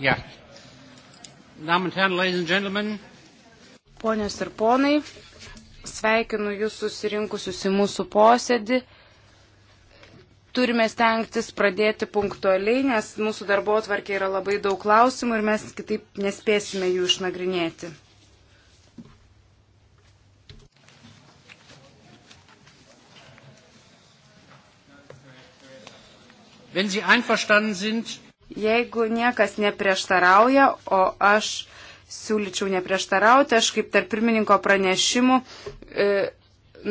Ja. Damen und Herren, ladies and gentlemen. Ponios ir ponai, sveikinu jūs susirinkusius į mūsų posėdį. Turime stengtis pradėti punktualiai, nes mūsų darbo atvarkė yra labai daug klausimų ir mes kitaip nespėsime jų išnagrinėti. Wenn Sie einverstanden sind, Jeigu niekas neprieštarauja, o aš siūlyčiau neprieštarauti, aš kaip tarp pirmininko pranešimų e,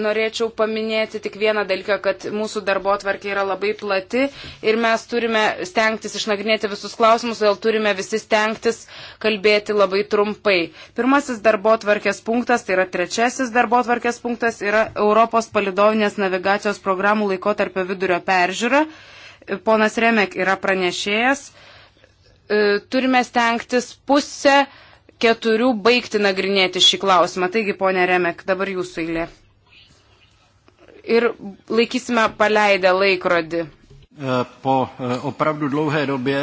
norėčiau paminėti tik vieną dalyką, kad mūsų darbo tvarkė yra labai plati ir mes turime stengtis išnagrinėti visus klausimus, todėl turime visi stengtis kalbėti labai trumpai. Pirmasis darbo tvarkės punktas, tai yra trečiasis darbo tvarkės punktas, yra Europos palidovinės navigacijos programų laikotarpio vidurio peržiūra ponas Remek yra pranešėjas, e, turime stengtis pusę keturių baigti nagrinėti šį klausimą. Taigi, ponė Remek, dabar jūsų eilė. Ir laikysime paleidę laikrodį. E, po e, opravdu dlouhé době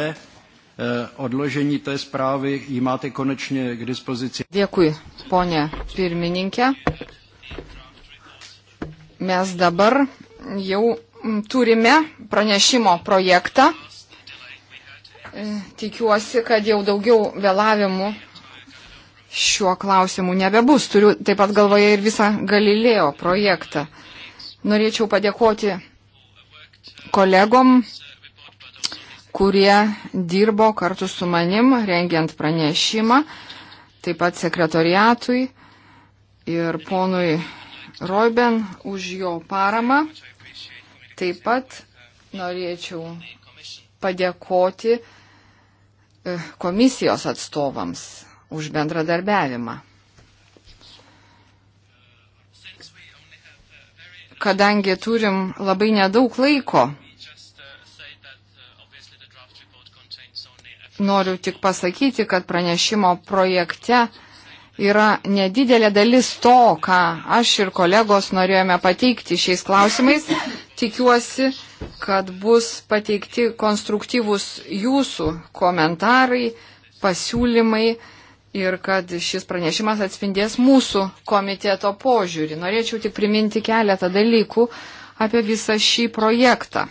odložení té zprávy ji máte konečně k dispozici. Dėkui, ponė pirmininkė. Mes dabar jau turime pranešimo projektą. E, tikiuosi, kad jau daugiau vėlavimų šiuo klausimu nebebus. Turiu taip pat galvoje ir visą Galilėjo projektą. Norėčiau padėkoti kolegom, kurie dirbo kartu su manim, rengiant pranešimą, taip pat sekretoriatui ir ponui Roiben už jo paramą. Taip pat norėčiau padėkoti e, komisijos atstovams už bendradarbiavimą. Kadangi turim labai nedaug laiko, noriu tik pasakyti, kad pranešimo projekte yra nedidelė dalis to, ką aš ir kolegos norėjome pateikti šiais klausimais. Tikiuosi, kad bus pateikti konstruktyvus jūsų komentarai, pasiūlymai ir kad šis pranešimas atspindės mūsų komiteto požiūrį. Norėčiau tik priminti keletą dalykų apie visą šį projektą.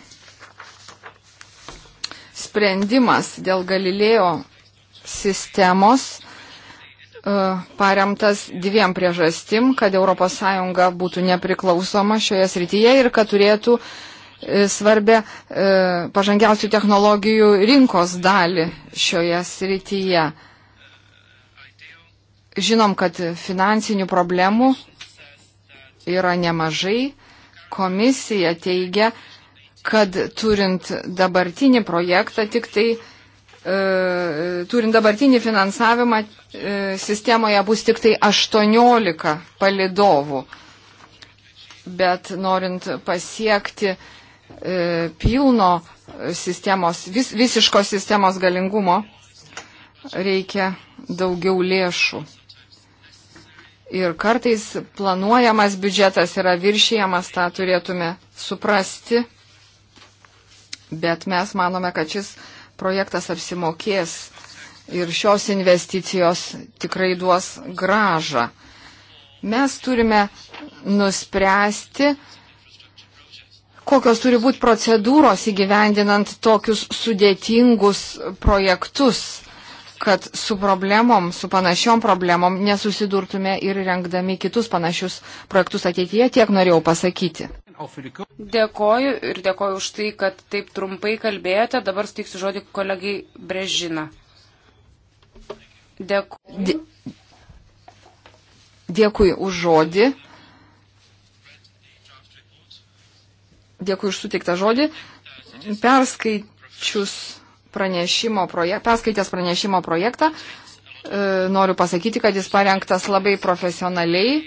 Sprendimas dėl Galilėjo sistemos E, paremtas dviem priežastim, kad ES būtų nepriklausoma šioje srityje ir kad turėtų e, svarbę e, pažangiausių technologijų rinkos dalį šioje srityje. Žinom, kad finansinių problemų yra nemažai. Komisija teigia, kad turint dabartinį projektą tik tai E, turint dabartinį finansavimą, e, sistemoje bus tik tai 18 palidovų. Bet norint pasiekti e, pilno sistemos, vis, visiško sistemos galingumo, reikia daugiau lėšų. Ir kartais planuojamas biudžetas yra viršijamas, tą turėtume suprasti, bet mes manome, kad šis uh, projektas apsimokės ir šios investicijos tikrai duos gražą. Mes turime nuspręsti, kokios turi būti procedūros įgyvendinant tokius sudėtingus projektus, kad su problemom, su panašiom problemom nesusidurtume ir renkdami kitus panašius projektus ateityje, tiek norėjau pasakyti. Dėkoju ir dėkoju už tai, kad taip trumpai kalbėjote. Dabar steiksiu žodį kolegai Brežina. Dėkoju. Dėkui už žodį. Dėkui už suteiktą žodį. Perskaičius pranešimo projektą, perskaitęs pranešimo projektą, e, noriu pasakyti, kad jis parengtas labai profesionaliai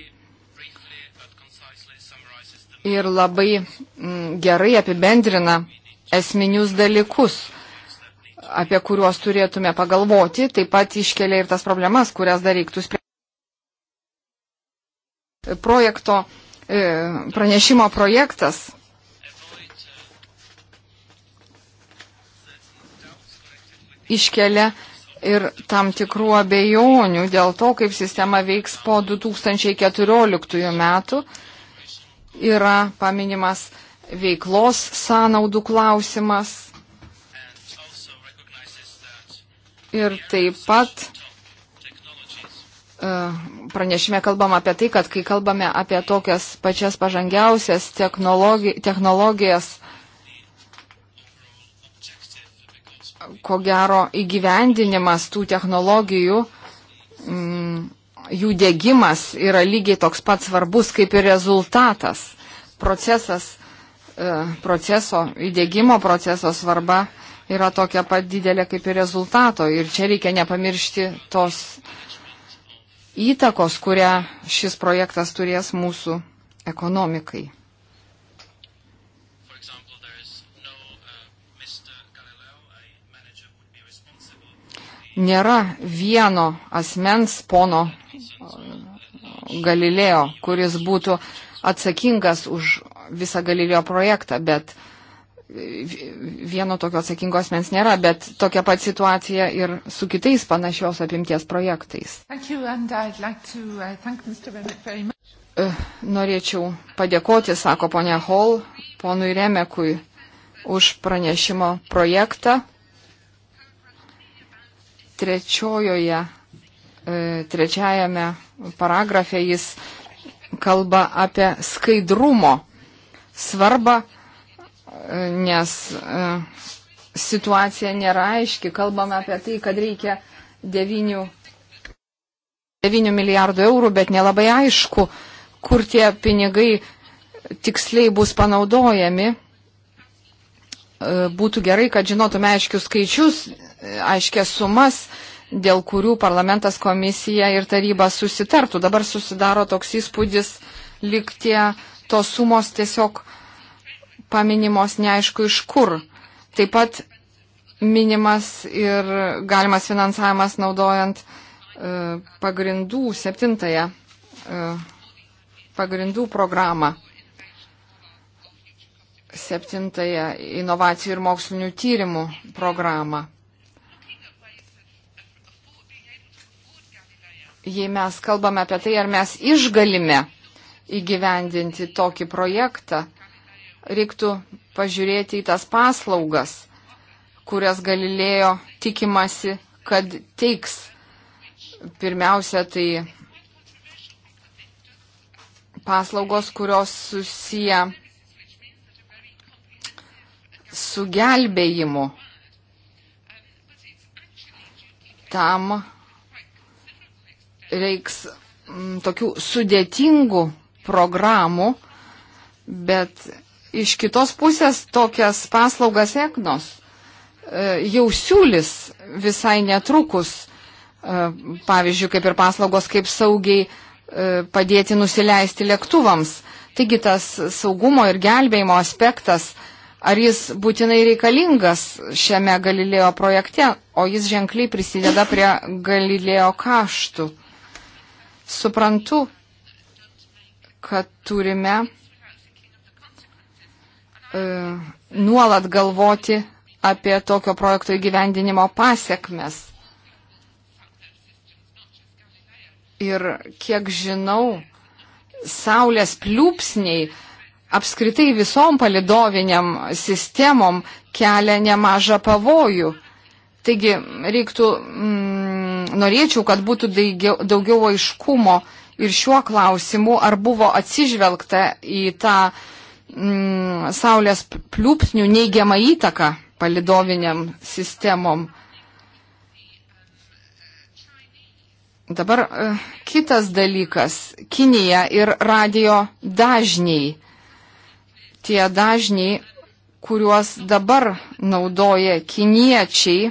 ir labai mm, gerai apibendrina esminius dalykus, apie kuriuos turėtume pagalvoti, taip pat iškelia ir tas problemas, kurias dar reiktų spręsti. Projekto, e, pranešimo projektas iškelia ir tam tikrų abejonių dėl to, kaip sistema veiks po 2014 metų yra paminimas veiklos sąnaudų klausimas. Ir taip pat e, pranešime kalbam apie tai, kad kai kalbame apie tokias pačias pažangiausias technologi technologijas, ko gero įgyvendinimas tų technologijų mm, jų dėgymas yra lygiai toks pat svarbus kaip ir rezultatas. Procesas, e, proceso, įdėgymo proceso svarba yra tokia pat didelė kaip ir rezultato. Ir čia reikia nepamiršti tos įtakos, kurią šis projektas turės mūsų ekonomikai. Uh, Nėra vieno asmens pono Galilėjo, kuris būtų atsakingas už visą Galilėjo projektą, bet vieno tokio atsakingos mens nėra, bet tokia pat situacija ir su kitais panašios apimties projektais. Uh, uh, norėčiau padėkoti, sako ponia Hall, ponui Remekui už pranešimo projektą. Trečiojoje E, trečiajame paragrafe jis kalba apie skaidrumo svarbą, e, nes e, situacija nėra aiški. Kalbame apie tai, kad reikia 9, 9 milijardų eurų, bet nelabai aišku, kur tie pinigai tiksliai bus panaudojami. Būtų gerai, kad žinotume aiškius skaičius, aiškias sumas dėl kurių parlamentas, komisija ir taryba susitartų. Dabar susidaro toks įspūdis, lyg tie tos sumos tiesiog paminimos neaišku iš kur. Taip pat minimas ir galimas finansavimas naudojant e, pagrindų septintąją e, pagrindų programą. Septintąją inovacijų ir mokslinių tyrimų programą. jei mes kalbame apie tai, ar mes išgalime įgyvendinti tokį projektą, reiktų pažiūrėti į tas paslaugas, kurias Galilėjo tikimasi, kad teiks. Pirmiausia, tai paslaugos, kurios susiję su gelbėjimu. Tam reiks m, mm, tokių sudėtingų programų, bet iš kitos pusės tokias paslaugas Eknos e, jau siūlis visai netrukus, e, pavyzdžiui, kaip ir paslaugos, kaip saugiai e, padėti nusileisti lėktuvams. Taigi tas saugumo ir gelbėjimo aspektas, ar jis būtinai reikalingas šiame Galilėjo projekte, o jis ženkliai prisideda prie Galilėjo kaštų. Suprantu, kad turime e, nuolat galvoti apie tokio projekto įgyvendinimo pasiekmes. Ir kiek žinau, saulės pliūpsniai apskritai visom palidoviniam sistemom kelia nemažą pavojų. Taigi reiktų mm, norėčiau, kad būtų daugiau, daugiau aiškumo ir šiuo klausimu, ar buvo atsižvelgta į tą mm, Saulės pliūpsnių neigiamą įtaką palidoviniam sistemom. Dabar eh, kitas dalykas - Kinija ir radio dažniai. Tie dažniai, kuriuos dabar naudoja kiniečiai,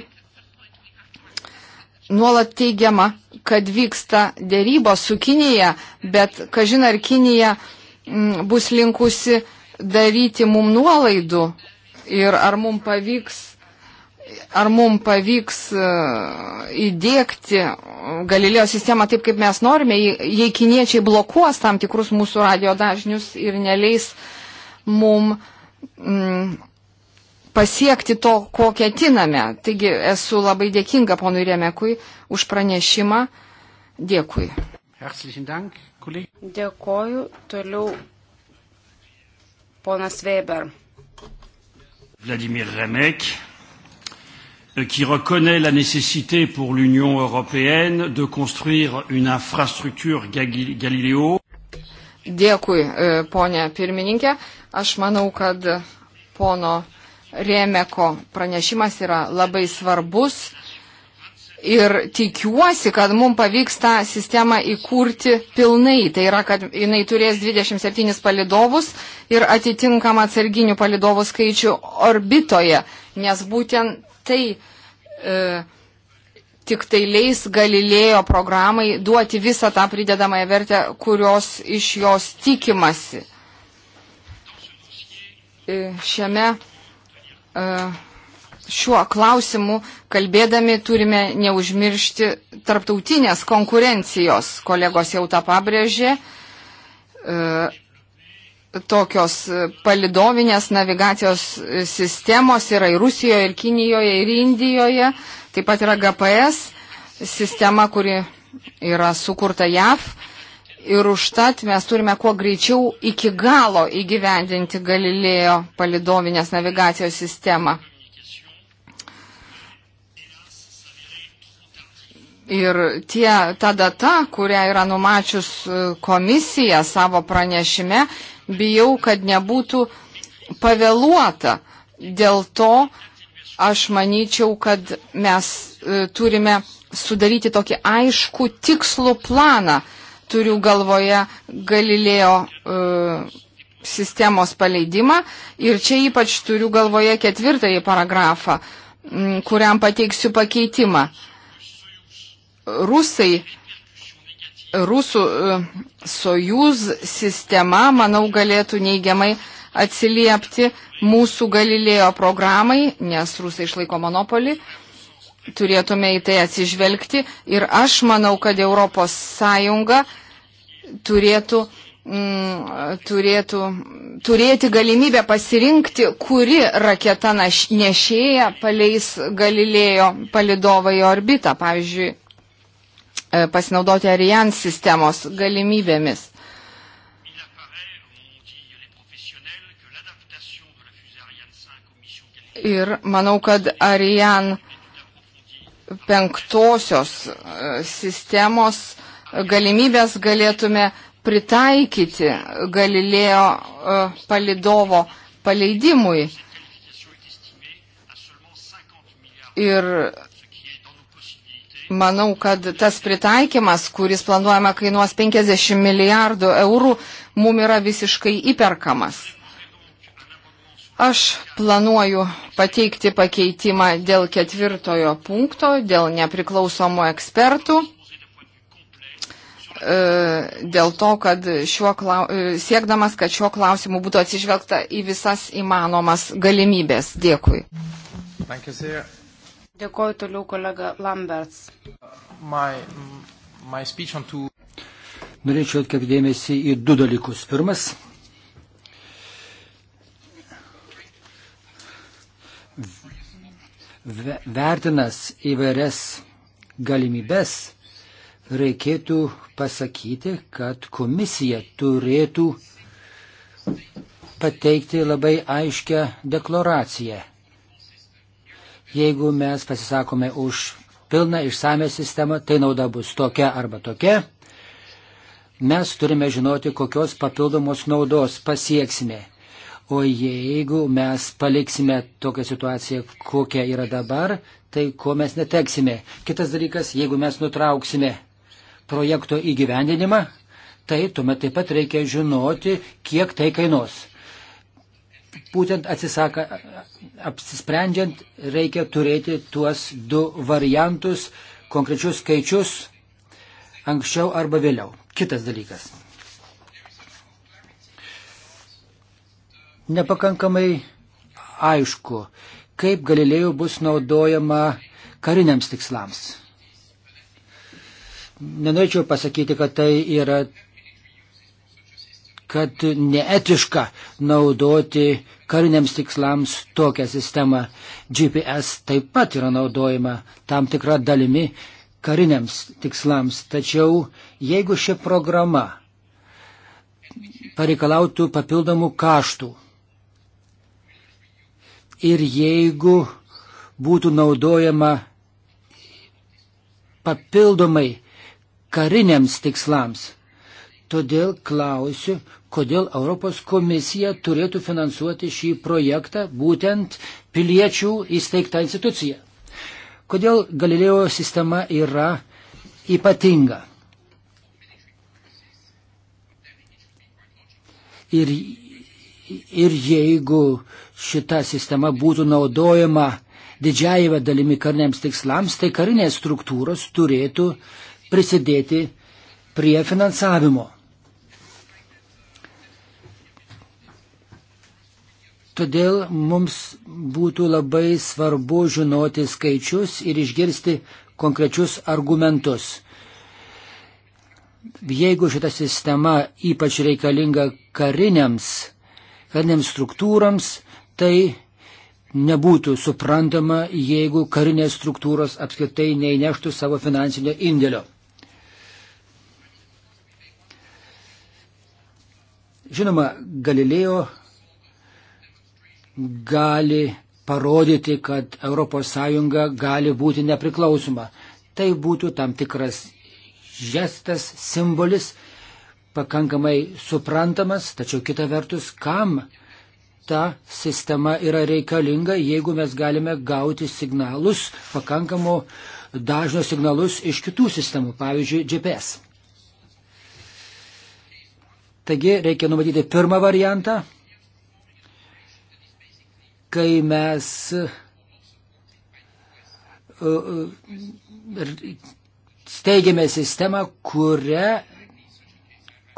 nuolat teigiama, kad vyksta dėrybos su Kinija, bet kažin ar Kinija m, mm, bus linkusi daryti mum nuolaidų ir ar mum pavyks, ar mum pavyks e, įdėkti Galilėjo sistemą taip, kaip mes norime, jei kiniečiai blokuos tam tikrus mūsų radio dažnius ir neleis mum m, mm, pasiekti to, ko ketiname. Taigi esu labai dėkinga ponui Remekui už pranešimą. Dėkui. Dėkoju. Toliau ponas Weber. Vladimir Remek, euh, qui reconnaît la nécessité pour l'Union européenne de construire une infrastructure Galileo. Dėkui, euh, ponė pirmininkė. Aš manau, kad pono Rėmeko pranešimas yra labai svarbus ir tikiuosi, kad mums pavyks tą sistemą įkurti pilnai. Tai yra, kad jinai turės 27 palidovus ir atitinkamą atsarginių palidovų skaičių orbitoje, nes būtent tai e, tik tai leis Galilėjo programai duoti visą tą pridedamąją vertę, kurios iš jos tikimasi. E, šiame E, šiuo klausimu kalbėdami turime neužmiršti tarptautinės konkurencijos. Kolegos jau tą pabrėžė. E, tokios palidovinės navigacijos sistemos yra ir Rusijoje, ir Kinijoje, ir Indijoje. Taip pat yra GPS sistema, kuri yra sukurta JAV Ir užtat mes turime kuo greičiau iki galo įgyvendinti Galilėjo palidovinės navigacijos sistemą. Ir tie, ta data, kurią yra numačius e, komisija savo pranešime, bijau, kad nebūtų pavėluota. Dėl to aš manyčiau, kad mes e, turime sudaryti tokį aišku tikslų planą turiu galvoje Galilėjo e, sistemos paleidimą ir čia ypač turiu galvoje ketvirtąjį paragrafą, kuriam pateiksiu pakeitimą. Rusai, rusų e, sojuz sistema, manau, galėtų neigiamai atsiliepti mūsų Galilėjo programai, nes rusai išlaiko monopolį. Uh, turėtume į tai atsižvelgti ir aš manau, kad Europos Sąjunga turėtų, mm, turėtų turėti galimybę pasirinkti, kuri raketa nešėja paleis Galilėjo palidovą į orbitą, pavyzdžiui, e, pasinaudoti Ariane sistemos galimybėmis. Ir manau, kad Ariane penktosios e, sistemos galimybės galėtume pritaikyti Galilėjo e, palidovo paleidimui. Ir manau, kad tas pritaikymas, kuris planuojama kainuos 50 milijardų eurų, mum yra visiškai įperkamas. Aš planuoju pateikti pakeitimą dėl ketvirtojo punkto, dėl nepriklausomų ekspertų, e, dėl to, kad šiuo, e, siekdamas, kad šiuo klausimu būtų atsižvelgta į visas įmanomas galimybės. Dėkui. Dėkuoju toliau kolega Lamberts. My, my two... Norėčiau atkreipdėmėsi į du dalykus. Pirmas vertinas įvairias galimybės, reikėtų pasakyti, kad komisija turėtų pateikti labai aiškę deklaraciją. Jeigu mes pasisakome už pilną išsame sistemą, tai nauda bus tokia arba tokia, mes turime žinoti, kokios papildomos naudos pasieksime. O jeigu mes paliksime tokią situaciją, kokia yra dabar, tai ko mes neteksime. Kitas dalykas, jeigu mes nutrauksime projekto įgyvendinimą, tai tuomet taip pat reikia žinoti, kiek tai kainuos. Būtent atsisaka, apsisprendžiant reikia turėti tuos du variantus, konkrečius skaičius anksčiau arba vėliau. Kitas dalykas. nepakankamai aišku, kaip Galilėjų bus naudojama kariniams tikslams. Nenorėčiau pasakyti, kad tai yra kad neetiška naudoti kariniams tikslams tokią sistemą. GPS taip pat yra naudojama tam tikrą dalimi kariniams tikslams. Tačiau jeigu ši programa pareikalautų papildomų kaštų, ir jeigu būtų naudojama papildomai kariniams tikslams. Todėl klausiu, kodėl Europos komisija turėtų finansuoti šį projektą būtent piliečių įsteigtą instituciją. Kodėl Galilėjo sistema yra ypatinga. Ir, ir jeigu šita sistema būtų naudojama didžiajame dalimi kariniams tikslams, tai karinės struktūros turėtų prisidėti prie finansavimo. Todėl mums būtų labai svarbu žinoti skaičius ir išgirsti konkrečius argumentus. Jeigu šita sistema ypač reikalinga kariniams, kariniams struktūrams, tai nebūtų suprantama, jeigu karinės struktūros apskritai neįneštų savo finansinio indėlio. Žinoma, Galilėjo gali parodyti, kad ES gali būti nepriklausoma. Tai būtų tam tikras žestas, simbolis, pakankamai suprantamas, tačiau kita vertus, kam ta sistema yra reikalinga, jeigu mes galime gauti signalus, pakankamo dažno signalus iš kitų sistemų, pavyzdžiui, GPS. Taigi reikia numatyti pirmą variantą, kai mes e, e, steigiame sistemą, kuria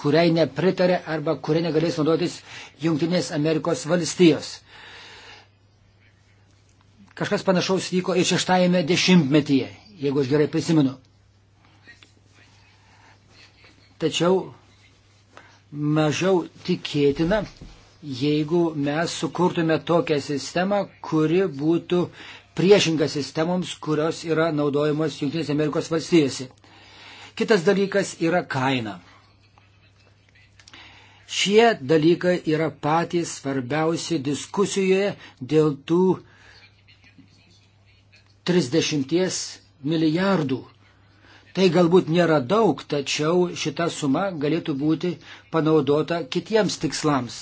kuriai nepritarė arba kuriai negalės naudotis Junktinės Amerikos valstijos. Kažkas panašaus vyko ir šeštajame dešimtmetyje, jeigu aš gerai prisimenu. Tačiau mažiau tikėtina, jeigu mes sukurtume tokią sistemą, kuri būtų priešinga sistemoms, kurios yra naudojamos Junktinės Amerikos valstijose. Kitas dalykas yra kaina. Šie dalykai yra patys svarbiausi diskusijoje dėl tų 30 milijardų. Tai galbūt nėra daug, tačiau šita suma galėtų būti panaudota kitiems tikslams.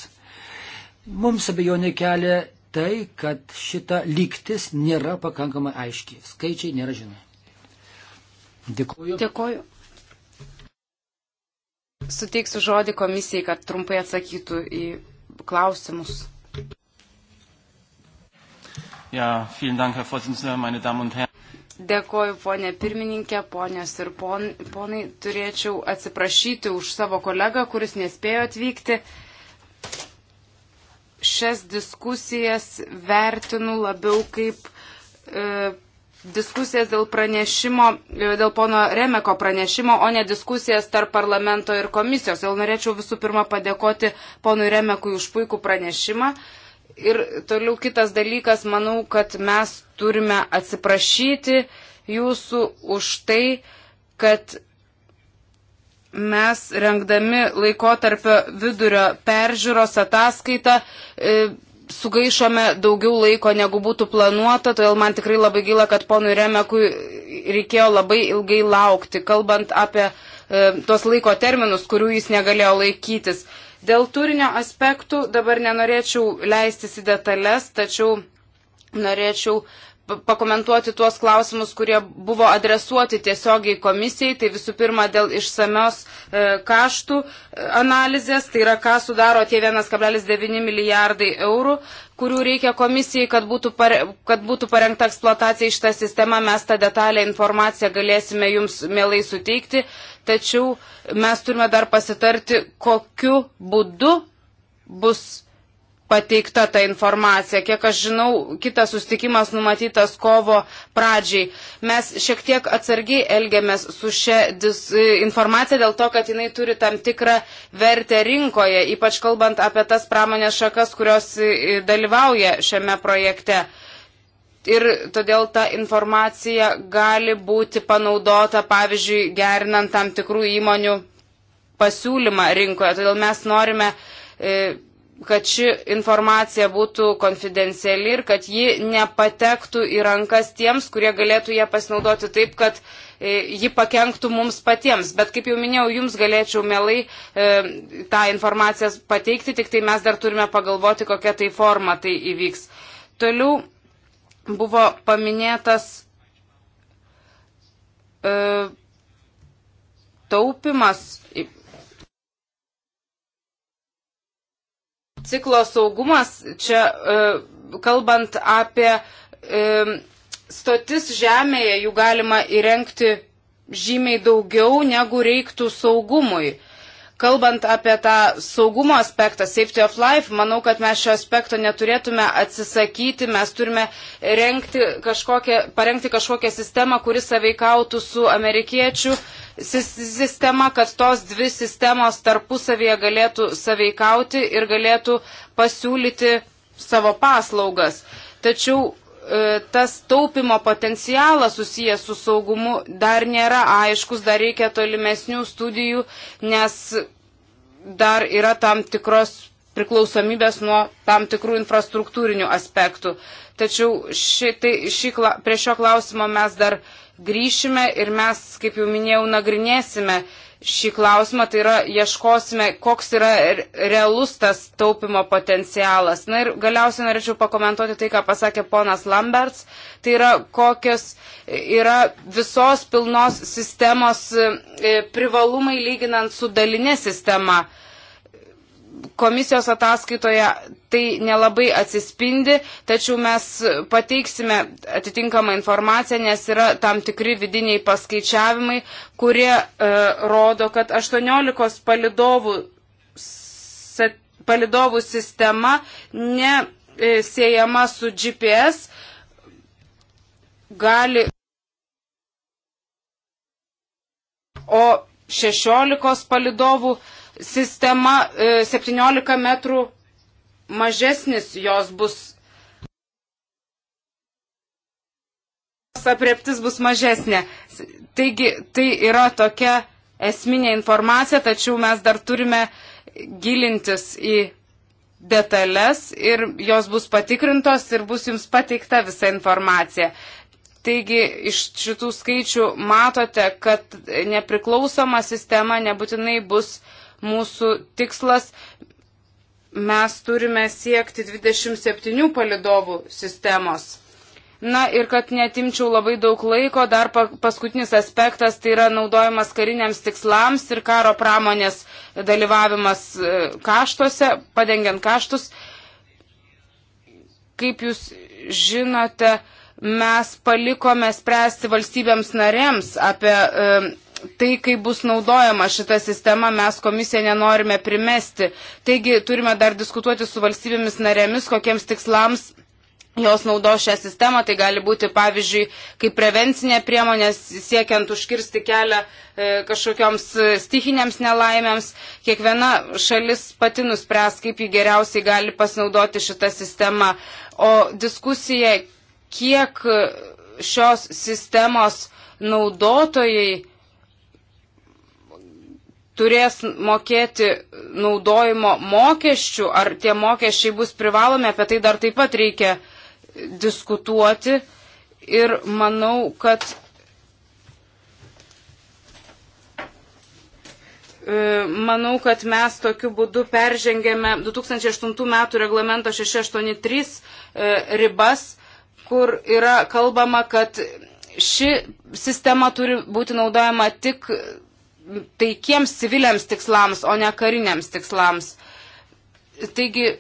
Mums abejonė kelia tai, kad šita lygtis nėra pakankamai aiški. Skaičiai nėra žinomi. Dėkuoju. Dėkuoju. Suteiksiu žodį komisijai, kad trumpai atsakytų į klausimus. Ja, Dank, Herr Dėkoju, ponė pirmininkė, ponės ir pon, ponai. Turėčiau atsiprašyti už savo kolegą, kuris nespėjo atvykti. Šias diskusijas vertinu labiau kaip e, diskusijas dėl pranešimo, e, dėl pono Remeko pranešimo, o ne diskusijas tarp parlamento ir komisijos. Jau norėčiau visų pirma padėkoti ponui Remekui už puikų pranešimą. Ir toliau kitas dalykas, manau, kad mes turime atsiprašyti jūsų už tai, kad mes rengdami laikotarpio vidurio peržiūros ataskaitą e, sugaišome daugiau laiko, negu būtų planuota, todėl man tikrai labai gaila, kad ponui Remekui reikėjo labai ilgai laukti, kalbant apie e, tuos laiko terminus, kurių jis negalėjo laikytis. Dėl turinio aspektų dabar nenorėčiau leistis į detalės, tačiau norėčiau pakomentuoti tuos klausimus, kurie buvo adresuoti tiesiogiai komisijai. Tai visų pirma dėl išsamios e, kaštų e, analizės, tai yra ką sudaro tie 1,9 milijardai eurų kurių reikia komisijai, kad būtų, pare, kad būtų parengta eksploatacija iš tą sistemą. Mes tą detalę informaciją galėsime jums mielai suteikti, tačiau mes turime dar pasitarti, kokiu būdu bus pateikta ta informacija. Kiek aš žinau, kitas sustikimas numatytas kovo pradžiai. Mes šiek tiek atsargiai elgiamės su šia dis, informacija dėl to, kad jinai turi tam tikrą vertę rinkoje, ypač kalbant apie tas pramonės šakas, kurios e, dalyvauja šiame projekte. Ir todėl ta informacija gali būti panaudota, pavyzdžiui, gerinant tam tikrų įmonių pasiūlymą rinkoje. Todėl mes norime e, kad ši informacija būtų konfidenciali ir kad ji nepatektų į rankas tiems, kurie galėtų ją pasinaudoti taip, kad e, ji pakenktų mums patiems. Bet kaip jau minėjau, jums galėčiau mielai e, tą informaciją pateikti, tik tai mes dar turime pagalvoti, kokia tai forma tai įvyks. Toliau buvo paminėtas e, taupimas, ciklo saugumas, čia e, kalbant apie e, stotis žemėje, jų galima įrengti žymiai daugiau negu reiktų saugumui. Kalbant apie tą saugumo aspektą, safety of life, manau, kad mes šio aspekto neturėtume atsisakyti, mes turime renkti kažkokią, parengti kažkokią sistemą, kuris saveikautų su amerikiečių sistema, kad tos dvi sistemos tarpusavėje galėtų saveikauti ir galėtų pasiūlyti savo paslaugas. Tačiau e, tas taupimo potencialas susijęs su saugumu dar nėra aiškus, dar reikia tolimesnių studijų, nes dar yra tam tikros priklausomybės nuo tam tikrų infrastruktūrinių aspektų. Tačiau ši, tai, ši, prie šio klausimo mes dar grįšime ir mes, kaip jau minėjau, nagrinėsime šį klausimą, tai yra ieškosime, koks yra realus tas taupimo potencialas. Na ir galiausiai norėčiau pakomentuoti tai, ką pasakė ponas Lamberts, tai yra kokios yra visos pilnos sistemos e, privalumai lyginant su dalinė sistema. Uh, komisijos ataskaitoje tai nelabai atsispindi, tačiau mes pateiksime atitinkamą informaciją, nes yra tam tikri vidiniai paskaičiavimai, kurie e, rodo, kad 18 palidovų, se, palidovų sistema nesiejama e, su GPS gali. O 16 palidovų sistema 17 e, metrų mažesnis jos bus. Apreptis bus mažesnė. Taigi tai yra tokia esminė informacija, tačiau mes dar turime gilintis į detalės ir jos bus patikrintos ir bus jums pateikta visa informacija. Taigi iš šitų skaičių matote, kad nepriklausoma sistema nebūtinai bus uh, mūsų tikslas. Mes turime siekti 27 palidovų sistemos. Na ir kad netimčiau labai daug laiko, dar pa, paskutinis aspektas tai yra naudojimas kariniams tikslams ir karo pramonės dalyvavimas e, kaštuose, padengiant kaštus. Kaip jūs žinote, mes palikome spręsti valstybėms narėms apie e, tai, kaip bus naudojama šita sistema, mes komisija nenorime primesti. Taigi turime dar diskutuoti su valstybėmis narėmis, kokiems tikslams jos naudos šią sistemą. Tai gali būti, pavyzdžiui, kaip prevencinė priemonė siekiant užkirsti kelią e, kažkokioms e, stichiniams nelaimėms. Kiekviena šalis pati nuspręs, kaip ji geriausiai gali pasinaudoti šitą sistemą. O diskusija, kiek šios sistemos naudotojai turės mokėti naudojimo mokesčių, ar tie mokesčiai bus privalomi, apie tai dar taip pat reikia diskutuoti. Ir manau, kad e, Manau, kad mes tokiu būdu peržengėme 2008 metų reglamento 683 e, ribas, kur yra kalbama, kad ši sistema turi būti naudojama tik taikiems civiliams tikslams, o ne kariniams tikslams. Taigi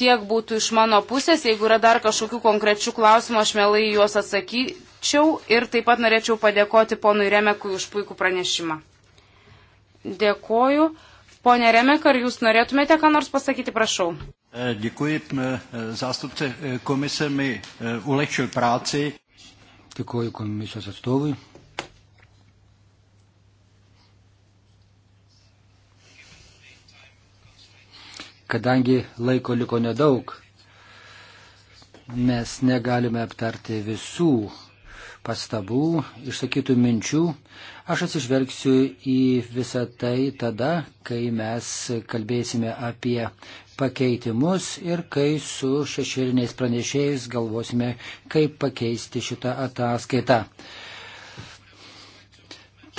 tiek būtų iš mano pusės, jeigu yra dar kažkokių konkrečių klausimų, aš mielai juos atsakyčiau ir taip pat norėčiau padėkoti ponui Remekui už puikų pranešimą. Dėkoju. Pone Remek, ar jūs norėtumėte ką nors pasakyti, prašau. E, děkuji, e, zástupce e, komise mi ulehčil práci. Děkuji komisijos atstovui. Kadangi laiko liko nedaug, mes negalime aptarti visų pastabų, išsakytų minčių. Aš atsižvelgsiu į visą tai tada, kai mes kalbėsime apie pakeitimus ir kai su šešėliniais pranešėjais galvosime, kaip pakeisti šitą ataskaitą.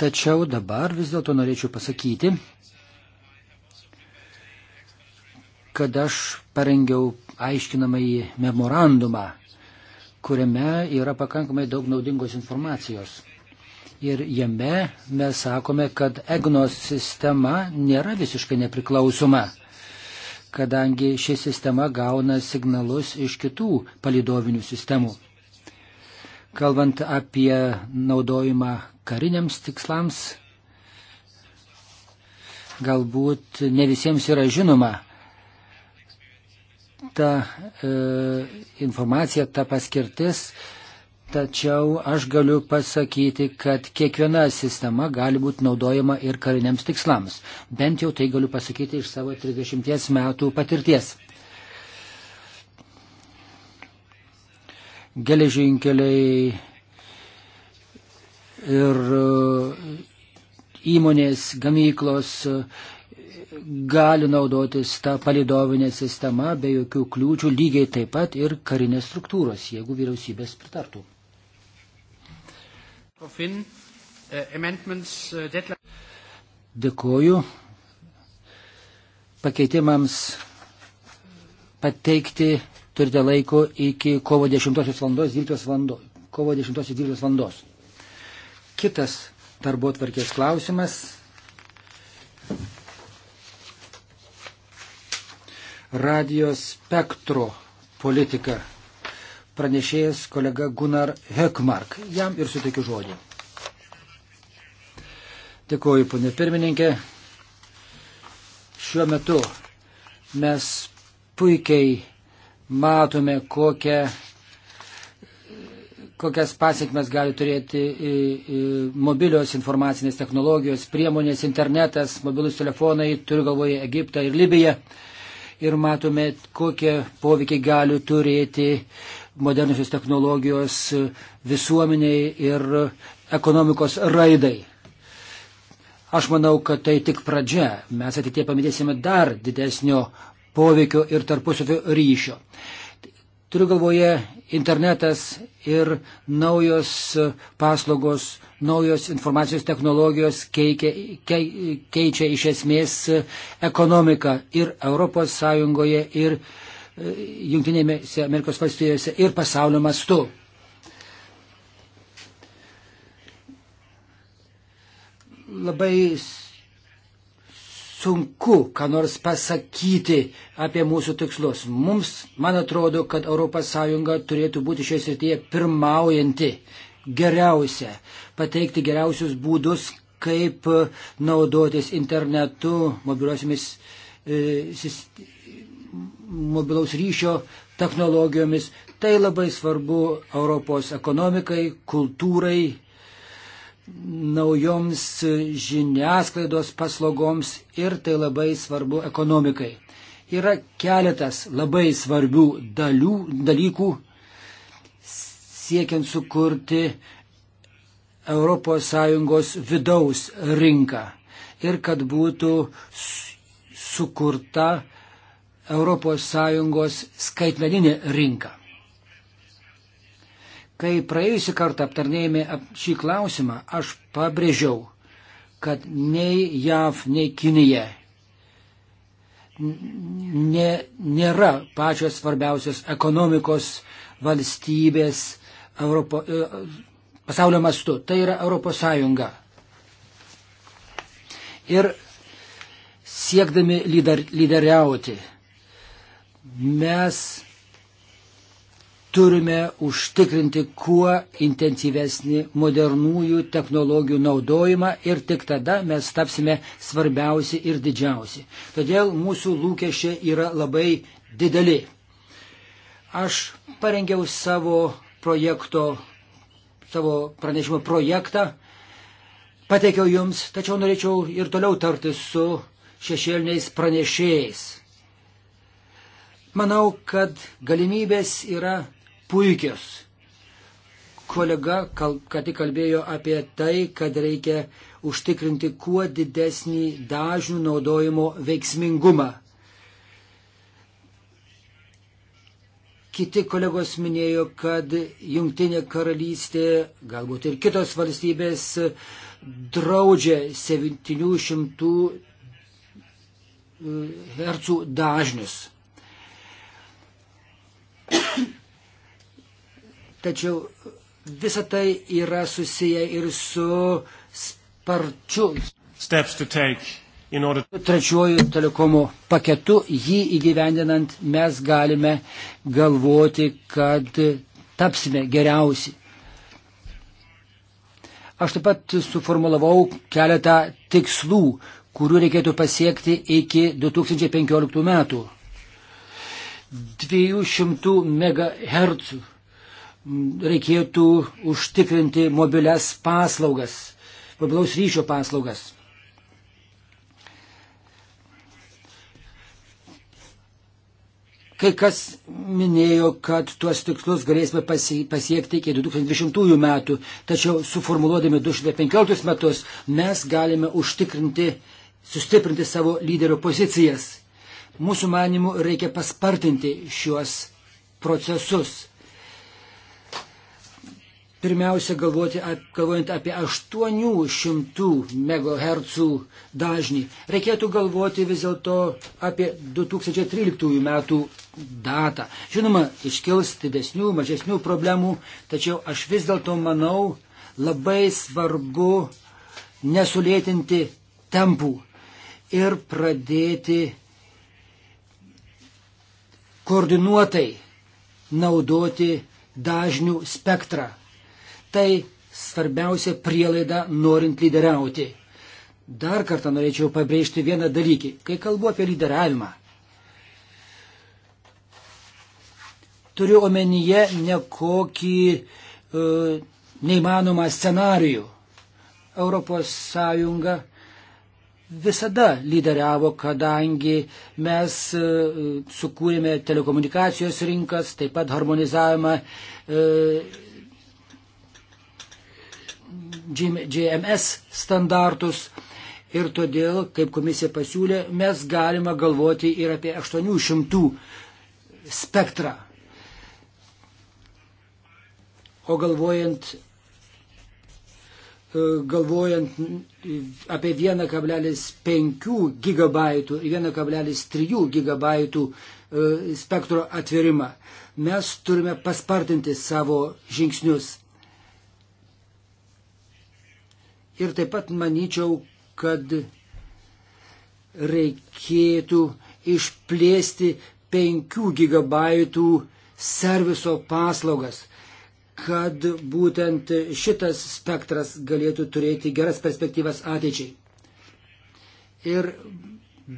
Tačiau dabar vis dėlto norėčiau pasakyti, kad aš parengiau aiškinamąjį memorandumą, kuriame yra pakankamai daug naudingos informacijos. Ir jame mes sakome, kad EGNOS sistema nėra visiškai nepriklausoma, kadangi ši sistema gauna signalus iš kitų palidovinių sistemų. Kalbant apie naudojimą kariniams tikslams, galbūt ne visiems yra žinoma, ta e, informacija, ta paskirtis, tačiau aš galiu pasakyti, kad kiekviena sistema gali būti naudojama ir kariniams tikslams. Bent jau tai galiu pasakyti iš savo 30 metų patirties. Geležinkeliai ir e, įmonės, gamyklos, gali naudotis tą palidovinę sistemą be jokių kliūčių, lygiai taip pat ir karinės struktūros, jeigu vyriausybės pritartų. Äh, äh, Dėkoju. Pakeitimams pateikti turite laiko iki kovo 10 valandos, 12 valandos. Kovo 10-12 valandos. Kitas darbo tvarkės klausimas. radijos spektro politiką. Pranešėjas kolega Gunnar Hekmark. Jam ir suteikiu žodį. Dėkuoju, ponė pirmininkė. Šiuo metu mes puikiai matome, kokią, kokias pasiekmes gali turėti e, e, mobilios informacinės technologijos, priemonės, internetas, mobilus telefonai, turiu galvoje Egiptą ir Libiją ir matome, kokią poveikį gali turėti modernusios technologijos visuomeniai ir ekonomikos raidai. Aš manau, kad tai tik pradžia. Mes ateitie pamatysime dar didesnio poveikio ir tarpusavio ryšio. Turiu galvoje internetas ir naujos paslaugos, naujos informacijos technologijos keikia, kei, keičia iš esmės ekonomiką ir ES, ir e, Junktinėse Amerikos valstijose, ir pasaulio mastu. Labai sunku, ką nors pasakyti apie mūsų tikslus. Mums, man atrodo, kad ES turėtų būti šioje srityje pirmaujanti, geriausia, pateikti geriausius būdus, kaip naudotis internetu, mobiliosiamis, e, mobilaus ryšio technologijomis. Tai labai svarbu Europos ekonomikai, kultūrai, naujoms žiniasklaidos paslaugoms ir tai labai svarbu ekonomikai. Yra keletas labai svarbių dalių, dalykų siekiant sukurti ES vidaus rinką ir kad būtų sukurta ES skaitmeninė rinka. Kai praėjusi kartą aptarnėjome šį klausimą, aš pabrėžiau, kad nei JAV, nei Kinija ne, nėra pačios svarbiausios ekonomikos valstybės Europo, e, pasaulio mastu. Tai yra Europos Sąjunga. Ir siekdami lyder, lyderiauti, mes turime užtikrinti kuo intensyvesnį modernųjų technologijų naudojimą ir tik tada mes tapsime svarbiausi ir didžiausi. Todėl mūsų lūkesčiai yra labai dideli. Aš parengiau savo projekto, savo pranešimo projektą, pateikiau jums, tačiau norėčiau ir toliau tartis su šešėliniais pranešėjais. Manau, kad galimybės yra puikios. Kolega ką tik kalbėjo apie tai, kad reikia užtikrinti kuo didesnį dažnių naudojimo veiksmingumą. Kiti kolegos minėjo, kad Jungtinė karalystė, galbūt ir kitos valstybės draudžia 700 e, hercų dažnius. Tačiau visa tai yra susiję ir su sparčiu. Order... Trečiuoju telekomo paketu jį įgyvendinant mes galime galvoti, kad tapsime geriausi. Aš taip pat suformulavau keletą tikslų, kurių reikėtų pasiekti iki 2015 metų. 200 MHz reikėtų užtikrinti mobilias paslaugas, mobilaus ryšio paslaugas. Kai kas minėjo, kad tuos tikslus galėsime pasiekti iki 2020 metų, tačiau suformuluodami 2015 metus mes galime užtikrinti, sustiprinti savo lyderio pozicijas. Mūsų manimų reikia paspartinti šiuos procesus pirmiausia galvoti, galvojant apie 800 MHz dažnį, reikėtų galvoti vis dėlto apie 2013 metų datą. Žinoma, iškils didesnių, mažesnių problemų, tačiau aš vis dėlto manau, labai svarbu nesulėtinti tempų ir pradėti koordinuotai naudoti dažnių spektrą tai svarbiausia prielaida norint lyderiauti. Dar kartą norėčiau pabrėžti vieną dalykį. Kai kalbu apie lyderiavimą, turiu omenyje nekokį e, neįmanomą scenarijų. Europos Sąjunga visada lyderiavo, kadangi mes e, sukūrėme telekomunikacijos rinkas, taip pat harmonizavimą e, GMS standartus. Ir todėl, kaip komisija pasiūlė, mes galime galvoti ir apie 800 spektrą. O galvojant, e, galvojant apie 1,5 gigabaitų ir 1,3 gigabaitų e, spektro atvirimą, mes turime paspartinti savo žingsnius. Ir taip pat manyčiau, kad reikėtų išplėsti 5 gigabaitų serviso paslaugas, kad būtent šitas spektras galėtų turėti geras perspektyvas ateičiai. Ir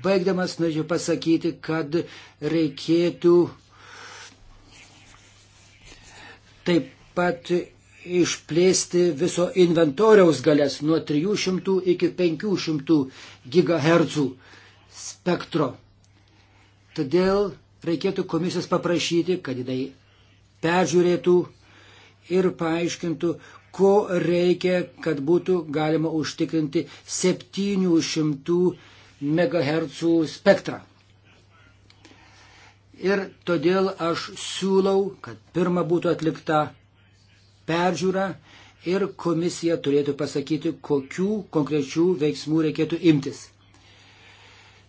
baigdamas norėčiau pasakyti, kad reikėtų taip pat išplėsti viso inventoriaus galės nuo 300 iki 500 GHz spektro. Todėl reikėtų komisijos paprašyti, kad jinai peržiūrėtų ir paaiškintų, ko reikia, kad būtų galima užtikrinti 700 MHz spektrą. Ir todėl aš siūlau, kad pirmą būtų atlikta peržiūrą ir komisija turėtų pasakyti, kokių konkrečių veiksmų reikėtų imtis.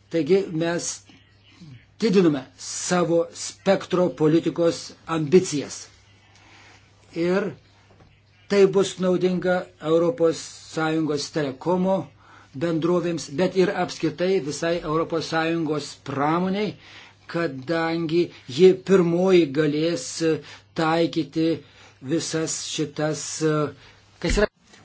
Taigi mes didiname savo spektro politikos ambicijas. Ir tai bus naudinga ES telekomo bendrovėms, bet ir apskritai visai ES pramoniai, kadangi ji pirmoji galės taikyti uh, visas šitas, e, kas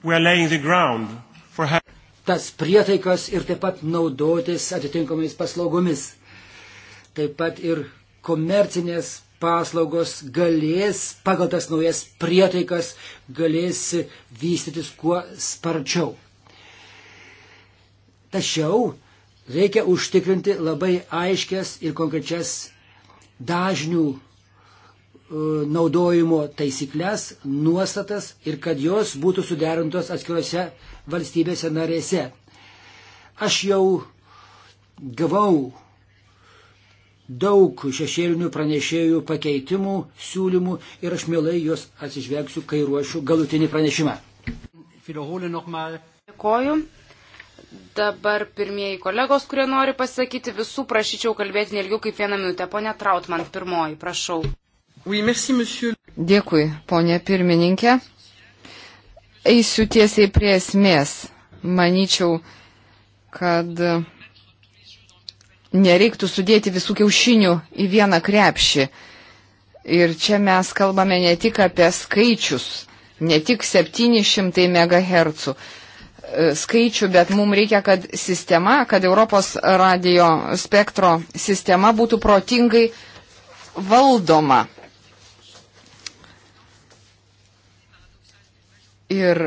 yra tas prietaikas ir taip pat naudotis atitinkamais paslaugomis. Taip pat ir komercinės paslaugos galės pagal tas naujas prietaikas galės vystytis kuo sparčiau. Tačiau reikia užtikrinti labai aiškias ir konkrečias dažnių E, naudojimo taisyklės, nuostatas ir kad jos būtų suderintos atskiruose valstybėse narėse. Aš jau gavau daug šešėlinių pranešėjų pakeitimų, siūlymų ir aš mielai juos atsižvelgsiu, kai ruošiu galutinį pranešimą. Dėkoju. Dabar pirmieji kolegos, kurie nori pasakyti, visų prašyčiau kalbėti nelgiau kaip vieną minutę. Pone Trautman, pirmoji, prašau. Oui, merci, monsieur. Dėkui, ponė pirmininkė. Eisiu tiesiai prie esmės. Manyčiau, kad nereiktų sudėti visų kiaušinių į vieną krepšį. Ir čia mes kalbame ne tik apie skaičius, ne tik 700 MHz e, skaičių, bet mums reikia, kad sistema, kad Europos radio spektro sistema būtų protingai valdoma. Ir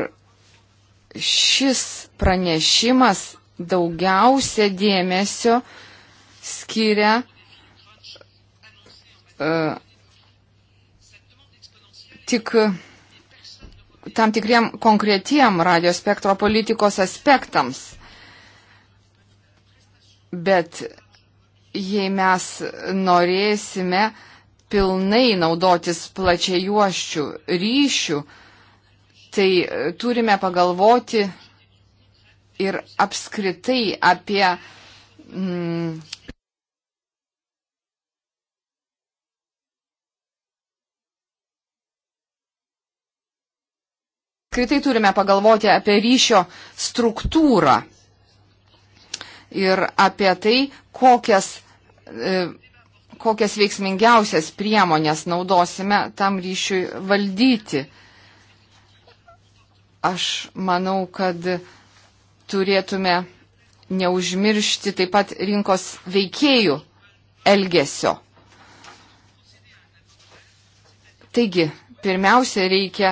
šis pranešimas daugiausia dėmesio skiria uh, tik tam tikriem konkretiem radio spektro politikos aspektams. Bet jei mes norėsime pilnai naudotis plačiajuoščių ryšių, uh, Tai e, turime pagalvoti ir apskritai apie. Mm, apskritai turime pagalvoti apie ryšio struktūrą ir apie tai, kokias, e, kokias veiksmingiausias priemonės naudosime tam ryšiui valdyti. Aš manau, kad turėtume neužmiršti taip pat rinkos veikėjų elgesio. Taigi, pirmiausia, reikia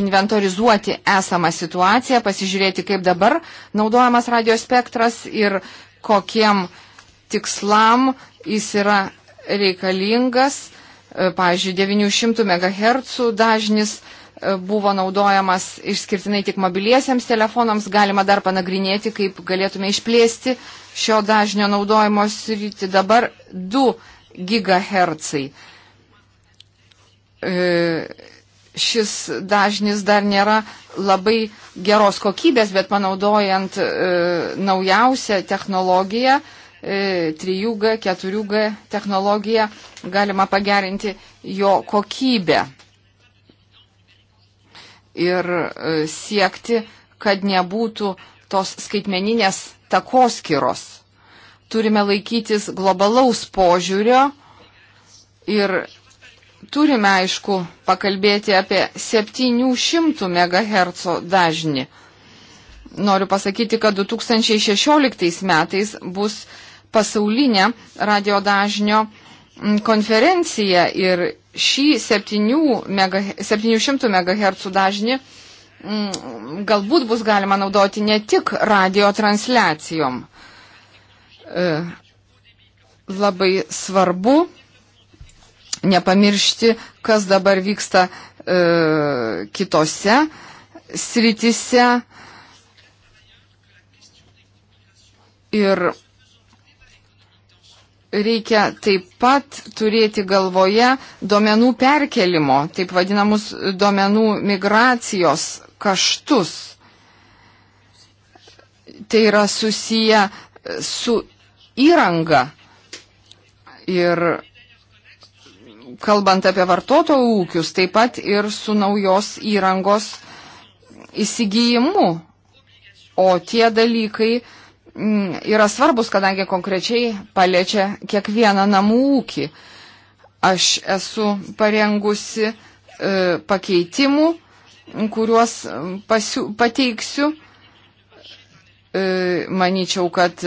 inventorizuoti esamą situaciją, pasižiūrėti, kaip dabar naudojamas radiospektras ir kokiem tikslam jis yra reikalingas. Pavyzdžiui, 900 MHz dažnis buvo naudojamas išskirtinai tik mobiliesiems telefonams. Galima dar panagrinėti, kaip galėtume išplėsti šio dažnio naudojimo sritį. Dabar 2 GHz. E, šis dažnis dar nėra labai geros kokybės, bet panaudojant e, naujausią technologiją, 3G, e, 4G technologiją, galima pagerinti jo kokybę ir e, siekti, kad nebūtų tos skaitmeninės takoskiros. Turime laikytis globalaus požiūrio ir turime, aišku, pakalbėti apie 700 MHz dažnį. Noriu pasakyti, kad 2016 metais bus pasaulinė radio dažnio konferenciją ir šį 7 mega, 700 MHz dažnį mm, galbūt bus galima naudoti ne tik radio transliacijom. E, labai svarbu nepamiršti, kas dabar vyksta e, kitose sritise. Ir reikia taip pat turėti galvoje duomenų perkelimo, taip vadinamus duomenų migracijos kaštus. Tai yra susiję su įranga. Ir kalbant apie vartotojų ūkius, taip pat ir su naujos įrangos įsigijimu. O tie dalykai, Mm, yra svarbus, kadangi konkrečiai paliečia kiekvieną namų ūkį. Aš esu parengusi e, pakeitimų, kuriuos pasiu, pateiksiu. E, manyčiau, kad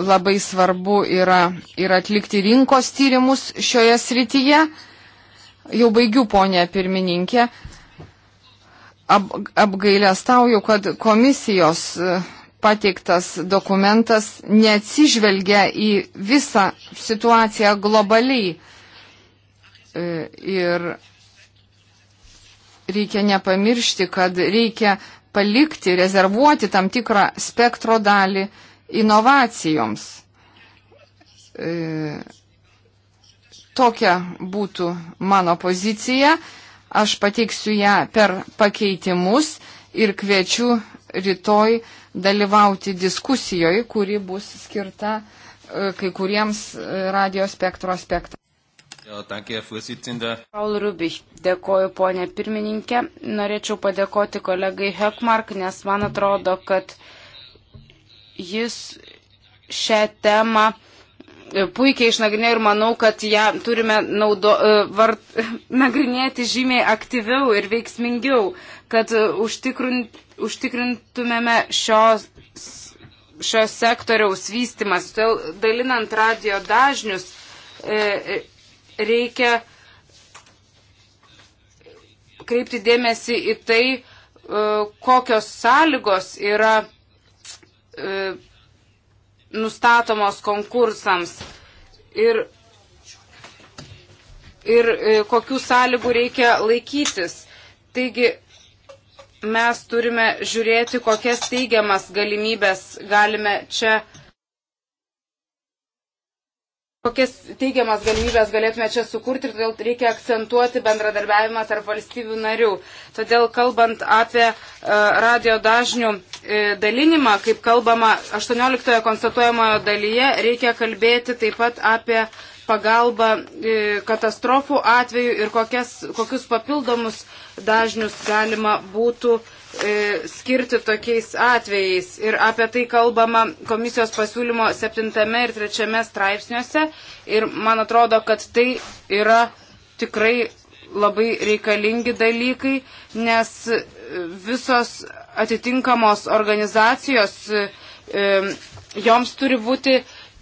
labai svarbu yra ir atlikti rinkos tyrimus šioje srityje. Jau baigiu, ponė pirmininkė. Ap, apgailę stauju, kad komisijos. E, pateiktas dokumentas neatsižvelgia į visą situaciją globaliai. E, ir reikia nepamiršti, kad reikia palikti, rezervuoti tam tikrą spektro dalį inovacijoms. E, tokia būtų mano pozicija. Aš pateiksiu ją per pakeitimus ir kviečiu rytoj dalyvauti diskusijoje, kuri bus skirta e, kai kuriems e, radio spektro aspektams. Paul Rubich, dėkoju ponė pirmininkė. Norėčiau padėkoti kolegai Hekmark, nes man atrodo, kad jis šią temą e, puikiai išnagrinėjo ir manau, kad ją turime naudo, vart, nagrinėti žymiai aktyviau ir veiksmingiau kad e, užtikrintumėme šios, šios sektoriaus vystimas. Todėl dalinant radio dažnius e, e, reikia kreipti dėmesį į tai, kokios sąlygos yra nustatomos konkursams ir, ir kokių sąlygų reikia laikytis. Taigi mes turime žiūrėti, kokias teigiamas galimybės galime čia. Kokias teigiamas galimybės galėtume čia sukurti ir todėl reikia akcentuoti bendradarbiavimą tarp valstybių narių. Todėl kalbant apie uh, radio dažnių uh, dalinimą, kaip kalbama 18 konstatuojamojo dalyje, reikia kalbėti taip pat apie pagalbą uh, katastrofų atveju ir kokias, kokius papildomus uh, dažnius galima būtų e, skirti tokiais atvejais. Ir apie tai kalbama komisijos pasiūlymo 7 ir 3 straipsniuose. Ir man atrodo, kad tai yra tikrai labai reikalingi dalykai, nes visos atitinkamos organizacijos, e, joms turi būti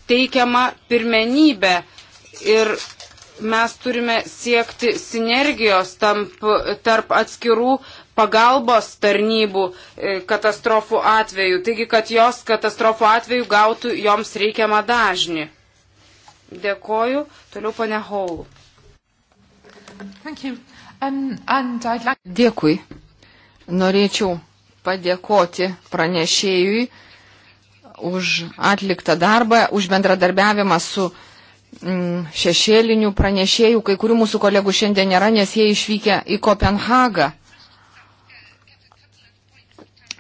teikiama pirmenybė. Ir mes turime siekti sinergijos tamp, tarp atskirų pagalbos tarnybų e, katastrofų atveju. Taigi, kad jos katastrofų atveju gautų joms reikiamą dažnį. Dėkoju. Toliau pane Haulu. Um, like... Dėkui. Norėčiau padėkoti pranešėjui už atliktą darbą, už bendradarbiavimą su Mm, šešėlinių pranešėjų, kai kurių mūsų kolegų šiandien nėra, nes jie išvykę į Kopenhagą.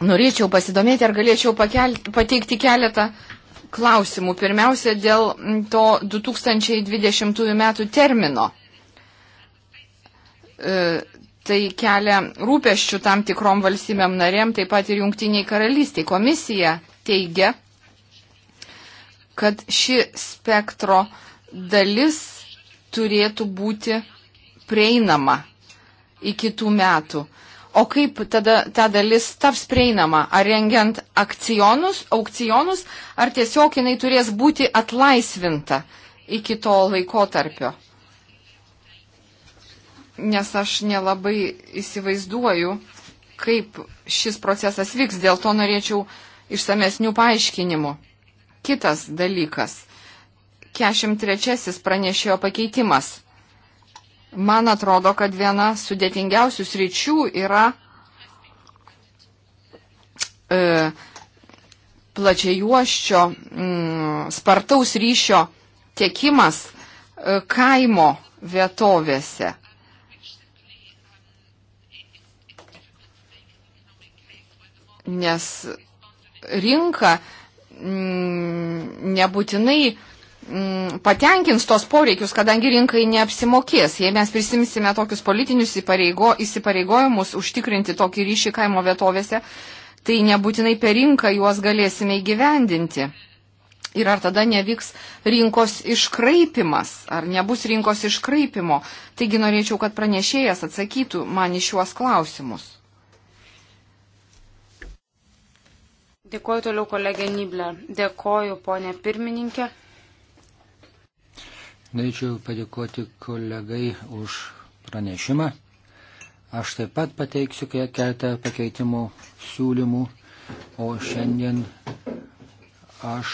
Norėčiau pasidomėti, ar galėčiau pakelti, pateikti keletą klausimų. Pirmiausia, dėl mm, to 2020 metų termino. E, tai kelia rūpeščių tam tikrom valstybėm narėm, taip pat ir jungtiniai karalystiai. Komisija teigia, kad ši spektro uh, dalis turėtų būti prieinama iki tų metų. O kaip tada ta dalis taps prieinama? Ar rengiant akcionus, aukcionus, ar tiesiog jinai turės būti atlaisvinta iki to laikotarpio? Nes aš nelabai įsivaizduoju, kaip šis procesas vyks, dėl to norėčiau išsamesnių paaiškinimų. Kitas dalykas. 43 pranešėjo pakeitimas. Man atrodo, kad viena sudėtingiausių sričių yra e, plačiajuoščio m, mm, spartaus ryšio tiekimas e, kaimo vietovėse. Nes rinka m, mm, nebūtinai Mm, patenkins tos poreikius, kadangi rinkai neapsimokės. Jei mes prisimsime tokius politinius įpareigo, įsipareigojimus užtikrinti tokį ryšį kaimo vietovėse, tai nebūtinai per rinką juos galėsime įgyvendinti. Ir ar tada nevyks rinkos iškraipimas, ar nebus rinkos iškraipimo. Taigi norėčiau, kad pranešėjas atsakytų man iš juos klausimus. Dėkuoju toliau kolegė Niblė. Dėkuoju ponė pirmininkė. Norėčiau padėkoti kolegai už pranešimą. Aš taip pat pateiksiu keletą pakeitimų siūlymų, o šiandien aš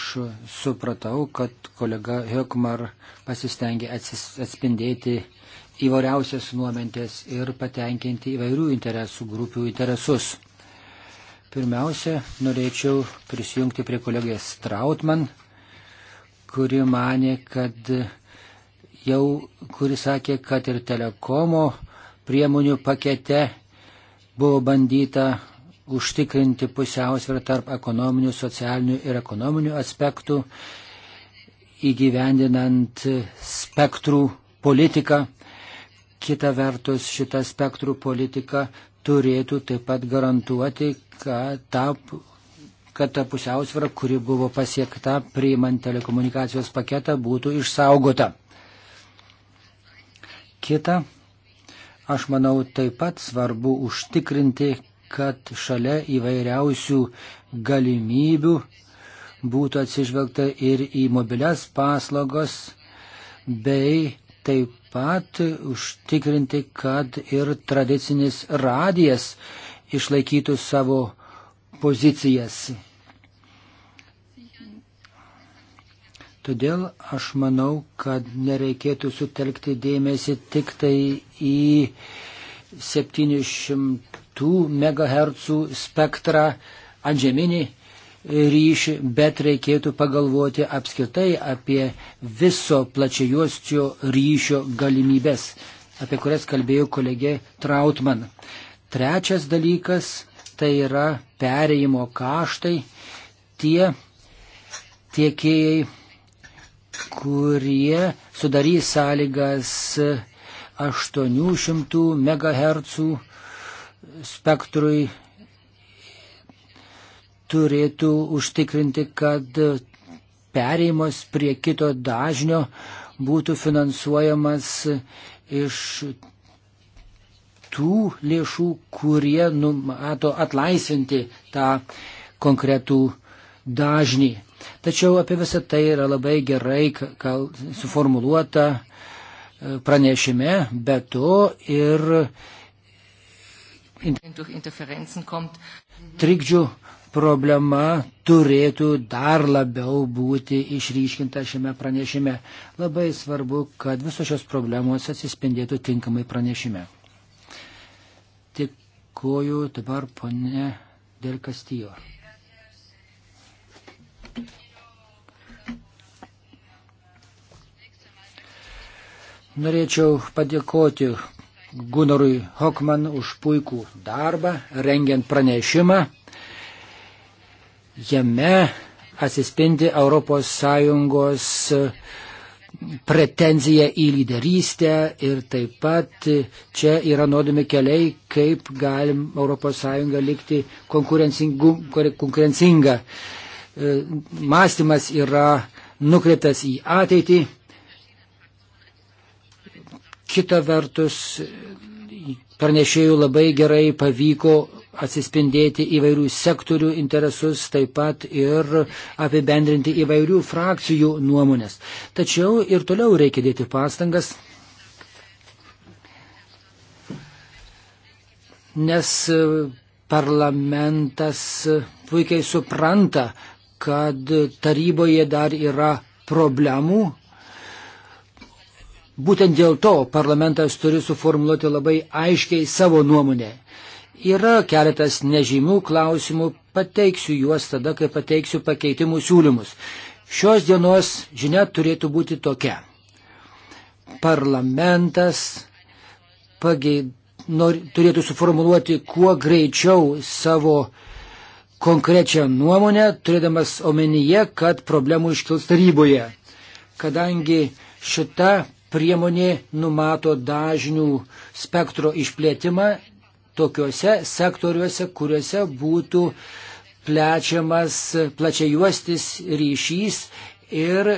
supratau, kad kolega Hekmar pasistengė atspindėti įvairiausias nuomentės ir patenkinti įvairių interesų grupių interesus. Pirmiausia, norėčiau prisijungti prie kolegės Trautman, kuri mane, kad jau, kuris sakė, kad ir telekomo priemonių pakete buvo bandyta užtikrinti pusiausvyrą tarp ekonominių, socialinių ir ekonominių aspektų, įgyvendinant spektrų politiką. Kita vertus, šita spektrų politika turėtų taip pat garantuoti, kad ta, kad ta pusiausvyrą, kuri buvo pasiekta priimant telekomunikacijos paketą, būtų išsaugota. Kita, aš manau, taip pat svarbu užtikrinti, kad šalia įvairiausių galimybių būtų atsižvelgta ir į mobilias paslaugas, bei taip pat užtikrinti, kad ir tradicinis radijas išlaikytų savo pozicijas. Todėl aš manau, kad nereikėtų sutelkti dėmesį tik tai į 700 MHz spektrą antžeminį ryšį, bet reikėtų pagalvoti apskritai apie viso plačiajuostio ryšio galimybės, apie kurias kalbėjo kolegė Trautman. Trečias dalykas tai yra pereimo kaštai. Tie tiekėjai kurie sudarys sąlygas 800 MHz spektrui turėtų užtikrinti, kad perėjimas prie kito dažnio būtų finansuojamas iš tų lėšų, kurie numato atlaisvinti tą konkretų dažnį. Tačiau apie visą tai yra labai gerai kal, suformuluota e, pranešime, bet to ir trikdžių problema turėtų dar labiau būti išryškinta šiame pranešime. Labai svarbu, kad visos šios problemos atsispindėtų tinkamai pranešime. Tikuoju dabar ponė Del Castillo. Norėčiau padėkoti Gunarui Hokman už puikų darbą, rengiant pranešimą. Jame atsispindi ES e, pretenzija į lyderystę ir taip pat e, čia yra nuodomi keliai, kaip galim ES likti konkurencinga. E, mąstymas yra nukreiptas į ateitį Kita vertus, pranešėjų labai gerai pavyko atsispindėti įvairių sektorių interesus, taip pat ir apibendrinti įvairių frakcijų nuomonės. Tačiau ir toliau reikia dėti pastangas, nes parlamentas puikiai supranta, kad taryboje dar yra problemų Būtent dėl to parlamentas turi suformuoluoti labai aiškiai savo nuomonę. Yra keletas nežymių klausimų, pateiksiu juos tada, kai pateiksiu pakeitimų siūlymus. Šios dienos žinia turėtų būti tokia. Parlamentas pagei, nor, turėtų suformuoluoti kuo greičiau savo konkrečią nuomonę, turėdamas omenyje, kad problemų iškils taryboje. Kadangi šita priemonė numato dažnių spektro išplėtimą tokiuose sektoriuose, kuriuose būtų plečiamas plačiajuostis ryšys ir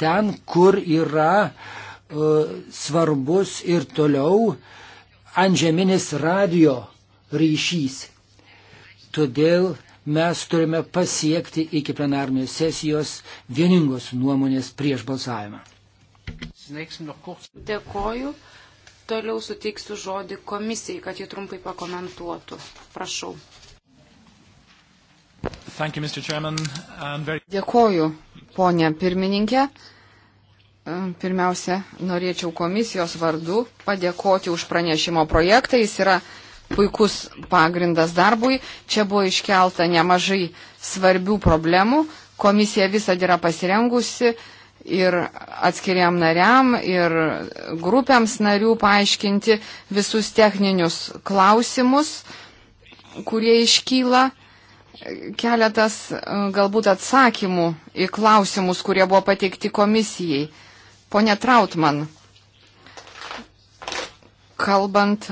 ten, kur yra uh, svarbus ir toliau antžeminis radio ryšys. Todėl mes turime pasiekti iki plenarnės sesijos vieningos nuomonės prieš balsavimą. Dėkoju. Toliau suteiksiu žodį komisijai, kad jį trumpai pakomentuotų. Prašau. You, very... Dėkoju, ponė pirmininkė. Pirmiausia, norėčiau komisijos vardu padėkoti už pranešimo projektą. Jis yra puikus pagrindas darbui. Čia buvo iškelta nemažai svarbių problemų. Komisija visada yra pasirengusi uh, ir atskiriam nariam, ir grupėms narių paaiškinti visus techninius klausimus, kurie iškyla. Keletas e, galbūt atsakymų į klausimus, kurie buvo pateikti komisijai. Pone Trautman, kalbant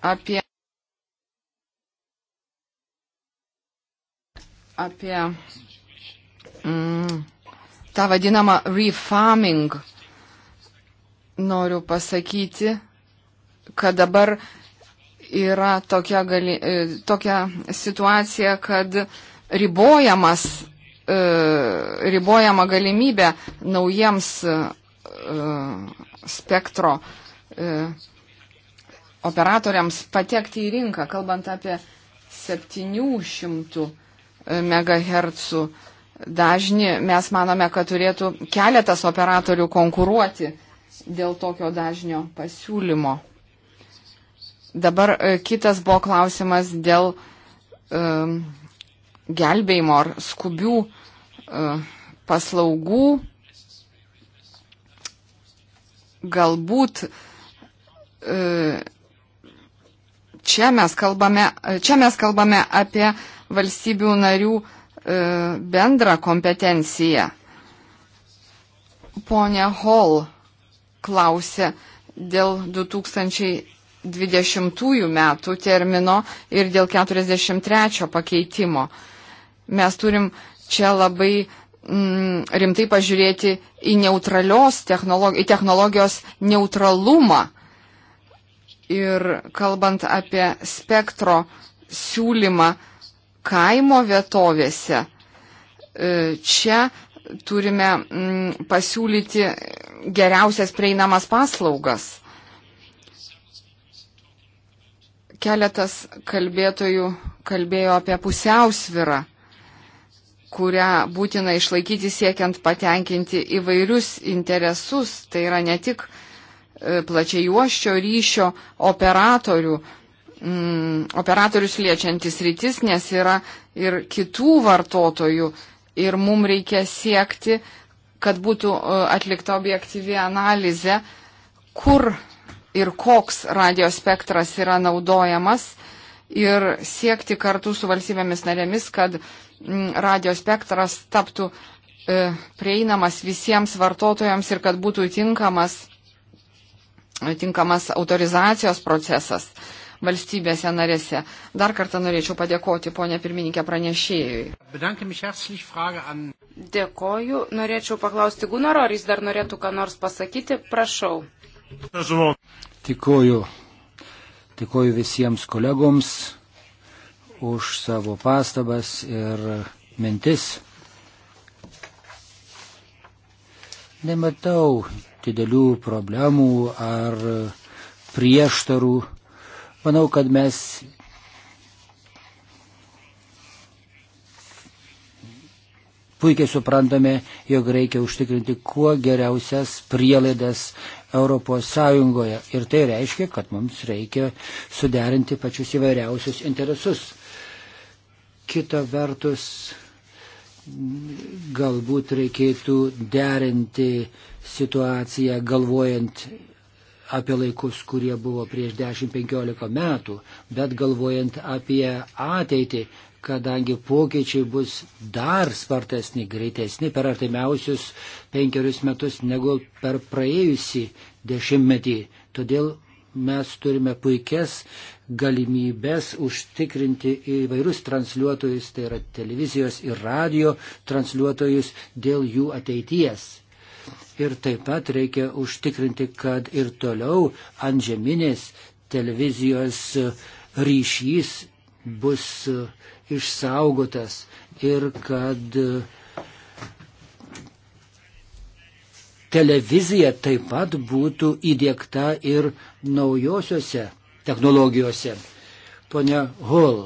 apie, apie mm, tą vadinamą refarming. Noriu pasakyti, kad dabar yra tokia, gali, e, tokia situacija, kad ribojamas, e, ribojama galimybė naujiems e, spektro operatoriams patekti į rinką, kalbant apie 700 MHz dažnį mes manome, kad turėtų keletas operatorių konkuruoti dėl tokio dažnio pasiūlymo. Dabar e, kitas buvo klausimas dėl um, gelbėjimo ar skubių uh, paslaugų. Galbūt uh, čia, mes kalbame, čia mes kalbame apie valstybių narių uh, E, bendrą kompetenciją. Pone Hall klausė dėl 2020 metų termino ir dėl 43 pakeitimo. Mes turim čia labai mm, rimtai pažiūrėti į, technolog į technologijos neutralumą. Ir kalbant apie spektro siūlymą, kaimo vietovėse. E, čia turime mm, pasiūlyti geriausias prieinamas paslaugas. Keletas kalbėtojų kalbėjo apie pusiausvirą, kurią būtina išlaikyti siekiant patenkinti įvairius interesus. Tai yra ne tik e, plačiai juoščio ryšio operatorių mm, operatorius liečiantis rytis, nes yra ir kitų vartotojų ir mums reikia siekti, kad būtų e, atlikta objektyvi analizė, kur ir koks radio spektras yra naudojamas ir siekti kartu su valstybėmis narėmis, kad mm, radio spektras taptų e, prieinamas visiems vartotojams ir kad būtų tinkamas, e, tinkamas autorizacijos procesas. E, valstybėse narėse. Dar kartą norėčiau padėkoti ponė pirmininkė pranešėjui. Dėkoju. Norėčiau paklausti Gunaro, ar jis dar norėtų ką nors pasakyti. Prašau. Tikoju. Tikoju visiems kolegoms už savo pastabas ir mintis. Nematau didelių problemų ar prieštarų Manau, kad mes puikiai suprantame, jog reikia užtikrinti kuo geriausias prielaidas ES. Ir tai reiškia, kad mums reikia suderinti pačius įvairiausius interesus. Kita vertus, galbūt reikėtų derinti situaciją galvojant apie laikus, kurie buvo prieš 10-15 metų, bet galvojant apie ateitį, kadangi pokyčiai bus dar spartesni, greitesni per artimiausius penkerius metus negu per praėjusį dešimtmetį. Todėl mes turime puikias galimybės užtikrinti įvairius transliuotojus, tai yra televizijos ir radio transliuotojus dėl jų ateities. Ir taip pat reikia užtikrinti, kad ir toliau ant žeminės televizijos ryšys bus išsaugotas ir kad televizija taip pat būtų įdėkta ir naujosiuose technologijose. Pone Hall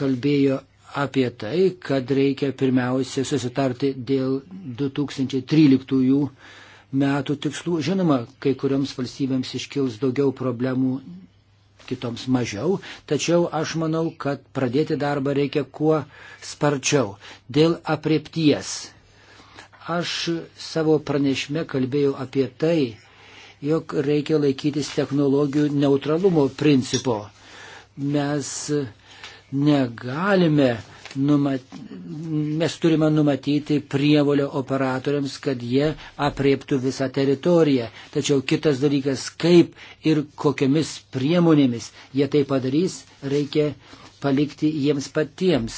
kalbėjo apie tai, kad reikia pirmiausia susitarti dėl 2013 metų tikslų. Žinoma, kai kurioms valstybėms iškils daugiau problemų, kitoms mažiau, tačiau aš manau, kad pradėti darbą reikia kuo sparčiau. Dėl apriepties. Aš savo pranešme kalbėjau apie tai, jog reikia laikytis technologijų neutralumo principo. Mes negalime numat, mes turime numatyti prievolę operatoriams, kad jie apriektų visą teritoriją. Tačiau kitas dalykas, kaip ir kokiamis priemonėmis jie tai padarys, reikia palikti jiems patiems.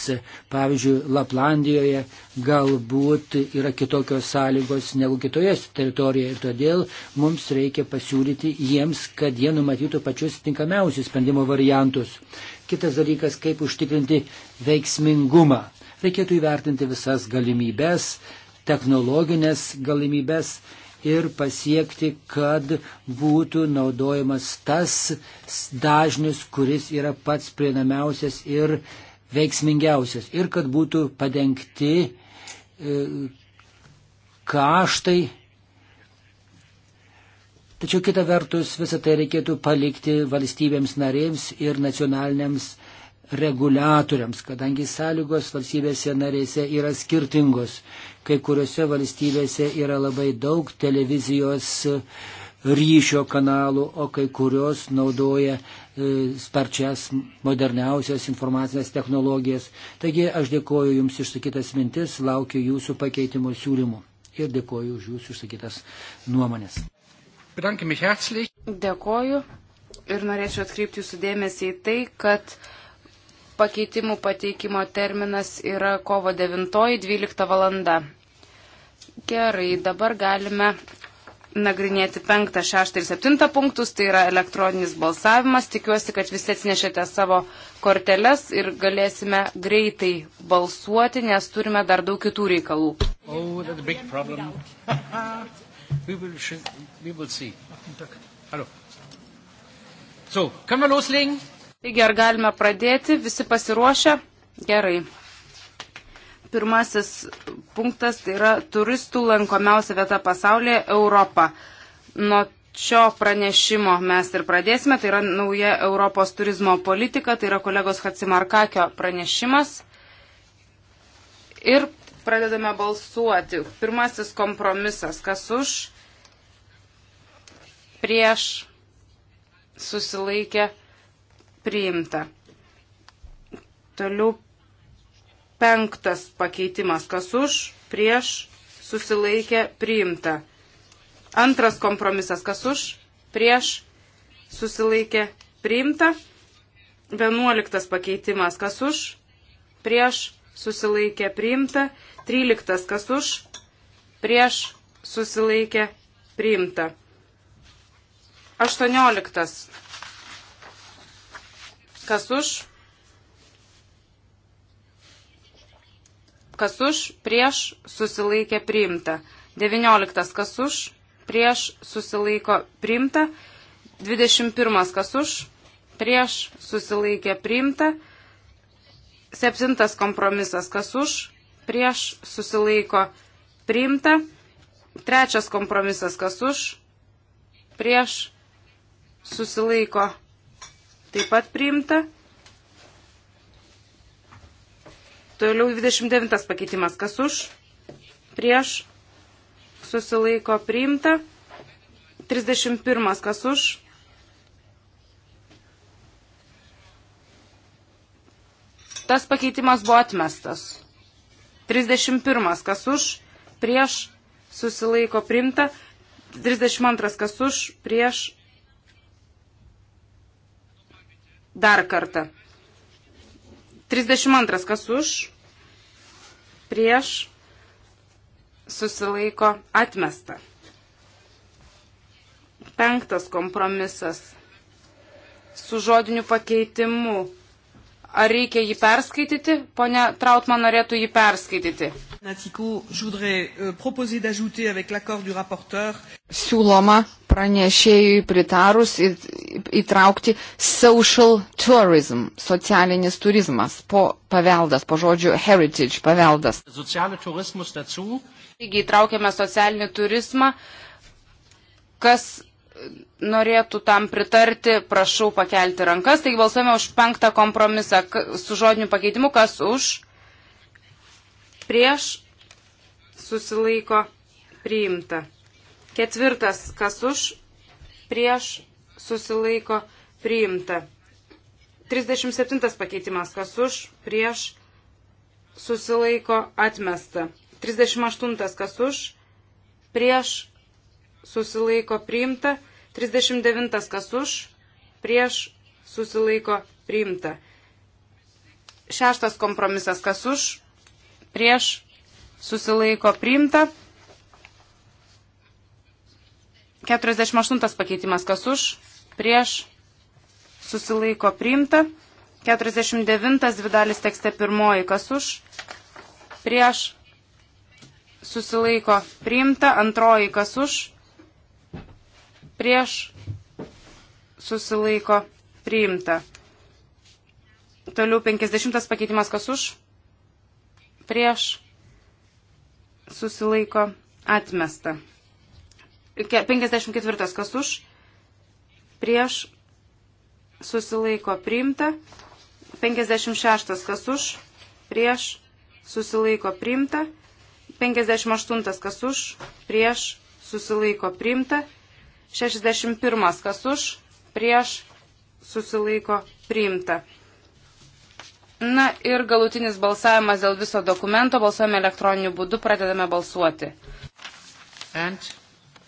Pavyzdžiui, Laplandijoje galbūt yra kitokios sąlygos negu kitoje teritorijoje ir todėl mums reikia pasiūlyti jiems, kad jie numatytų pačius tinkamiausius sprendimo variantus. Kitas dalykas, kaip užtikrinti veiksmingumą. Reikėtų įvertinti visas galimybės, technologinės galimybės ir pasiekti, kad būtų naudojamas tas dažnis, kuris yra pats prieinamiausias ir veiksmingiausias. Ir kad būtų padengti e, kaštai Tačiau kita vertus visą tai reikėtų palikti valstybėms narėms ir nacionaliniams reguliatoriams, kadangi sąlygos valstybėse narėse yra skirtingos. Kai kuriuose valstybėse yra labai daug televizijos e, ryšio kanalų, o kai kurios naudoja e, sparčias moderniausias informacinės technologijas. Taigi aš dėkoju Jums išsakytas mintis, laukiu Jūsų pakeitimo siūlymų ir dėkoju už Jūsų išsakytas nuomonės. Dėkoju ir norėčiau atkreipti jūsų dėmesį į tai, kad pakeitimų pateikimo terminas yra kovo 9-12 valanda. Gerai, dabar galime nagrinėti 5, 6 ir 7 punktus, tai yra elektroninis balsavimas. Tikiuosi, kad visi atsinešėte savo korteles ir galėsime greitai balsuoti, nes turime dar daug kitų reikalų. Oh, We will, we will see. Hallo. So, können wir loslegen? Taigi, ar galime pradėti? Visi pasiruošę? Gerai. Pirmasis punktas tai yra turistų lankomiausia vieta pasaulyje - Europa. Nuo šio pranešimo mes ir pradėsime. Tai yra nauja Europos turizmo politika, tai yra kolegos Hatsimarkakio pranešimas. Ir pradedame balsuoti. Pirmasis kompromisas, kas už, prieš, susilaikė, priimta. Toliau penktas pakeitimas, kas už, prieš, susilaikė, priimta. Antras kompromisas, kas už, prieš, susilaikė, priimta. Vienuoliktas pakeitimas, kas už, prieš, susilaikė, priimta. 13. Kas už, prieš, susilaikė, priimta. 18. Kas už, kas už, prieš, susilaikė, priimta. 19. Kas už, prieš, susilaiko, priimta. 21. Kas už, prieš, susilaikė, priimta. Septintas kompromisas, kas už, prieš, susilaiko priimta. Trečias kompromisas, kas už, prieš, susilaiko taip pat priimta. Toliau 29 pakeitimas, kas už, prieš, susilaiko priimta. 31 kas už, tas pakeitimas buvo atmestas. 31. Kas už, prieš, susilaiko primta. 32. Kas už, prieš. Dar kartą. 32. Kas už, prieš, susilaiko atmesta. Penktas kompromisas su žodiniu pakeitimu Ar reikia jį perskaityti? Pone Trautman norėtų jį perskaityti. Euh, Siūloma pranešėjui pritarus įtraukti social tourism, socialinis turizmas, po paveldas, po žodžiu heritage, paveldas. Taigi įtraukėme socialinį turizmą, kas norėtų tam pritarti, prašau pakelti rankas. Taigi balsuojame už penktą kompromisą su žodiniu pakeitimu, kas už, prieš, susilaiko, priimta. Ketvirtas, kas už, prieš, susilaiko, priimta. 37 pakeitimas, kas už, prieš, susilaiko, atmesta. 38 kas už, prieš, susilaiko priimta, 39 kas už, prieš susilaiko priimta. Šeštas kompromisas kas už, prieš susilaiko priimta. 48 pakeitimas kas už, prieš susilaiko priimta. 49 dvidalis tekste pirmoji kas už, prieš susilaiko priimta, antroji kas už, prieš susilaiko priimta. Toliau 50 pakeitimas kas už, prieš susilaiko atmesta. 54 kas už, prieš susilaiko priimta. 56 kas už, prieš susilaiko priimta. 58 kas už, prieš susilaiko priimta. 61. Kas už, prieš, susilaiko, priimta. Na ir galutinis balsavimas dėl viso dokumento. Balsuojame elektroniniu būdu, pradedame balsuoti. And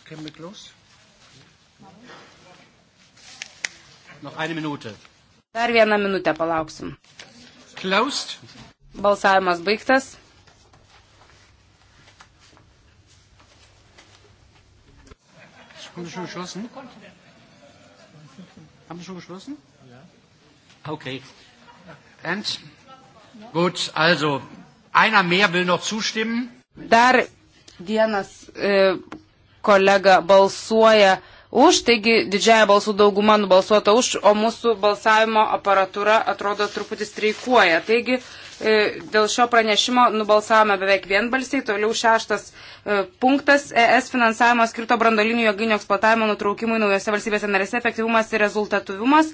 can we close? Noch eine Minute. Dar vieną minutę palauksim. Closed. Balsavimas baigtas. Haben Sie schon geschlossen? Haben Sie schon geschlossen? Ja. Okay. And? Gut, also, einer mehr will noch zustimmen. Dar vienas e, kolega balsuoja už, taigi didžiaja balsų dauguma nubalsuota už, o mūsų balsavimo aparatūra atrodo truputį streikuoja. Taigi E, dėl šio pranešimo nubalsavome beveik vienbalsiai. Toliau šeštas e, punktas e - ES finansavimo skirto brandolinių jėginių eksploatavimo nutraukimui naujose valstybėse narėse efektyvumas ir rezultatyvumas.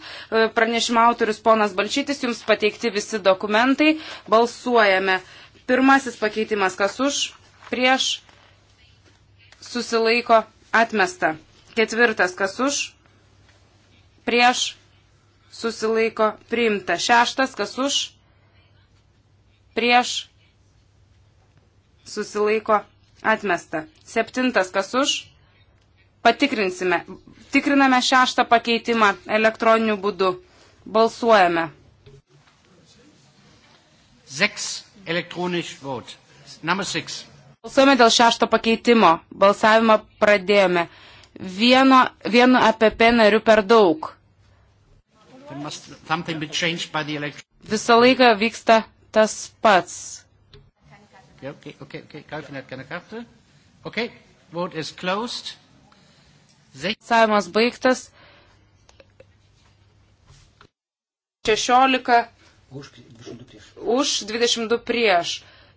Pranešimo autorius ponas Balčytis, jums pateikti visi dokumentai. Balsuojame. Pirmasis pakeitimas - kas už, prieš, susilaiko, atmesta. Ketvirtas - kas už, prieš, susilaiko, priimta. Šeštas - kas už, prieš, susilaiko, atmesta. Septintas, kas už, patikrinsime. Tikriname šeštą pakeitimą elektroniniu būdu. Balsuojame. Seks elektronisch vot. Number six. Balsuojame dėl šešto pakeitimo. Balsavimą pradėjome. Vieno, vienu APP nariu per daug. Must, Visą laiką vyksta tas pats. Okay, okay, okay. Kaltinat keine Karte. Okay, vote is closed. Balsavimas baigtas. 16 už 22 prieš. Už 22 prieš.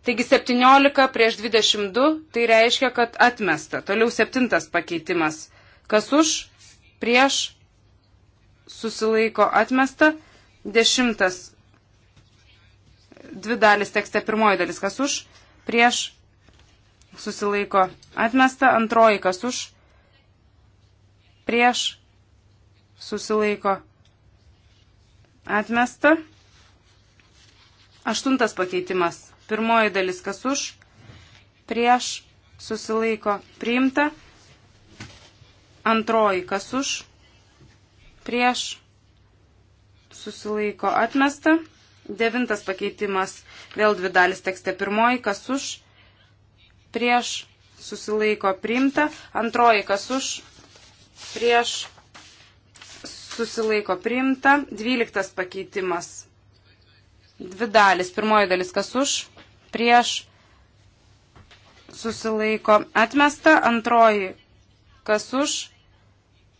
Taigi 17 prieš 22, tai reiškia, kad atmesta. Toliau septintas pakeitimas. Kas už, prieš, susilaiko atmesta. Dešimtas dvi dalis tekste. Pirmoji dalis kas už, prieš, susilaiko atmesta. Antroji kas už, prieš, susilaiko atmesta. Aštuntas pakeitimas. Pirmoji dalis kas už, prieš, susilaiko priimta. Antroji kas už, prieš, susilaiko atmesta. Devintas pakeitimas, vėl dvi dalis tekste. Pirmoji, kas už, prieš, susilaiko priimta. Antroji, kas už, prieš, susilaiko priimta. Dvyliktas pakeitimas, dvi dalis. Pirmoji dalis, kas už, prieš, susilaiko atmesta. Antroji, kas už,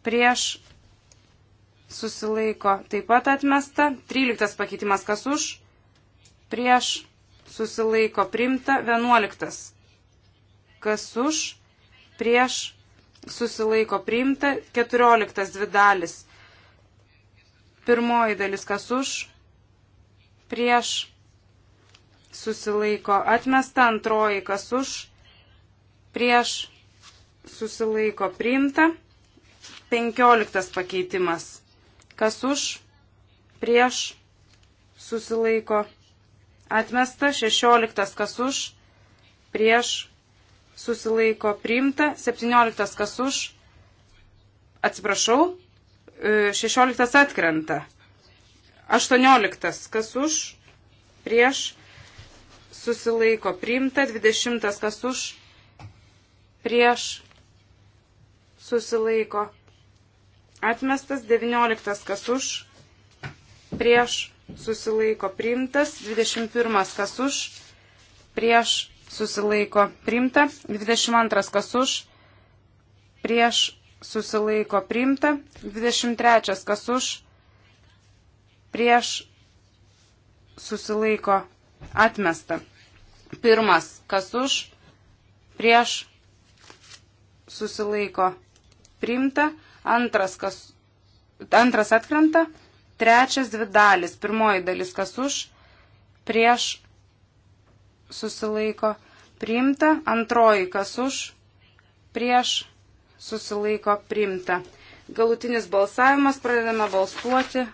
prieš, susilaiko taip pat atmesta. 13 pakeitimas kas už, prieš susilaiko primta. 11 kas už, prieš susilaiko primta. 14 dvi dalis. Pirmoji dalis kas už, prieš susilaiko atmesta. Antroji kas už, prieš susilaiko primta. 15 pakeitimas Kas už, prieš, susilaiko. Atmesta 16, kas už, prieš, susilaiko. Priimta 17, kas už, atsiprašau, 16 e, atkrenta. 18, kas už, prieš, susilaiko. Priimta 20, kas už, prieš, susilaiko atmestas, 19 kas už, prieš susilaiko priimtas, 21 kas už, prieš susilaiko priimta, 22 kas už, prieš susilaiko priimta, 23 kas už, prieš susilaiko atmesta. Pirmas kas už, prieš susilaiko priimta, Antras, kas, antras atkrenta. Trečias dvi dalis. Pirmoji dalis kas už, prieš susilaiko priimta. Antroji kas už, prieš susilaiko priimta. Galutinis balsavimas, pradedame balsuoti.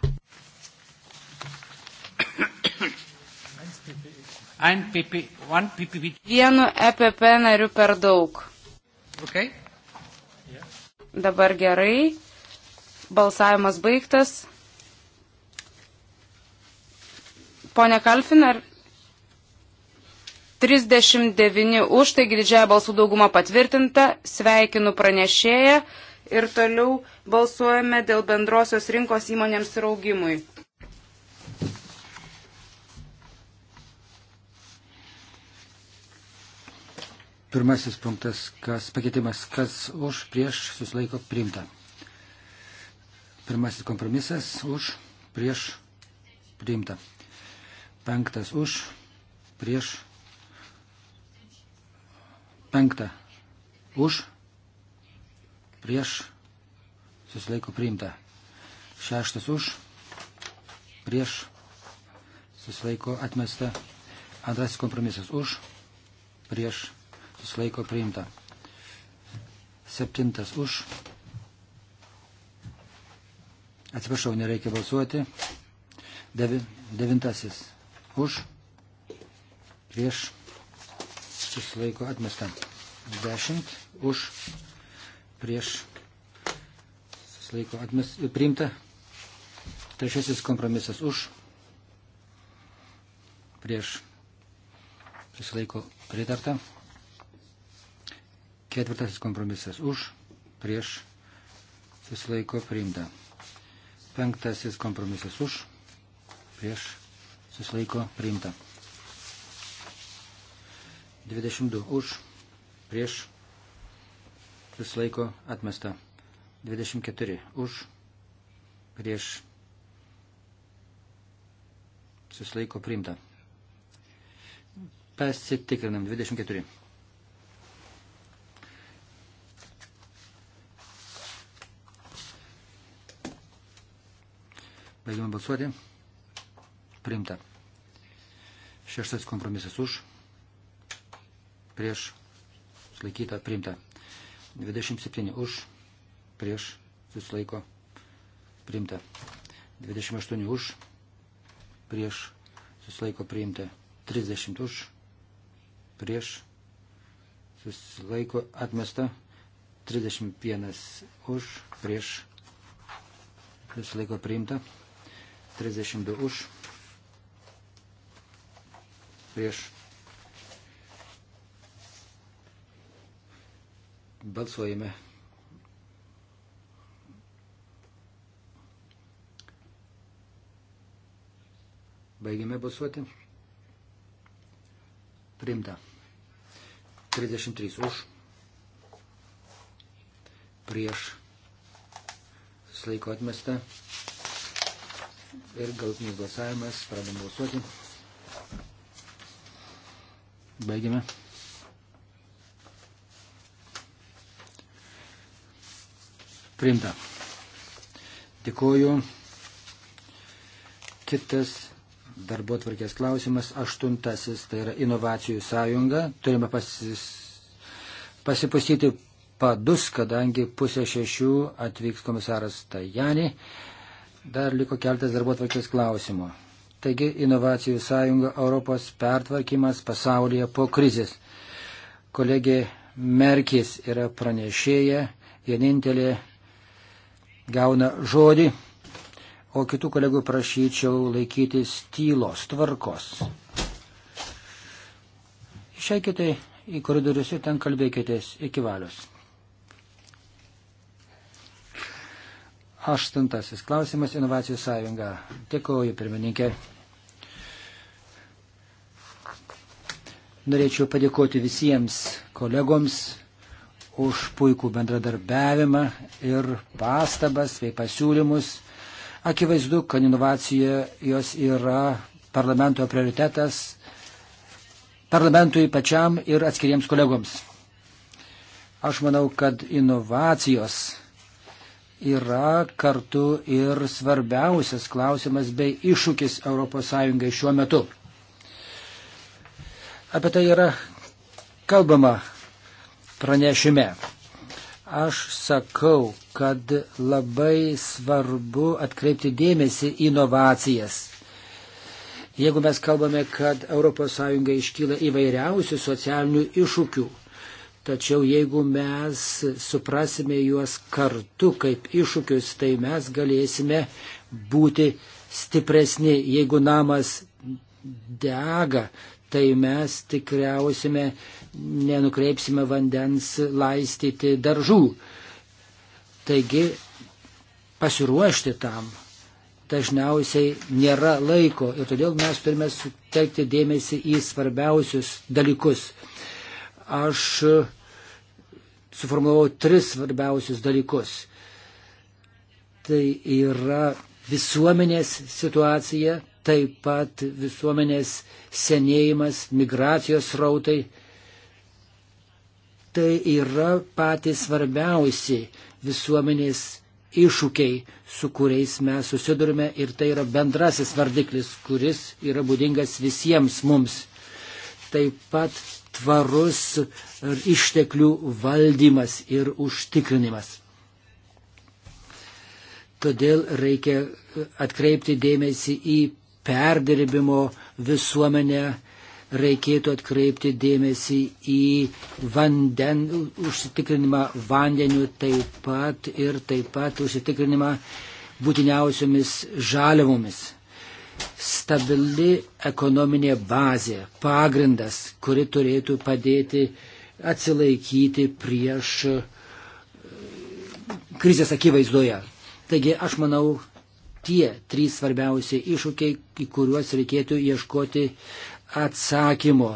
Vienu EPP nariu per daug. Okay. Dabar gerai. Balsavimas baigtas. Pone Kalfin, ar 39 už, taigi didžiaja balsų dauguma patvirtinta. Sveikinu pranešėją ir toliau balsuojame dėl bendrosios rinkos įmonėms ir augimui. Pirmasis punktas, kas pakeitimas, kas už, prieš, susilaiko, priimta. Pirmasis kompromisas, už, prieš, priimta. Penktas už, prieš, penktą už, prieš, susilaiko, priimta. Šeštas už, prieš, susilaiko, atmesta. Antrasis kompromisas už, prieš, susilaiko priimta. Septintas už. Atsiprašau, nereikia balsuoti. Devi, devintasis už. Prieš susilaiko atmesta. Dešimt už. Prieš susilaiko atmesta. Priimta. Trečiasis kompromisas už. Prieš susilaiko pritarta. Ketvirtasis kompromisas už, prieš, susilaiko priimta. Penktasis kompromisas už, prieš, susilaiko priimta. 22 už, prieš, susilaiko atmesta. 24 už, prieš, susilaiko priimta. Pasitikrinam 24. Baigiame balsuoti. Primta. Šeštas kompromisas už. Prieš. Sulaikyta. Primta. 27 už. Prieš. Susilaiko. Primta. 28 už. Prieš. Susilaiko. Priimta. 30 už. Prieš. Susilaiko. Atmesta. 31 už. Prieš. Susilaiko. Priimta. 32 už, prieš. Balsuojame. Baigiame balsuoti. Primta. 33 už. Prieš. Slaiko atmesta ir galtinis balsavimas, pradam balsuoti. Baigiame. Priimta. Dėkuoju. Kitas darbo tvarkės klausimas, aštuntasis, tai yra inovacijų sąjunga. Turime pasis, pasipustyti padus, kadangi pusė šešių atvyks komisaras Tajani. Dar liko keltas darbo atvarkės klausimų. Taigi, inovacijų sąjunga Europos pertvarkymas pasaulyje po krizės. Kolegė Merkis yra pranešėja, vienintelė gauna žodį, o kitų kolegų prašyčiau laikytis tylos tvarkos. Išeikite į koridorius ir ten kalbėkitės iki valios. Aštuntasis klausimas - inovacijų sąjunga. Dėkuoju, pirmininkė. Norėčiau padėkoti visiems kolegoms už puikų bendradarbiavimą ir pastabas bei pasiūlymus. Akivaizdu, kad inovacija jos yra parlamento prioritetas parlamentui pačiam ir atskiriems kolegoms. Aš manau, kad inovacijos yra kartu ir svarbiausias klausimas bei iššūkis ES šiuo metu. Apie tai yra kalbama pranešime. Aš sakau, kad labai svarbu atkreipti dėmesį į inovacijas. Jeigu mes kalbame, kad ES iškyla įvairiausių socialinių iššūkių, Tačiau jeigu mes suprasime juos kartu kaip iššūkius, tai mes galėsime būti stipresni. Jeigu namas dega, tai mes tikriausime nenukreipsime vandens laistyti daržų. Taigi pasiruošti tam dažniausiai nėra laiko ir todėl mes turime sutelkti dėmesį į svarbiausius dalykus. Aš suformulavau tris svarbiausius dalykus. Tai yra visuomenės situacija, taip pat visuomenės senėjimas, migracijos rautai. Tai yra patys svarbiausi visuomenės iššūkiai, su kuriais mes susidurime ir tai yra bendrasis vardiklis, kuris yra būdingas visiems mums. Taip pat tvarus išteklių valdymas ir užtikrinimas. Todėl reikia atkreipti dėmesį į perdirbimo visuomenę, reikėtų atkreipti dėmesį į vanden, užsitikrinimą vandeniu, taip pat ir taip pat užsitikrinimą būtiniausiomis žaliavomis stabili ekonominė bazė, pagrindas, kuri turėtų padėti atsilaikyti prieš e, krizės akivaizdoje. Taigi aš manau, tie trys svarbiausi iššūkiai, į kuriuos reikėtų ieškoti atsakymo.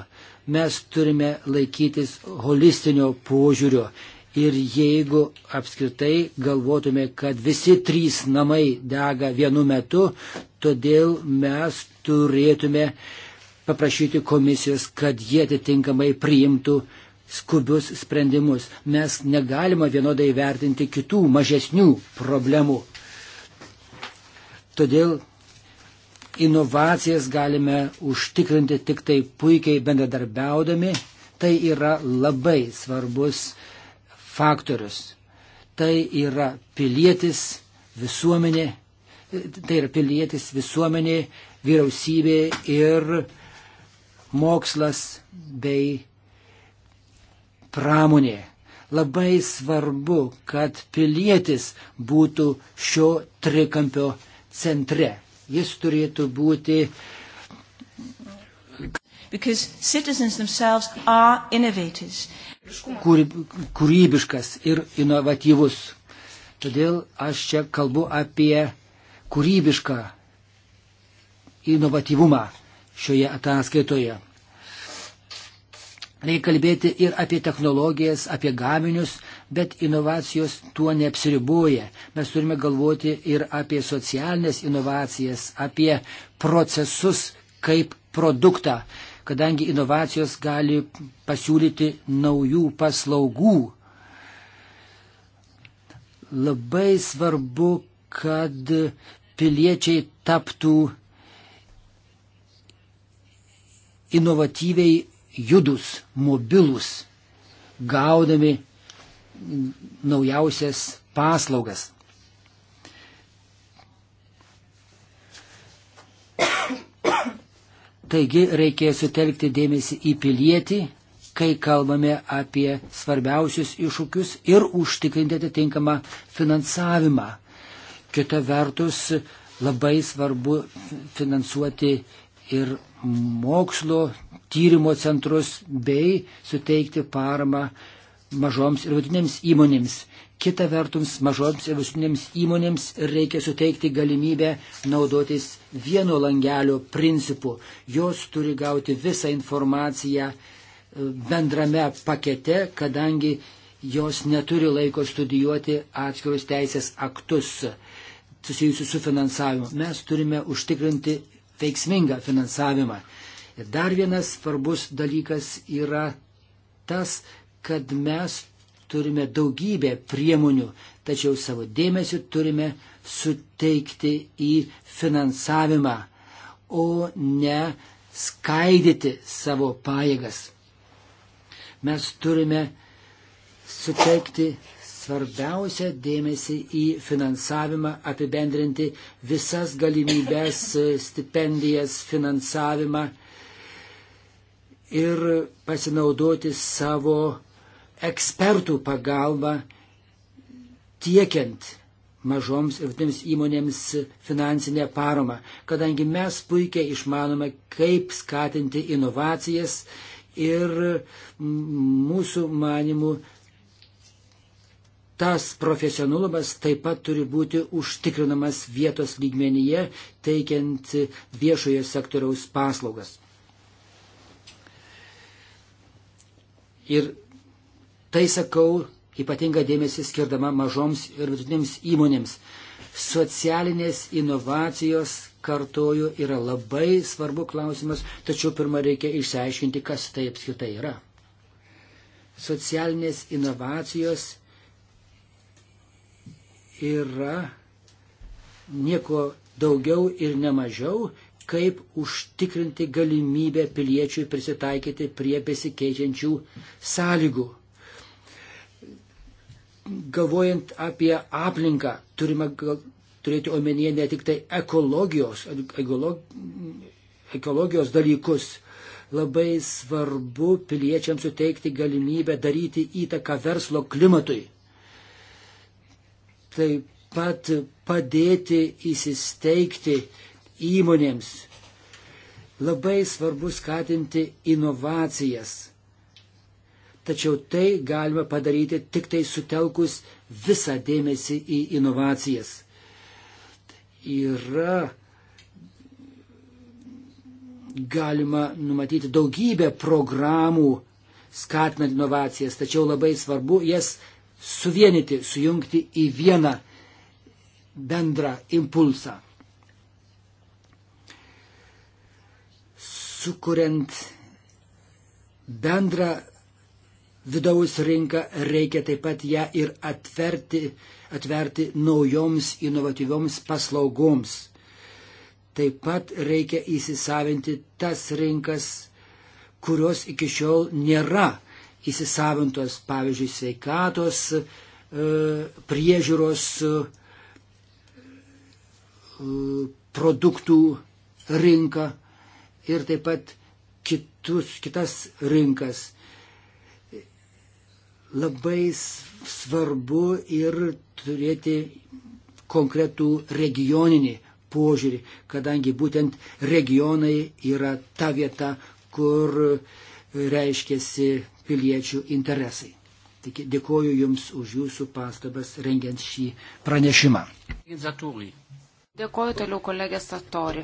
Mes turime laikytis holistinio požiūrio Ir jeigu apskritai galvotume, kad visi trys namai dega vienu metu, Todėl mes turėtume paprašyti komisijos, kad jie atitinkamai priimtų skubius sprendimus. Mes negalima vienodai vertinti kitų mažesnių problemų. Todėl inovacijas galime užtikrinti tik tai puikiai bendradarbiaudami. Tai yra labai svarbus faktorius. Tai yra pilietis, visuomenė, tai yra pilietis, visuomenė, vyriausybė ir mokslas bei pramonė. Labai svarbu, kad pilietis būtų šio trikampio centre. Jis turėtų būti. Kūry, kūrybiškas ir inovatyvus. Todėl aš čia kalbu apie kūrybišką inovatyvumą šioje ataskaitoje. Reikia kalbėti ir apie technologijas, apie gaminius, bet inovacijos tuo neapsiriboja. Mes turime galvoti ir apie socialinės inovacijas, apie procesus kaip produktą, kadangi inovacijos gali pasiūlyti naujų paslaugų. Labai svarbu, kad piliečiai taptų inovatyviai judus, mobilus, gaudami naujausias paslaugas. Taigi reikėjo sutelkti dėmesį į pilietį, kai kalbame apie svarbiausius iššūkius ir užtikrinti atitinkamą finansavimą kita vertus labai svarbu finansuoti ir mokslo tyrimo centrus bei suteikti paramą mažoms ir vidutinėms įmonėms. Kita vertus, mažoms ir vidutinėms įmonėms reikia suteikti galimybę naudotis vieno langelio principu. Jos turi gauti visą informaciją e, bendrame pakete, kadangi jos neturi laiko studijuoti atskirus teisės aktus susijusių su finansavimu. Mes turime užtikrinti veiksmingą finansavimą. Ir dar vienas svarbus dalykas yra tas, kad mes turime daugybę priemonių, tačiau savo dėmesį turime suteikti į finansavimą, o ne skaidyti savo pajėgas. Mes turime suteikti svarbiausia dėmesį į finansavimą, apibendrinti visas galimybės, stipendijas, finansavimą ir pasinaudoti savo ekspertų pagalbą tiekiant mažoms ir vidutinėms įmonėms finansinę paramą, kadangi mes puikiai išmanome, kaip skatinti inovacijas ir mūsų manimų tas profesionalumas taip pat turi būti užtikrinamas vietos lygmenyje, teikiant viešojo sektoriaus paslaugas. Ir tai sakau ypatingą dėmesį skirdama mažoms ir vidutinėms įmonėms. Socialinės inovacijos, kartoju, yra labai svarbu klausimas, tačiau pirmą reikia išsiaiškinti, kas tai apskritai yra. Socialinės inovacijos yra nieko daugiau ir nemažiau, kaip užtikrinti galimybę piliečiui prisitaikyti prie besikeičiančių sąlygų. Galvojant apie aplinką, turime gal, turėti omenyje ne tik tai ekologijos, ekolog, ekologijos dalykus. Labai svarbu piliečiams suteikti galimybę daryti įtaką verslo klimatui taip pat padėti įsisteigti įmonėms. Labai svarbu skatinti inovacijas. Tačiau tai galima padaryti tik tai sutelkus visą dėmesį į inovacijas. Yra galima numatyti daugybę programų skatinant inovacijas, tačiau labai svarbu jas suvienyti, sujungti į vieną bendrą impulsą. Sukuriant bendrą vidaus rinką, reikia taip pat ją ir atverti, atverti naujoms inovatyvioms paslaugoms. Taip pat reikia įsisavinti tas rinkas, kurios iki šiol nėra įsisavintos, pavyzdžiui, sveikatos e, priežiūros e, produktų rinką ir taip pat kitus, kitas rinkas. Labai svarbu ir turėti konkretų regioninį požiūrį, kadangi būtent regionai yra ta vieta, kur reiškiasi piliečių interesai. Tik dėkoju Jums už Jūsų pastabas rengiant šį pranešimą. Dėkoju toliau kolegė Satori.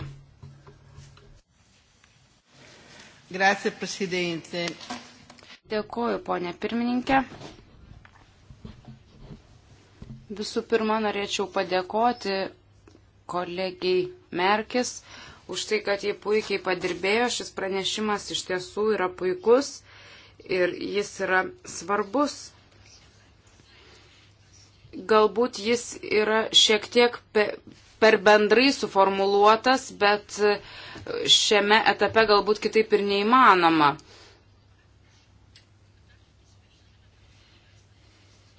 Grazie, Presidente. Dėkoju, ponė pirmininkė. Visų pirma, norėčiau padėkoti kolegiai Merkis už tai, kad jie puikiai padirbėjo. Šis pranešimas iš tiesų yra puikus ir jis yra svarbus. Galbūt jis yra šiek tiek pe, per bendrai suformuluotas, bet e, šiame etape galbūt kitaip ir neįmanoma.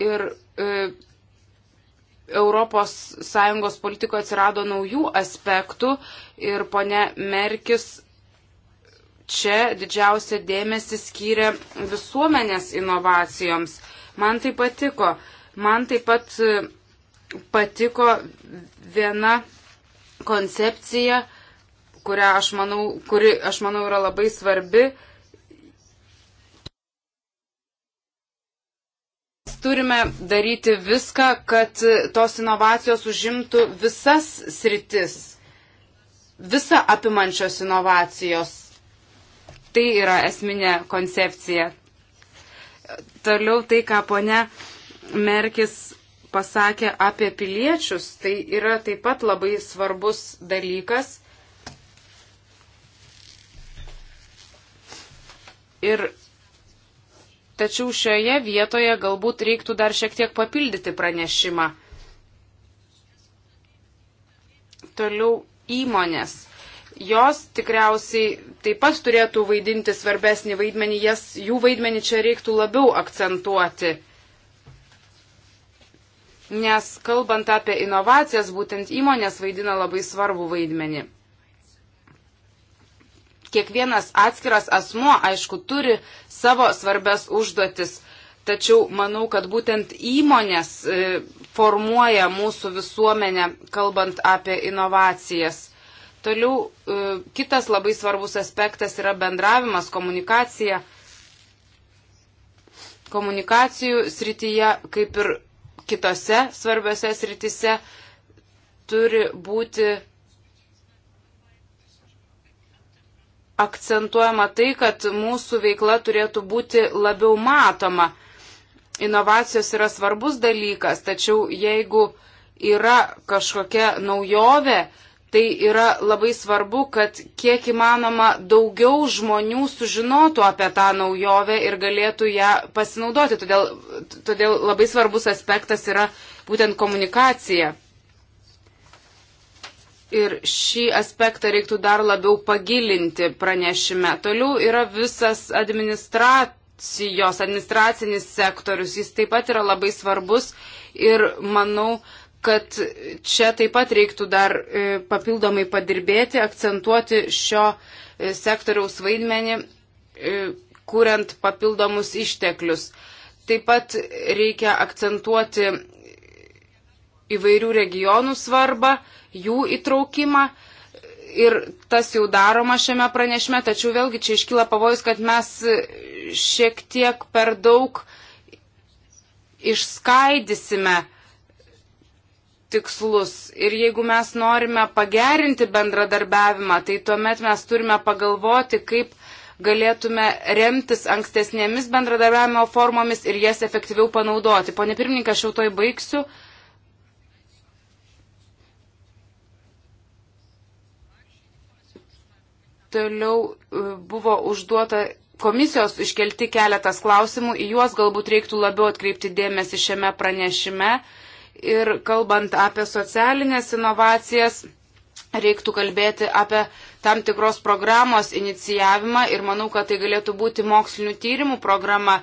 Ir e, ES politikoje atsirado naujų aspektų ir ponia Merkis čia didžiausia dėmesį skyrė visuomenės inovacijoms. Man tai patiko. Man taip pat e, patiko viena koncepcija, kurią aš manau, kuri, aš manau, yra labai svarbi. Turime daryti viską, kad tos inovacijos užimtų visas sritis, visą apimančios inovacijos Tai yra esminė koncepcija. Toliau tai, ką ponia Merkis pasakė apie piliečius, tai yra taip pat labai svarbus dalykas. Ir tačiau šioje vietoje galbūt reiktų dar šiek tiek papildyti pranešimą. Toliau įmonės jos tikriausiai taip pat turėtų vaidinti svarbesnį vaidmenį, jas, jų vaidmenį čia reiktų labiau akcentuoti. Nes kalbant apie inovacijas, būtent įmonės vaidina labai svarbų vaidmenį. Kiekvienas atskiras asmo, aišku, turi savo svarbes užduotis, tačiau manau, kad būtent įmonės e, formuoja mūsų visuomenę, kalbant apie inovacijas Toliau e, kitas labai svarbus aspektas yra bendravimas, komunikacija. Komunikacijų srityje, kaip ir kitose svarbiose srityse, turi būti akcentuojama tai, kad mūsų veikla turėtų būti labiau matoma. Inovacijos yra svarbus dalykas, tačiau jeigu yra kažkokia naujovė, Tai yra labai svarbu, kad kiek įmanoma daugiau žmonių sužinotų apie tą naujovę ir galėtų ją pasinaudoti. Todėl, todėl labai svarbus aspektas yra būtent komunikacija. Ir šį aspektą reiktų dar labiau pagilinti pranešime. Toliau yra visas administrat, administracijos, administracinis sektorius, jis taip pat yra labai svarbus ir manau, kad čia taip pat reiktų dar e, papildomai padirbėti, akcentuoti šio e, sektoriaus vaidmenį, e, kuriant papildomus išteklius. Taip pat reikia akcentuoti įvairių regionų svarbą, jų įtraukimą. Ir tas jau daroma šiame pranešme, tačiau vėlgi čia iškyla pavojus, kad mes šiek tiek per daug išskaidysime uh, tikslus. Ir jeigu mes norime pagerinti bendradarbiavimą, tai tuomet mes turime pagalvoti, kaip galėtume remtis ankstesnėmis bendradarbiavimo formomis ir jas efektyviau panaudoti. Pone pirmininkas, aš jau toj baigsiu. Toliau e, buvo užduota komisijos iškelti keletas klausimų, į juos galbūt reiktų labiau atkreipti dėmesį šiame pranešime. Uh, ir kalbant apie socialinės inovacijas, reiktų kalbėti apie tam tikros programos inicijavimą ir manau, kad tai galėtų būti mokslinių tyrimų programa.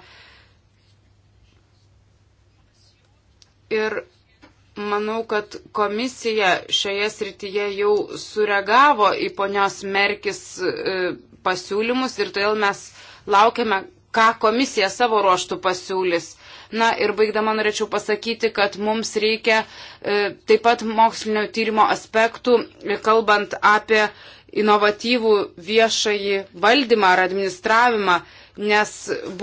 Ir manau, kad komisija šioje srityje jau sureagavo į ponios Merkis e, pasiūlymus ir todėl mes laukiame, ką komisija savo ruoštų pasiūlys. Na ir baigdama norėčiau pasakyti, kad mums reikia e, taip pat mokslinio tyrimo aspektų, e, kalbant apie inovatyvų viešąjį valdymą ar administravimą, nes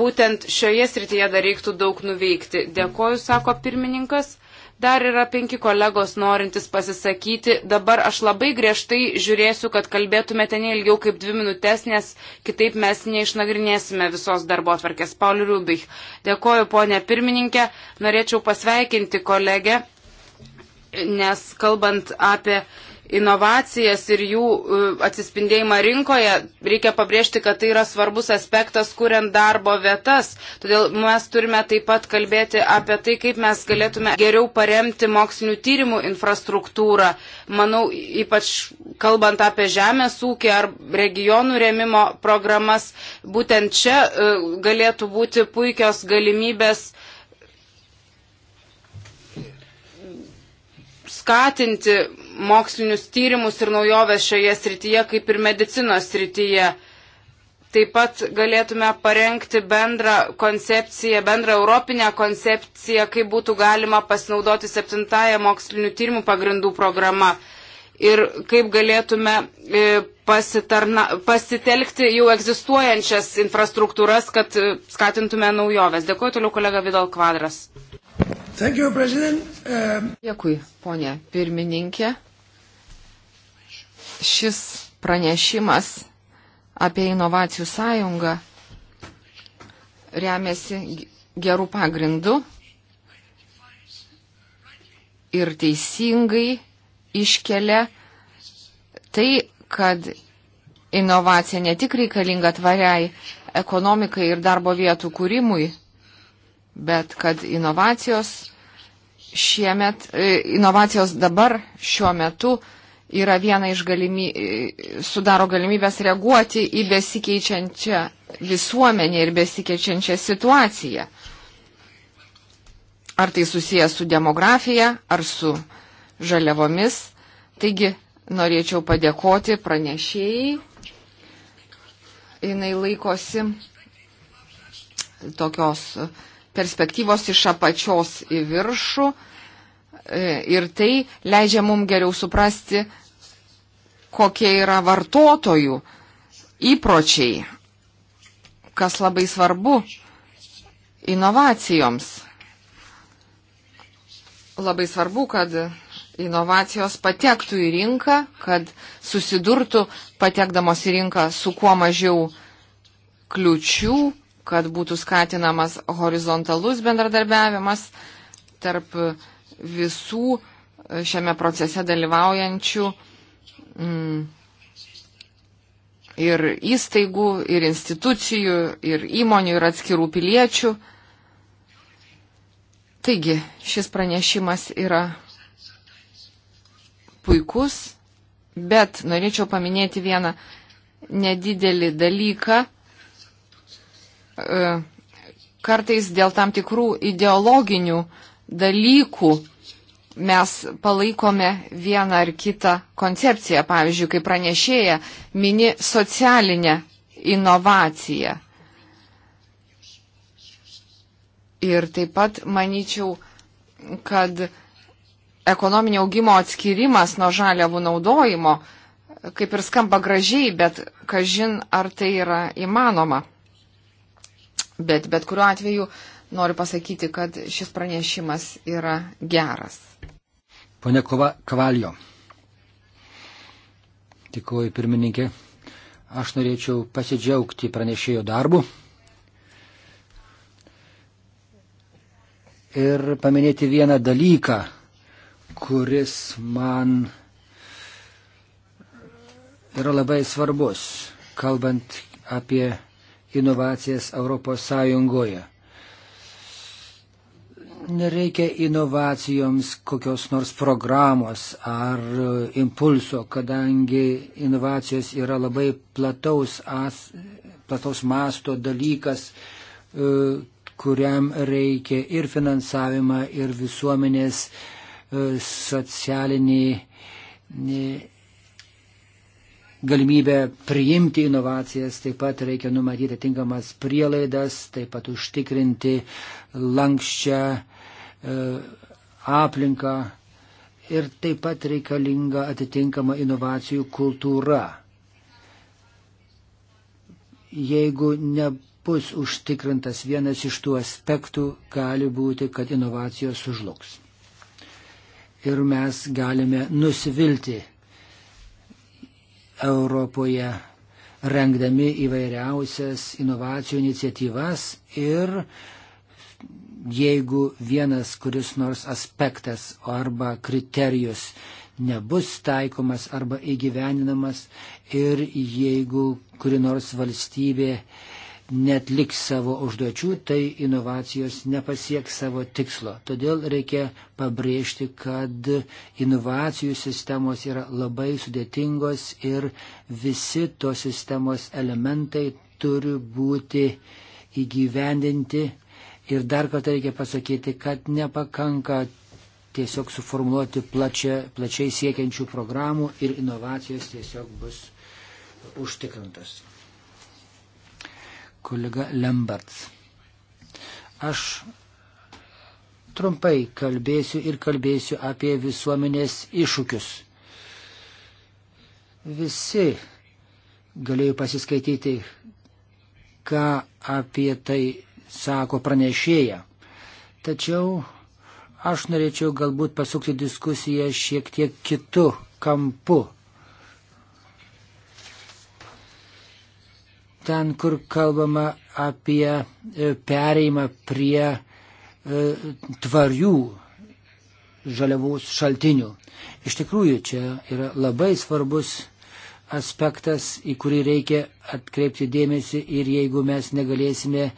būtent šioje srityje dar reiktų daug nuveikti. Dėkoju, sako pirmininkas. Dar yra penki kolegos norintys pasisakyti. Dabar aš labai griežtai žiūrėsiu, kad kalbėtumėte ne ilgiau kaip dvi minutės, nes kitaip mes neišnagrinėsime visos darbo atvarkės. Pauli Rubich, dėkoju ponė pirmininkė, norėčiau pasveikinti kolegę, nes kalbant apie inovacijas ir jų e, atsispindėjimą rinkoje, reikia pabrėžti, kad tai yra svarbus aspektas, kuriant darbo vietas. Todėl mes turime taip pat kalbėti apie tai, kaip mes galėtume geriau paremti mokslinių tyrimų infrastruktūrą. Manau, ypač kalbant apie žemės ūkį ar regionų remimo programas, būtent čia e, galėtų būti puikios galimybės skatinti mokslinius tyrimus ir naujoves šioje srityje, kaip ir medicinos srityje. Taip pat galėtume parengti bendrą koncepciją, bendrą europinę koncepciją, kaip būtų galima pasinaudoti septintąją mokslinių tyrimų pagrindų programą ir kaip galėtume e, pasitarna, pasitelkti jau egzistuojančias infrastruktūras, kad e, skatintume naujoves. Dėkuoju toliau kolega Vidal Kvadras. Thank you, President. Um... Dėkui, ponė pirmininkė. Šis pranešimas apie inovacijų sąjungą remiasi gerų pagrindų ir teisingai iškelia tai, kad inovacija ne tik reikalinga tvariai ekonomikai ir darbo vietų kūrimui, bet kad inovacijos šiemet, e, inovacijos dabar šiuo metu yra viena iš galimy, e, sudaro galimybės reaguoti į besikeičiančią visuomenę ir besikeičiančią situaciją. Ar tai susijęs su demografija, ar su žaliavomis. Taigi norėčiau padėkoti pranešėjai. Jis laikosi tokios uh, perspektyvos iš apačios į viršų e, ir tai leidžia mums geriau suprasti, kokie yra vartotojų įpročiai, kas labai svarbu inovacijoms. Labai svarbu, kad inovacijos patektų į rinką, kad susidurtų patekdamos į rinką su kuo mažiau kliučių, kad būtų skatinamas horizontalus bendradarbiavimas tarp visų e, šiame procese dalyvaujančių mm, ir įstaigų, ir institucijų, ir įmonių, ir atskirų piliečių. Taigi, šis pranešimas yra puikus, bet norėčiau paminėti vieną nedidelį dalyką, E, kartais dėl tam tikrų ideologinių dalykų mes palaikome vieną ar kitą koncepciją. Pavyzdžiui, kai pranešėja mini socialinę inovaciją. Ir taip pat manyčiau, kad ekonominio augimo atskirimas nuo žaliavų naudojimo kaip ir skamba gražiai, bet kažin ar tai yra įmanoma. Bet bet kuriuo atveju noriu pasakyti, kad šis pranešimas yra geras. Pone Kova Kavaljo. Tikuoju pirmininkė. Aš norėčiau pasidžiaugti pranešėjo darbu. ir paminėti vieną dalyką, kuris man yra labai svarbus, kalbant apie inovacijas Europos Sąjungoje. Nereikia inovacijoms kokios nors programos ar e, impulso, kadangi inovacijos yra labai plataus, as, plataus masto dalykas, e, kuriam reikia ir finansavimą, ir visuomenės e, socialinį galimybę priimti inovacijas, taip pat reikia numatyti tinkamas prielaidas, taip pat užtikrinti lankščią e, aplinką ir taip pat reikalinga atitinkama inovacijų kultūra. Jeigu nebus užtikrintas vienas iš tų aspektų, gali būti, kad inovacijos sužlugs. Ir mes galime nusivilti Europoje, rengdami įvairiausias inovacijų iniciatyvas ir jeigu vienas kuris nors aspektas arba kriterijus nebus taikomas arba įgyveninamas ir jeigu kuri nors valstybė netliks savo užduočių, tai inovacijos nepasieks savo tikslo. Todėl reikia pabrėžti, kad inovacijų sistemos yra labai sudėtingos ir visi tos sistemos elementai turi būti įgyvendinti. Ir dar kartą reikia pasakyti, kad nepakanka tiesiog suformuoluoti plačia, plačiai siekiančių programų ir inovacijos tiesiog bus užtikrintas kolega Lemberts. Aš trumpai kalbėsiu ir kalbėsiu apie visuomenės iššūkius. Visi galėjo pasiskaityti, ką apie tai sako pranešėja. Tačiau aš norėčiau galbūt pasukti diskusiją šiek tiek kitų kampų. ten, kur kalbama apie e, pereimą prie e, tvarių žaliavos šaltinių. Iš tikrųjų, čia yra labai svarbus aspektas, į kurį reikia atkreipti dėmesį ir jeigu mes negalėsime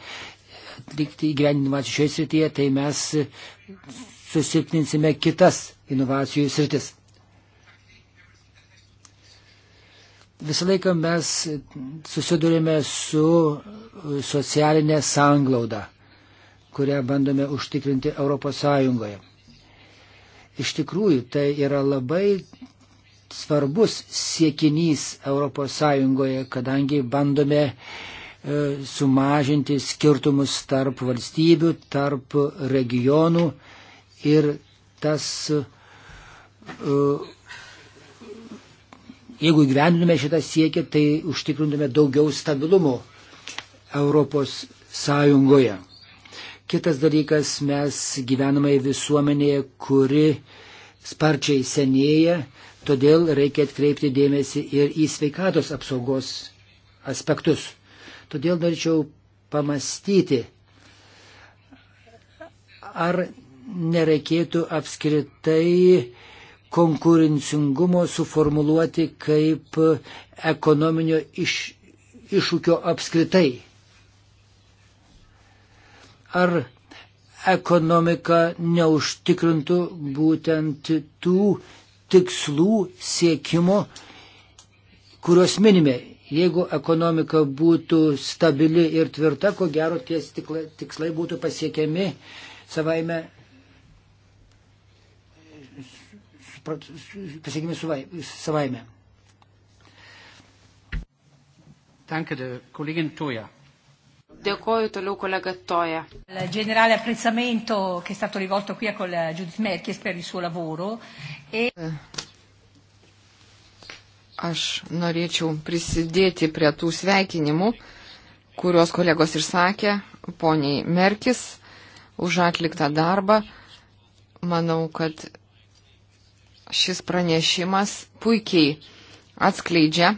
atlikti įgyvendinimas šioje srityje, tai mes susilpninsime kitas inovacijų sritis. Visą laiką mes susidurime su socialinė sanglauda, kurią bandome užtikrinti ES. Iš tikrųjų, tai yra labai svarbus siekinys ES, kadangi bandome e, sumažinti skirtumus tarp valstybių, tarp regionų ir tas uh, jeigu įgyvendintume šitą siekį, tai užtikrintume daugiau stabilumo Europos Sąjungoje. Kitas dalykas, mes gyvename visuomenėje, kuri sparčiai senėja, todėl reikia atkreipti dėmesį ir į sveikatos apsaugos aspektus. Todėl norėčiau pamastyti, ar nereikėtų apskritai konkurencingumo suformuluoti kaip ekonominio iš, iššūkio apskritai. Ar ekonomika neužtikrintų būtent tų tikslų siekimo, kuriuos minime. Jeigu ekonomika būtų stabili ir tvirta, ko gero tie tikslai būtų pasiekiami savaime pasiekimi savaime. Danke, kolegin Toja. Dėkoju toliau kolega Toja. Il generale apprezzamento che è stato rivolto qui a Judith Merkies per il suo lavoro. E... Aš norėčiau prisidėti prie tų sveikinimų, kuriuos kolegos išsakė poniai Merkis už atliktą darbą. Manau, kad šis pranešimas puikiai atskleidžia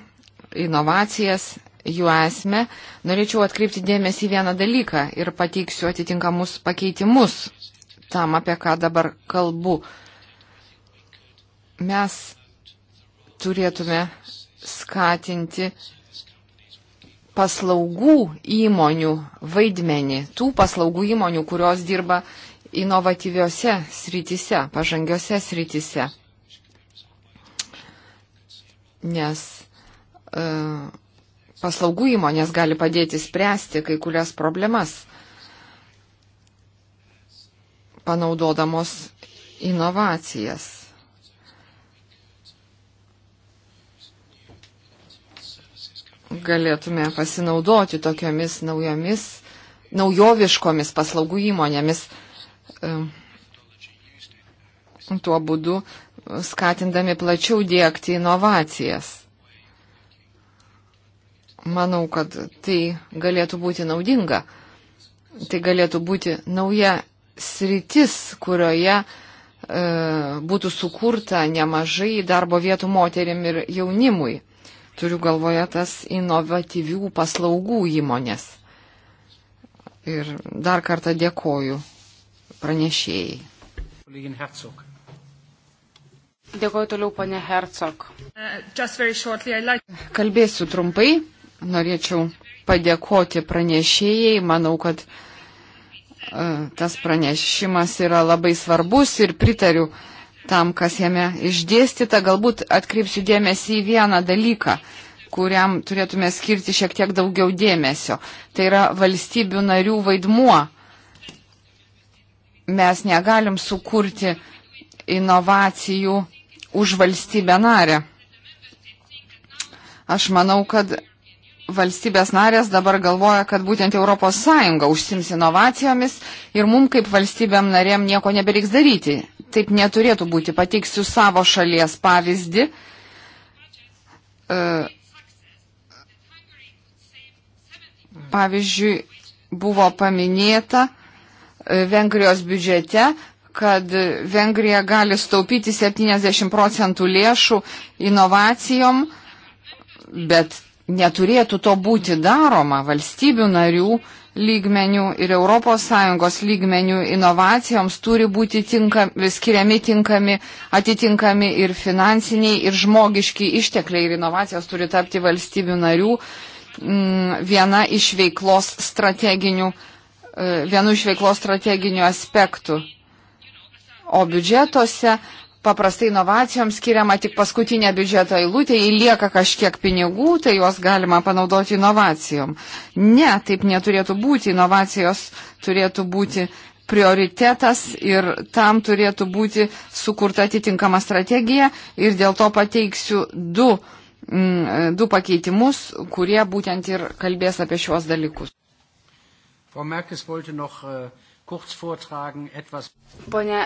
inovacijas, jų esmę. Norėčiau atkreipti dėmesį į vieną dalyką ir pateiksiu atitinkamus pakeitimus tam, apie ką dabar kalbu. Mes turėtume skatinti paslaugų įmonių vaidmenį, tų paslaugų įmonių, kurios dirba inovatyviose srityse, pažangiose srityse nes e, paslaugų įmonės gali padėti spręsti kai kurias problemas, panaudodamos inovacijas. Galėtume pasinaudoti tokiomis naujomis, naujoviškomis paslaugų įmonėmis. E, tuo būdu skatindami plačiau dėkti inovacijas. Manau, kad tai galėtų būti naudinga. Tai galėtų būti nauja sritis, kurioje e, būtų sukurta nemažai darbo vietų moterim ir jaunimui. Turiu galvoje tas inovatyvių paslaugų įmonės. Ir dar kartą dėkoju pranešėjai. Kolegin Herzog. Dėkuoju toliau, ponė Hercog. Kalbėsiu trumpai. Norėčiau padėkoti pranešėjai. Manau, kad e, tas pranešimas yra labai svarbus ir pritariu tam, kas jame išdėstyta. Galbūt atkreipsiu dėmesį į vieną dalyką, kuriam turėtume skirti šiek tiek daugiau dėmesio. Tai yra valstybių narių vaidmuo. Mes negalim sukurti inovacijų už valstybę narę. Aš manau, kad valstybės narės dabar galvoja, kad būtent ES užsims inovacijomis ir mum kaip valstybėm narėm nieko nebereiks daryti. Taip neturėtų būti. Pateiksiu savo šalies pavyzdį. Pavyzdžiui, buvo paminėta Vengrijos biudžete kad Vengrija gali staupyti 70 procentų lėšų inovacijom, bet neturėtų to būti daroma valstybių narių lygmenių ir ES lygmenių inovacijoms turi būti tinkam, skiriami tinkami, atitinkami ir finansiniai, ir žmogiški ištekliai, ir inovacijos turi tapti valstybių narių m, mm, viena iš veiklos strateginių, e, vienu iš veiklos strateginių aspektų o biudžetuose paprastai inovacijoms skiriama tik paskutinė biudžeto eilutė, įlieka kažkiek pinigų, tai juos galima panaudoti inovacijom. Ne, taip neturėtų būti, inovacijos turėtų būti prioritetas ir tam turėtų būti sukurta atitinkama strategija ir dėl to pateiksiu du, mm, du pakeitimus, kurie būtent ir kalbės apie šiuos dalykus. Frau Merkis wollte noch äh, kurz vortragen etwas. Pone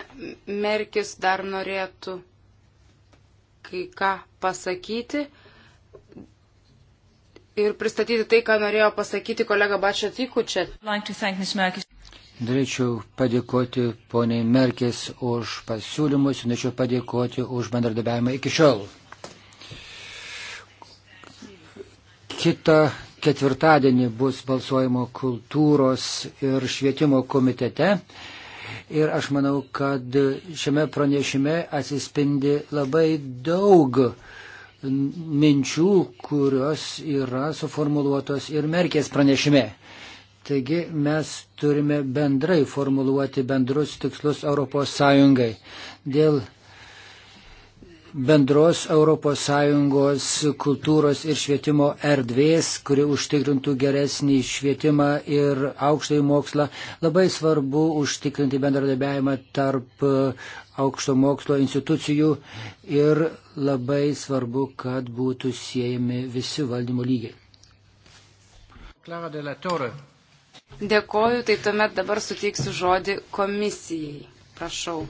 Merkis dar norėtų kai ką pasakyti ir pristatyti tai, ką norėjo pasakyti kolega Bačia Tikučia. Norėčiau padėkoti poniai Merkis už pasiūlymus, norėčiau padėkoti už bendradarbiavimą iki šiol. Kita ketvirtadienį bus balsuojama kultūros ir švietimo komitete. Ir aš manau, kad šiame pranešime atsispindi labai daug minčių, kurios yra suformuluotos ir Merkės pranešime. Taigi mes turime bendrai formuluoti bendrus tikslus Europos Sąjungai. Dėl bendros ES kultūros ir švietimo erdvės, kuri užtikrintų geresnį švietimą ir aukštąjį mokslą. Labai svarbu užtikrinti bendradarbiavimą tarp uh, aukšto mokslo institucijų ir labai svarbu, kad būtų siejami visi valdymo lygiai. Dėkoju, tai tuomet dabar suteiksiu žodį komisijai. Prašau.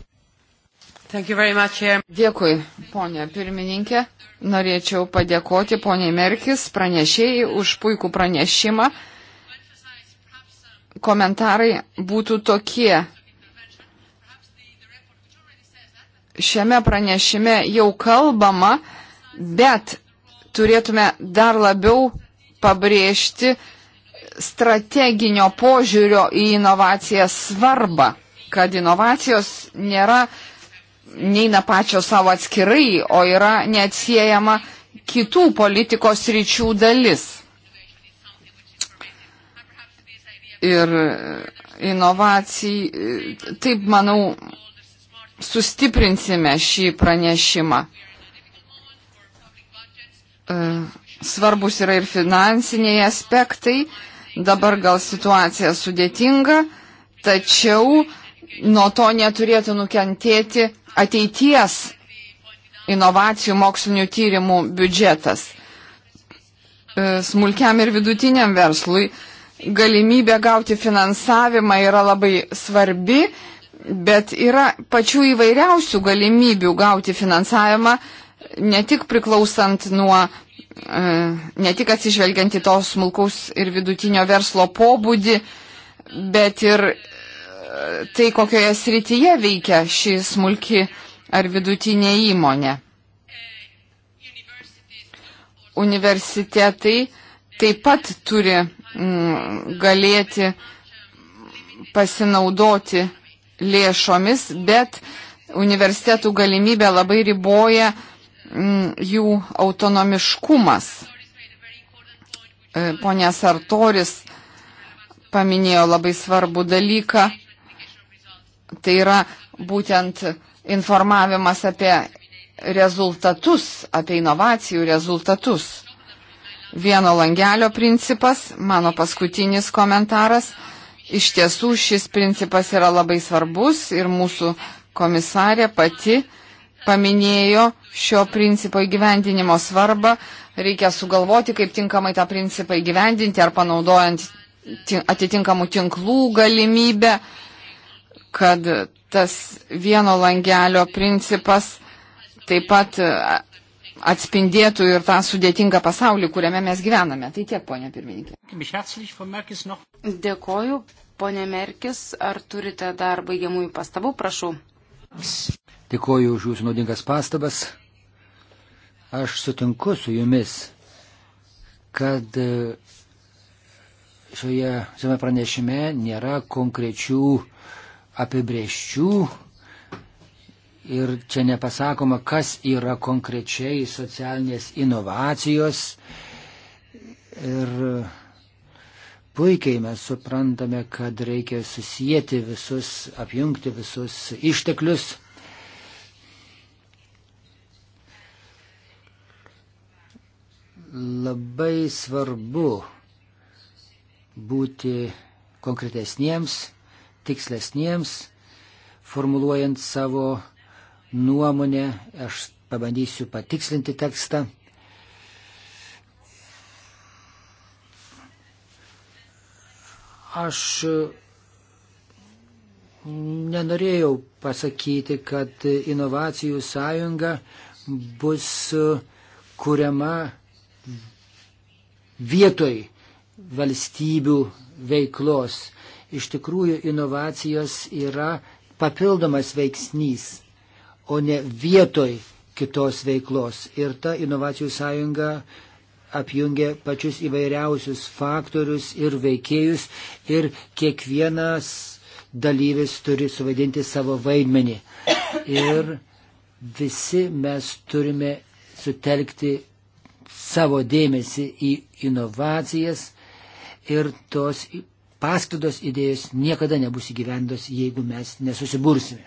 Dėkui, ponė pirmininkė. Norėčiau padėkoti poniai Merkis pranešėjai už puikų pranešimą. Komentarai būtų tokie. Šiame pranešime jau kalbama, bet turėtume dar labiau pabrėžti strateginio požiūrio į inovaciją svarbą, kad inovacijos nėra neina pačio savo atskirai, o yra neatsiejama kitų politikos ryčių dalis. Ir inovacijai, taip manau, sustiprinsime šį pranešimą. E, svarbus yra ir finansiniai aspektai, dabar gal situacija sudėtinga, tačiau nuo to neturėtų nukentėti ateities inovacijų mokslinių tyrimų biudžetas. E, smulkiam ir vidutiniam verslui galimybė gauti finansavimą yra labai svarbi, bet yra pačių įvairiausių galimybių gauti finansavimą, ne tik priklausant nuo, e, ne tik atsižvelgiant į tos smulkaus ir vidutinio verslo pobūdį, bet ir tai, kokioje srityje veikia ši smulki ar vidutinė įmonė. Universitetai taip pat turi m, mm, galėti pasinaudoti lėšomis, bet universitetų galimybę labai riboja m, mm, jų autonomiškumas. E, Pone Sartoris paminėjo labai svarbų dalyką Tai yra būtent informavimas apie rezultatus, apie inovacijų rezultatus. Vieno langelio principas, mano paskutinis komentaras. Iš tiesų šis principas yra labai svarbus ir mūsų komisarė pati paminėjo šio principo įgyvendinimo svarbą. Reikia sugalvoti, kaip tinkamai tą principą įgyvendinti ar panaudojant atitinkamų tinklų galimybę kad tas vieno langelio principas taip pat e, atspindėtų ir tą sudėtingą pasaulį, kuriame mes gyvename. Tai tiek, ponė pirmininkė. Dėkoju, ponė Merkis. Ar turite dar baigiamųjų pastabų? Prašau. Dėkoju už jūsų naudingas pastabas. Aš sutinku su jumis, kad e, šioje šiame pranešime nėra konkrečių apibrieščių ir čia nepasakoma, kas yra konkrečiai socialinės inovacijos. Ir puikiai mes suprantame, kad reikia susijęti visus, apjungti visus išteklius. Labai svarbu būti konkretesniems tikslesniems, formuluojant savo nuomonę. Aš pabandysiu patikslinti tekstą. Aš e, nenorėjau pasakyti, kad inovacijų sąjunga bus e, kuriama vietoj valstybių veiklos. Iš tikrųjų, inovacijos yra papildomas veiksnys, o ne vietoj kitos veiklos. Ir ta inovacijų sąjunga apjungia pačius įvairiausius faktorius ir veikėjus ir kiekvienas dalyvis turi suvaidinti savo vaidmenį. Ir visi mes turime sutelkti savo dėmesį į inovacijas ir tos pasklidos idėjos niekada nebus įgyvendos, jeigu mes nesusibursime.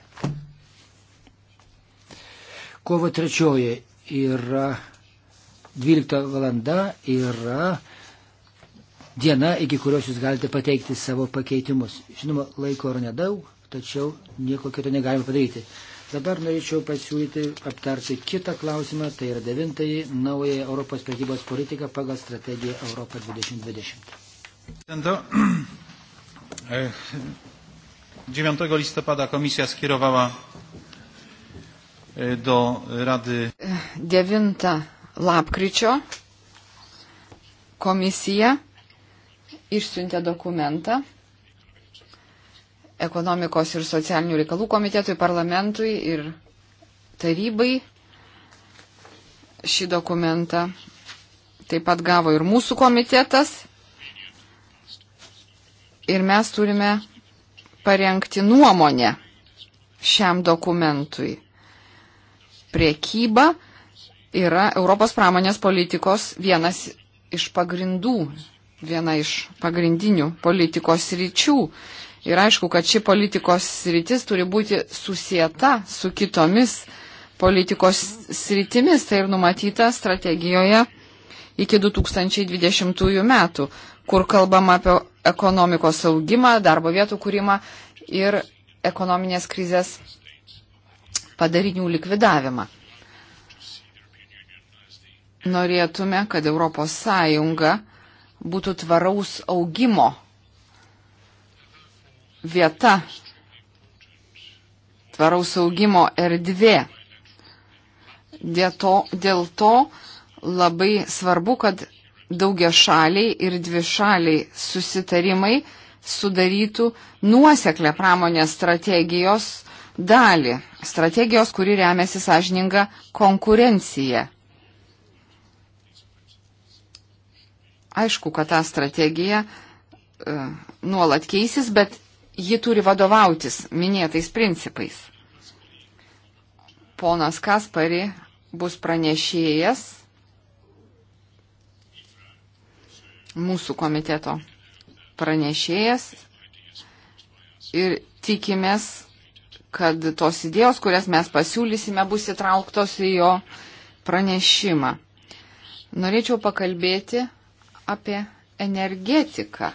Kovo trečioje yra 12 valanda, yra diena, iki kurios jūs galite pateikti savo pakeitimus. Žinoma, laiko yra nedaug, tačiau nieko kito negalime padaryti. Dabar norėčiau pasiūlyti aptarti kitą klausimą, tai yra devintąjį naują Europos prekybos politiką pagal strategiją Europą 2020. 9 e, listopada komisja skierowała e, do Rady. 9 lapkričio komisija išsiuntė dokumentą ekonomikos ir socialinių reikalų komitetui, parlamentui ir tarybai. Šį dokumentą taip pat gavo ir mūsų komitetas ir mes turime parengti nuomonę šiam dokumentui. Priekyba yra Europos pramonės politikos vienas iš pagrindų, viena iš pagrindinių politikos ryčių. Ir aišku, kad ši politikos sritis turi būti susieta su kitomis politikos sritimis, tai ir numatyta strategijoje iki 2020 metų, kur kalbama apie ekonomikos augimą, darbo vietų kūrimą ir ekonominės krizės padarinių likvidavimą. Norėtume, kad ES būtų tvaraus augimo vieta, tvaraus augimo erdvė. Dėl to, dėl to labai svarbu, kad daugia šaliai ir dvi šaliai susitarimai sudarytų nuoseklę pramonės strategijos dalį, strategijos, kuri remiasi sąžininga konkurencija. Aišku, kad ta strategija e, nuolat keisis, bet ji turi vadovautis minėtais principais. Ponas Kaspari bus pranešėjas mūsų komiteto pranešėjas ir tikimės, kad tos idėjos, kurias mes pasiūlysime, bus įtrauktos į jo pranešimą. Norėčiau pakalbėti apie energetiką.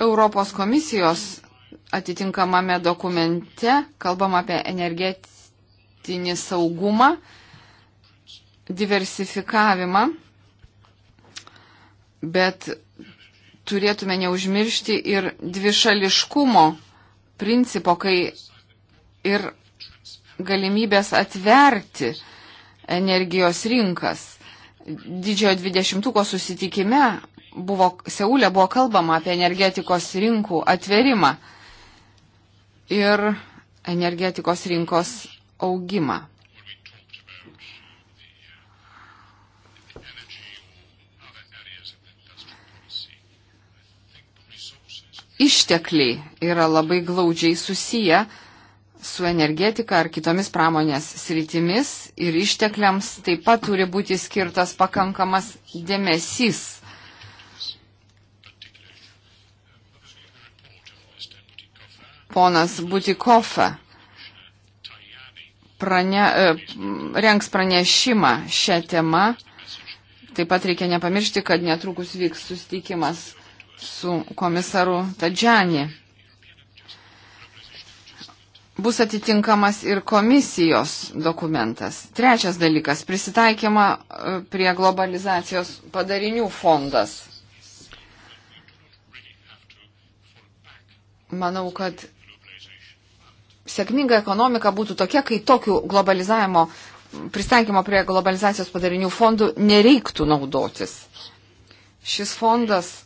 Europos komisijos atitinkamame dokumente kalbam apie energetinį saugumą, diversifikavimą bet turėtume neužmiršti ir dvišališkumo principo, kai ir galimybės atverti energijos rinkas. Didžiojo dvidešimtuko susitikime buvo, Seulė buvo kalbama apie energetikos rinkų atverimą ir energetikos rinkos augimą. ištekliai yra labai glaudžiai susiję su energetika ar kitomis pramonės sritimis ir ištekliams taip pat turi būti skirtas pakankamas dėmesys. Ponas Butikofa prane, e, rengs pranešimą šią temą. Taip pat reikia nepamiršti, kad netrukus vyks sustikimas su komisaru Tadžiani. Bus atitinkamas ir komisijos dokumentas. Trečias dalykas - prisitaikymą e, prie globalizacijos padarinių fondas. Manau, kad sėkminga ekonomika būtų tokia, kai tokių globalizavimo, pristaikymo prie globalizacijos padarinių fondų nereiktų naudotis. Šis fondas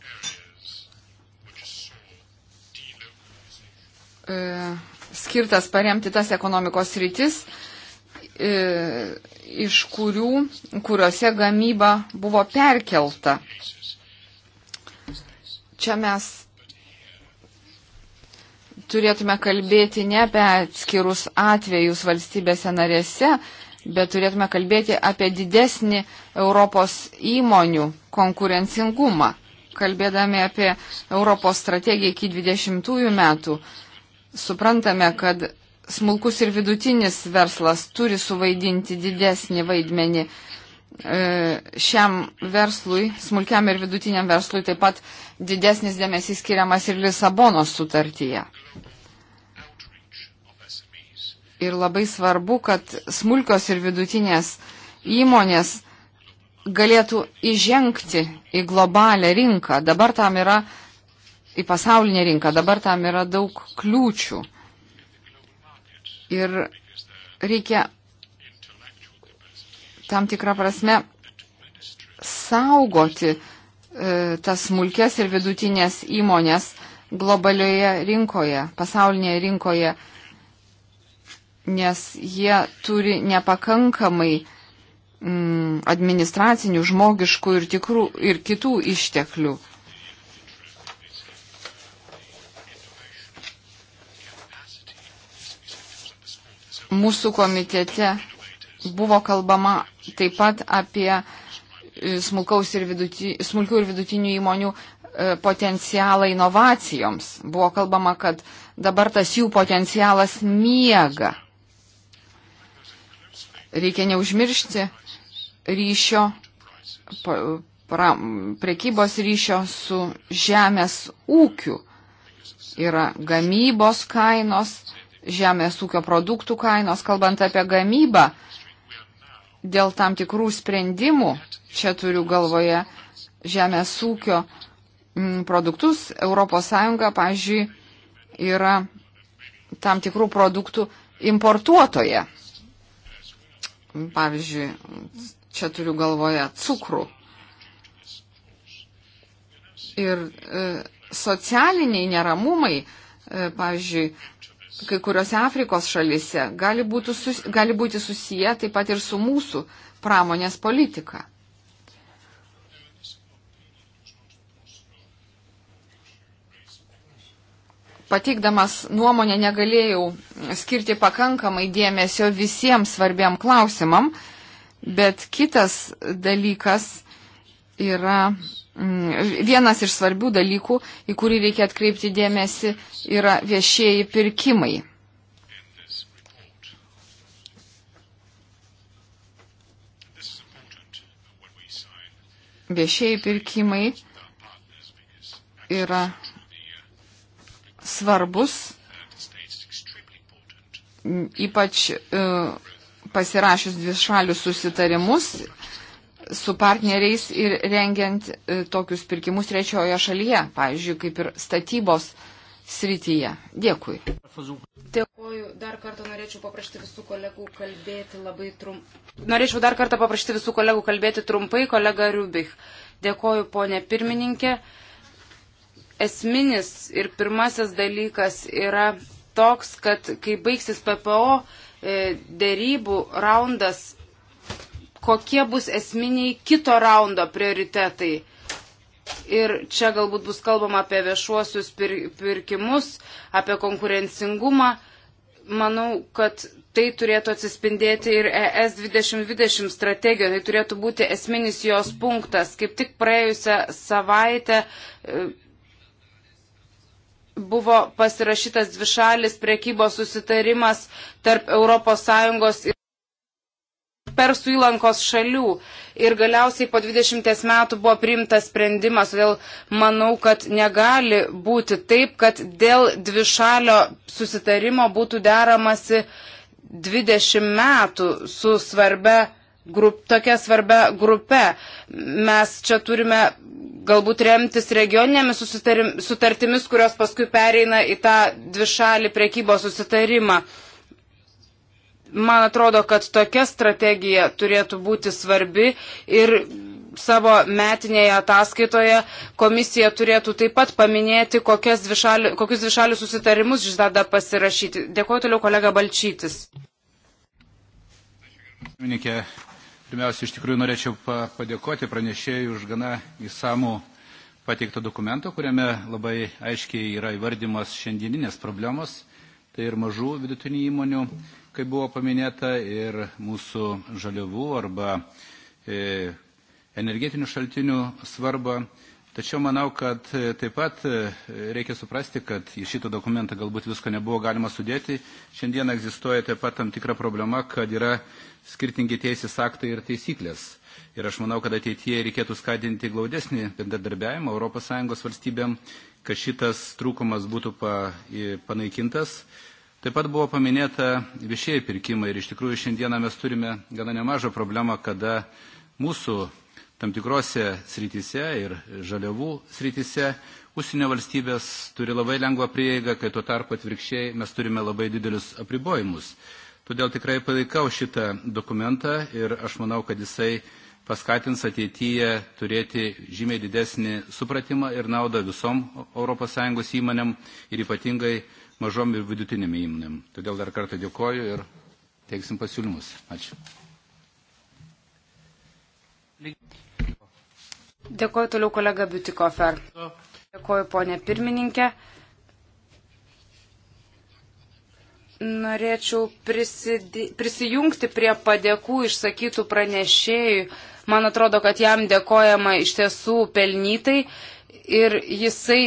E, skirtas paremti tas ekonomikos rytis, e, iš kurių, kuriuose gamyba buvo perkelta. Čia mes turėtume kalbėti ne apie atskirus atvejus valstybėse narėse, bet turėtume kalbėti apie didesnį Europos įmonių konkurencingumą, kalbėdami apie Europos strategiją iki 20 metų suprantame, kad smulkus ir vidutinis verslas turi suvaidinti didesnį vaidmenį. E, šiam verslui, smulkiam ir vidutiniam verslui taip pat didesnis dėmesys skiriamas ir Lisabonos sutartyje. Ir labai svarbu, kad smulkios ir vidutinės įmonės galėtų įžengti į globalę rinką. Dabar tam yra į pasaulinę rinką. Dabar tam yra daug kliūčių. Ir reikia tam tikrą prasme saugoti e, tas smulkės ir vidutinės įmonės globalioje rinkoje, pasaulinėje rinkoje, nes jie turi nepakankamai mm, administracinių, žmogiškų ir, tikrų, ir kitų išteklių. Mūsų komitete buvo kalbama taip pat apie e, ir viduti, smulkių ir vidutinių įmonių e, potencialą inovacijoms. Buvo kalbama, kad dabar tas jų potencialas miega. Reikia neužmiršti ryšio, pra, prekybos ryšio su žemės ūkiu. Yra gamybos kainos, žemės ūkio produktų kainos, kalbant apie gamybą, dėl tam tikrų sprendimų, čia turiu galvoje žemės ūkio mm, produktus, ES, pavyzdžiui, yra tam tikrų produktų importuotoje. Pavyzdžiui, čia turiu galvoje cukrų. Ir e, socialiniai neramumai, e, pavyzdžiui, kai kuriuose Afrikos šalise gali būti, sus, gali būti susiję taip pat ir su mūsų pramonės politika. Pateikdamas nuomonę negalėjau skirti pakankamai dėmesio visiems svarbiam klausimam, bet kitas dalykas yra Mm, vienas iš svarbių dalykų, į kurį reikia atkreipti dėmesį, yra viešieji pirkimai. Viešieji pirkimai yra svarbus, ypač e, pasirašius dvišalius susitarimus su partneriais ir rengiant e, tokius pirkimus trečiojo šalyje, pavyzdžiui, kaip ir statybos srityje. Dėkui. Dėkuoju. Dar kartą norėčiau paprašyti visų kolegų kalbėti labai trumpai. Norėčiau dar kartą paprašyti visų kolegų kalbėti trumpai, kolega Rubik. Dėkuoju, ponė pirmininkė. Esminis ir pirmasis dalykas yra toks, kad kai baigsis PPO e, dėrybų raundas, kokie bus esminiai kito raundo prioritetai. Ir čia galbūt bus kalbama apie viešuosius pir pirkimus, apie konkurencingumą. Manau, kad tai turėtų atsispindėti ir ES 2020 strategijoje, tai turėtų būti esminis jos punktas. Kaip tik praėjusią savaitę e, buvo pasirašytas dvišalis prekybos susitarimas tarp ES ir. Persų įlankos šalių. Ir galiausiai po 20 metų buvo priimtas sprendimas, todėl manau, kad negali būti taip, kad dėl dvišalio susitarimo būtų deramasi 20 metų su svarbia grup, tokia svarbia grupe. Mes čia turime galbūt remtis regioninėmis sutartimis, kurios paskui pereina į tą dvišalį prekybos susitarimą. Man atrodo, kad tokia strategija turėtų būti svarbi ir savo metinėje ataskaitoje komisija turėtų taip pat paminėti, dvišali, kokius dvišalius susitarimus žada pasirašyti. Dėkuoju toliau kolega Balčytis. Minikė, pirmiausia, iš tikrųjų norėčiau padėkoti pranešėjai už gana įsamų pateikto dokumento, kuriame labai aiškiai yra įvardymas šiandieninės problemos, tai ir mažų vidutinių įmonių. Mm kaip buvo paminėta, ir mūsų žaliavų arba e, energetinių šaltinių svarbą. Tačiau manau, kad e, taip pat e, reikia suprasti, kad į šitą dokumentą galbūt visko nebuvo galima sudėti. Šiandien egzistuoja taip pat tam tikra problema, kad yra skirtingi teisės aktai ir taisyklės. Ir aš manau, kad ateityje reikėtų skatinti glaudesnį bendradarbiavimą ES valstybėm, kad šitas trūkumas būtų panaikintas Taip pat buvo paminėta viešieji pirkimai ir iš tikrųjų šiandieną mes turime gana nemažą problemą, kada mūsų tam tikrose srityse ir žaliavų srityse užsienio valstybės turi labai lengvą prieigą, kai tuo tarpu atvirkščiai mes turime labai didelius apribojimus. Todėl tikrai palaikau šitą dokumentą ir aš manau, kad jisai paskatins ateityje turėti žymiai didesnį supratimą ir naudą visom ES įmonėm ir ypatingai mažom ir vidutinėm įmonėm. Todėl dar kartą dėkoju ir teiksim pasiūlymus. Ačiū. Dėkoju toliau kolega Biutikofer. Dėkoju ponė pirmininkė. Norėčiau prisidė, prisijungti prie padėkų išsakytų pranešėjų. Man atrodo, kad jam dėkojama iš tiesų pelnytai ir jisai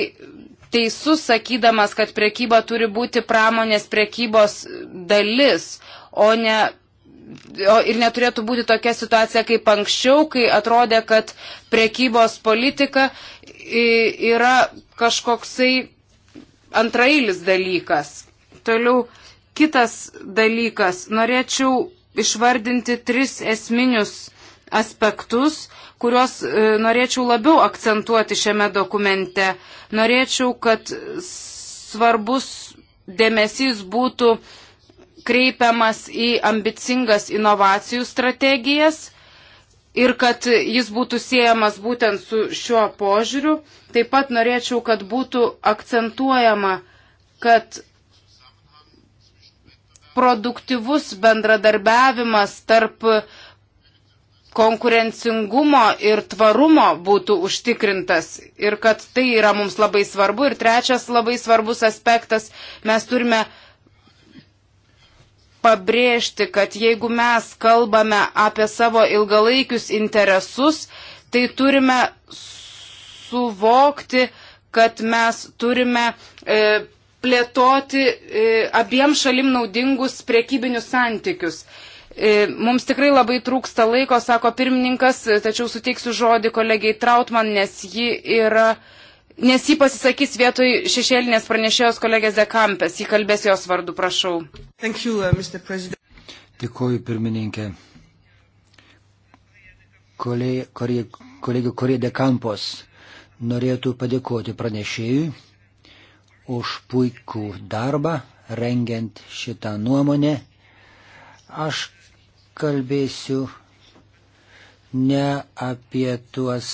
teisus sakydamas, kad prekyba turi būti pramonės prekybos dalis, o ne ir neturėtų būti tokia situacija kaip anksčiau, kai atrodė, kad prekybos politika yra kažkoksai antrailis dalykas. Toliau kitas dalykas. Norėčiau išvardinti tris esminius aspektus, kuriuos e, norėčiau labiau akcentuoti šiame dokumente. Norėčiau, kad svarbus dėmesys būtų kreipiamas į ambicingas inovacijų strategijas ir kad jis būtų siejamas būtent su šiuo požiūriu. Taip pat norėčiau, kad būtų akcentuojama, kad produktyvus bendradarbiavimas tarp uh, konkurencingumo ir tvarumo būtų užtikrintas ir kad tai yra mums labai svarbu. Ir trečias labai svarbus aspektas, mes turime pabrėžti, kad jeigu mes kalbame apie savo ilgalaikius interesus, tai turime suvokti, kad mes turime e, plėtoti e, abiem šalim naudingus priekybinius santykius. E, E, mums tikrai labai trūksta laiko, sako pirmininkas, tačiau suteiksiu žodį kolegiai Trautman, nes ji yra. Nes jį pasisakys vietoj šešėlinės pranešėjos kolegės Dekampės. Jį kalbės jos vardu, prašau. Thank you, uh, Dėkuoju, pirmininkė. Kolegė Korė kole, Dekampos norėtų padėkoti pranešėjui už puikų darbą, rengiant šitą nuomonę. Aš kalbėsiu ne apie tuos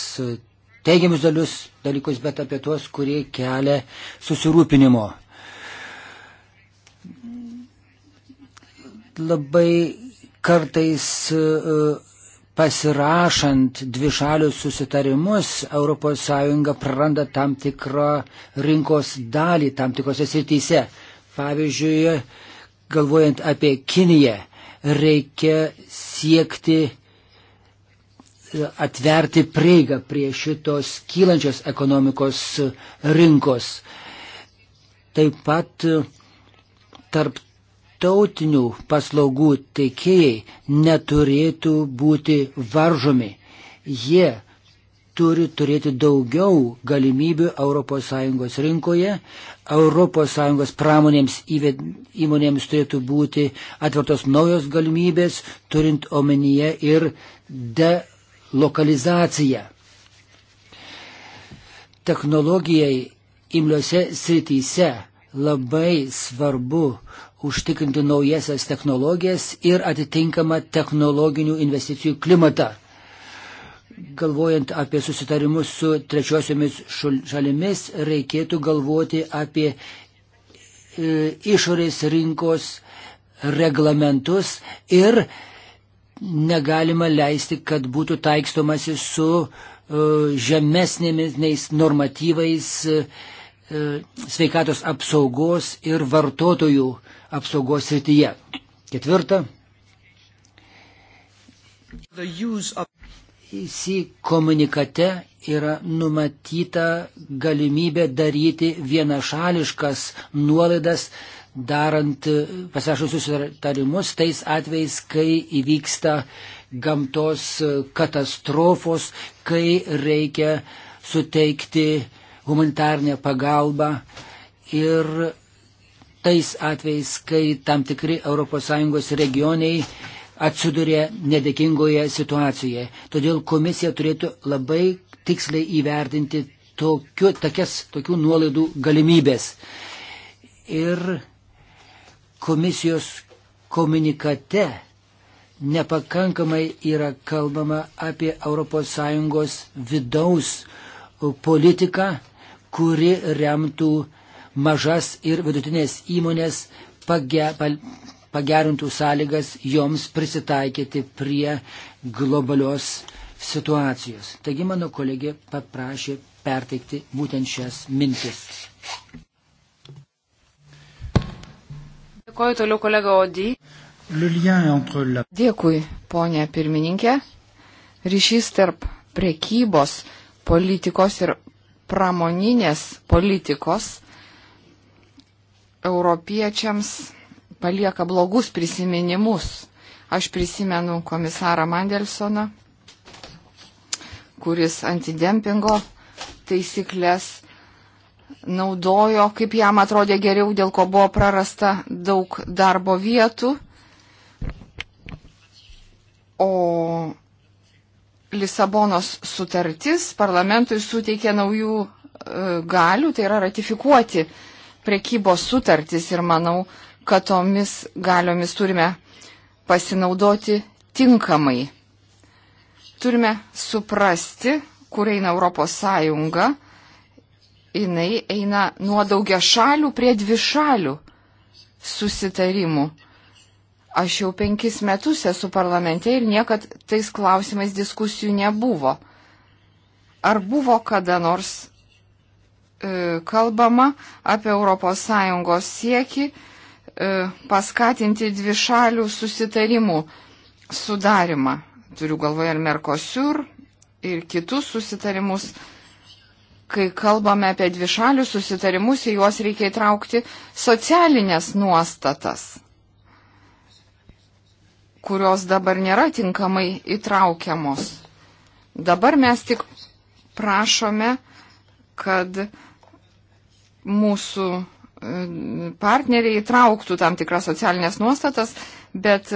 teigiamus dalius, dalykus, bet apie tuos, kurie kelia susirūpinimo. Labai kartais e, pasirašant dvišalius susitarimus, ES praranda tam tikrą rinkos dalį tam tikrose srityse. Pavyzdžiui, galvojant apie Kiniją, reikia siekti atverti prieigą prie šitos kylančios ekonomikos rinkos. Taip pat tarptautinių paslaugų teikėjai neturėtų būti varžomi. Jie turi turėti daugiau galimybių ES rinkoje ES pramonėms įmonėms turėtų būti atvertos naujos galimybės, turint omenyje ir delokalizaciją. Technologijai imliose srityse labai svarbu užtikrinti naujasias technologijas ir atitinkamą technologinių investicijų klimatą galvojant apie susitarimus su trečiosiomis šalimis, reikėtų galvoti apie e, išorės rinkos reglamentus ir negalima leisti, kad būtų taikstomasi su e, žemesnėmis normatyvais e, sveikatos apsaugos ir vartotojų apsaugos srityje. Ketvirta. Of... Įsi komunikate yra numatyta galimybė daryti vienašališkas nuolaidas, darant e, pasirašus susitarimus tais atvejais, kai įvyksta gamtos e, katastrofos, kai reikia suteikti humanitarnę pagalbą ir tais atvejais, kai tam tikri ES regioniai atsiduria nedėkingoje situacijoje. Todėl komisija turėtų labai tiksliai įvertinti tokiu, tokias, tokių nuolaidų galimybės. Ir komisijos komunikate nepakankamai yra kalbama apie ES vidaus politiką, kuri remtų mažas ir vidutinės įmonės page, pal, pagerintų sąlygas joms prisitaikyti prie globalios situacijos. Taigi mano kolegė paprašė perteikti būtent šias mintis. Dėkuoju toliau kolega Odį. Dėkui, ponė pirmininkė. Ryšys tarp prekybos politikos ir pramoninės politikos europiečiams palieka blogus prisiminimus. Aš prisimenu komisarą Mandelsoną, kuris antidempingo taisyklės naudojo, kaip jam atrodė geriau, dėl ko buvo prarasta daug darbo vietų. O Lisabonos sutartis parlamentui suteikė naujų e, galių, tai yra ratifikuoti prekybos sutartis ir manau, kad tomis galiomis turime pasinaudoti tinkamai. Turime suprasti, kur eina Europos Sąjunga. Jinai eina nuo daugia šalių prie dvi šalių susitarimų. Aš jau penkis metus esu parlamente ir niekad tais klausimais diskusijų nebuvo. Ar buvo kada nors e, kalbama apie ES sieki E, paskatinti dvišalių susitarimų sudarimą. Turiu galvoje ir Merkosiur, ir kitus susitarimus. Kai kalbame apie dvišalių susitarimus, į juos reikia įtraukti socialinės nuostatas, kurios dabar nėra tinkamai įtraukiamos. Dabar mes tik prašome, kad mūsų partneriai įtrauktų tam tikras socialinės nuostatas, bet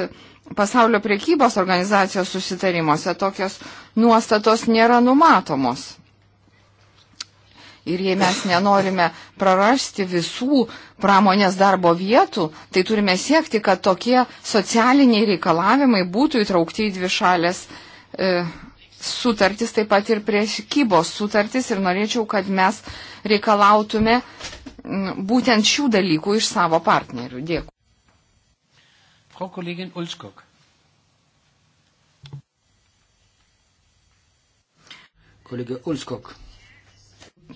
pasaulio priekybos organizacijos susitarimuose tokios nuostatos nėra numatomos. Ir jei mes nenorime prarasti visų pramonės darbo vietų, tai turime siekti, kad tokie socialiniai reikalavimai būtų įtraukti į dvi šalės e, sutartis, taip pat ir prieš kybos sutartis. Ir norėčiau, kad mes reikalautume būtent šių dalykų iš savo partnerių. Dėkui. Frau Kollegin Ulskog. Kolegė Ulskog.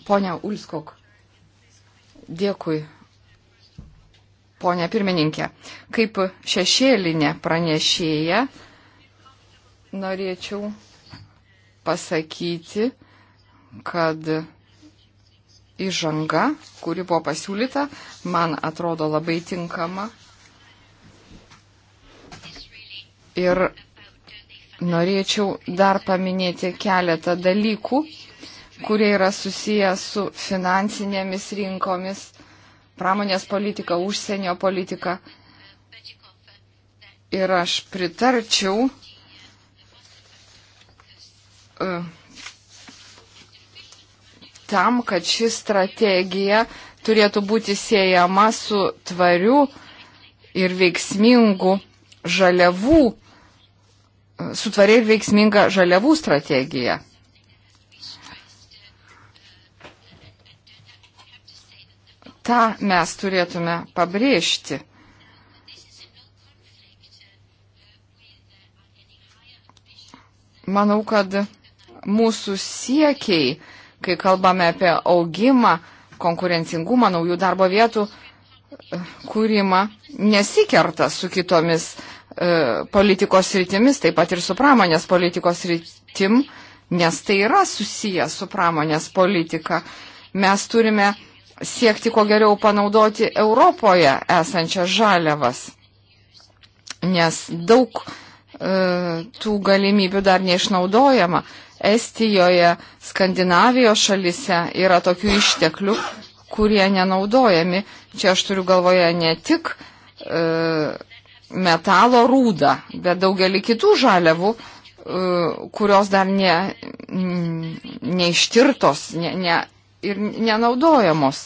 Pone Ulskog. Dėkui. Pone pirmininkė, kaip šešėlinė pranešėja norėčiau pasakyti, kad įžanga, kuri buvo pasiūlyta, man atrodo labai tinkama. Ir norėčiau dar paminėti keletą dalykų, kurie yra susiję su finansinėmis rinkomis, pramonės politika, užsienio politika. Ir aš pritarčiau. Uh, tam, kad ši strategija turėtų būti siejama su tvariu ir veiksmingu žaliavų, su tvari ir veiksminga žaliavų strategija. Ta mes turėtume pabrėžti. Manau, kad mūsų siekiai kai kalbame apie augimą, konkurencingumą, naujų darbo vietų e, kūrimą, nesikerta su kitomis e, politikos rytimis, taip pat ir su pramonės politikos rytim, nes tai yra susiję su pramonės politika. Mes turime siekti kuo geriau panaudoti Europoje esančias žaliavas, nes daug e, tų galimybių dar neišnaudojama. Estijoje, Skandinavijos šalise yra tokių išteklių, kurie nenaudojami. Čia aš turiu galvoje ne tik e, metalo rūdą, bet daugelį kitų žaliavų, e, kurios dar ne, neištirtos ne, ne, ir nenaudojamos.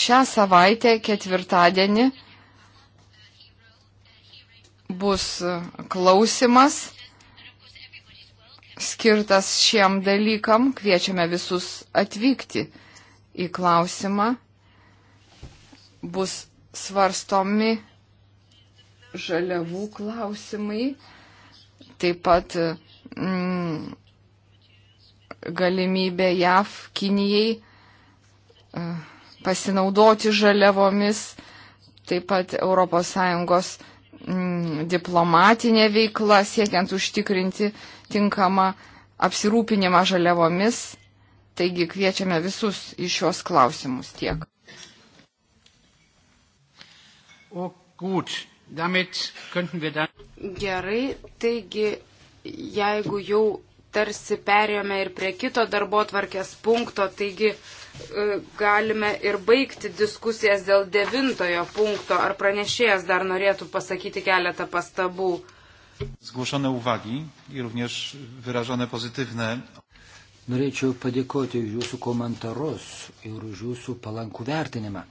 Šią savaitę ketvirtadienį bus klausimas skirtas šiem dalykam. Kviečiame visus atvykti į klausimą. Bus svarstomi žaliavų klausimai, taip pat mm, galimybė JAV, Kinijai e, pasinaudoti žaliavomis, taip pat ES Mm, diplomatinė veikla, siekiant užtikrinti tinkamą apsirūpinimą žaliavomis. Taigi kviečiame visus į šios klausimus tiek. O oh, gut, damit könnten wir dann. Gerai, taigi jeigu jau tarsi perėjome ir prie kito darbo tvarkės punkto, taigi E, galime ir baigti diskusijas dėl devintojo punkto. Ar pranešėjas dar norėtų pasakyti keletą pastabų? Zgłoszone uwagi i również wyrażone pozytywne. Norėčiau padėkoti už jūsų komentarus ir už jūsų palankų vertinimą.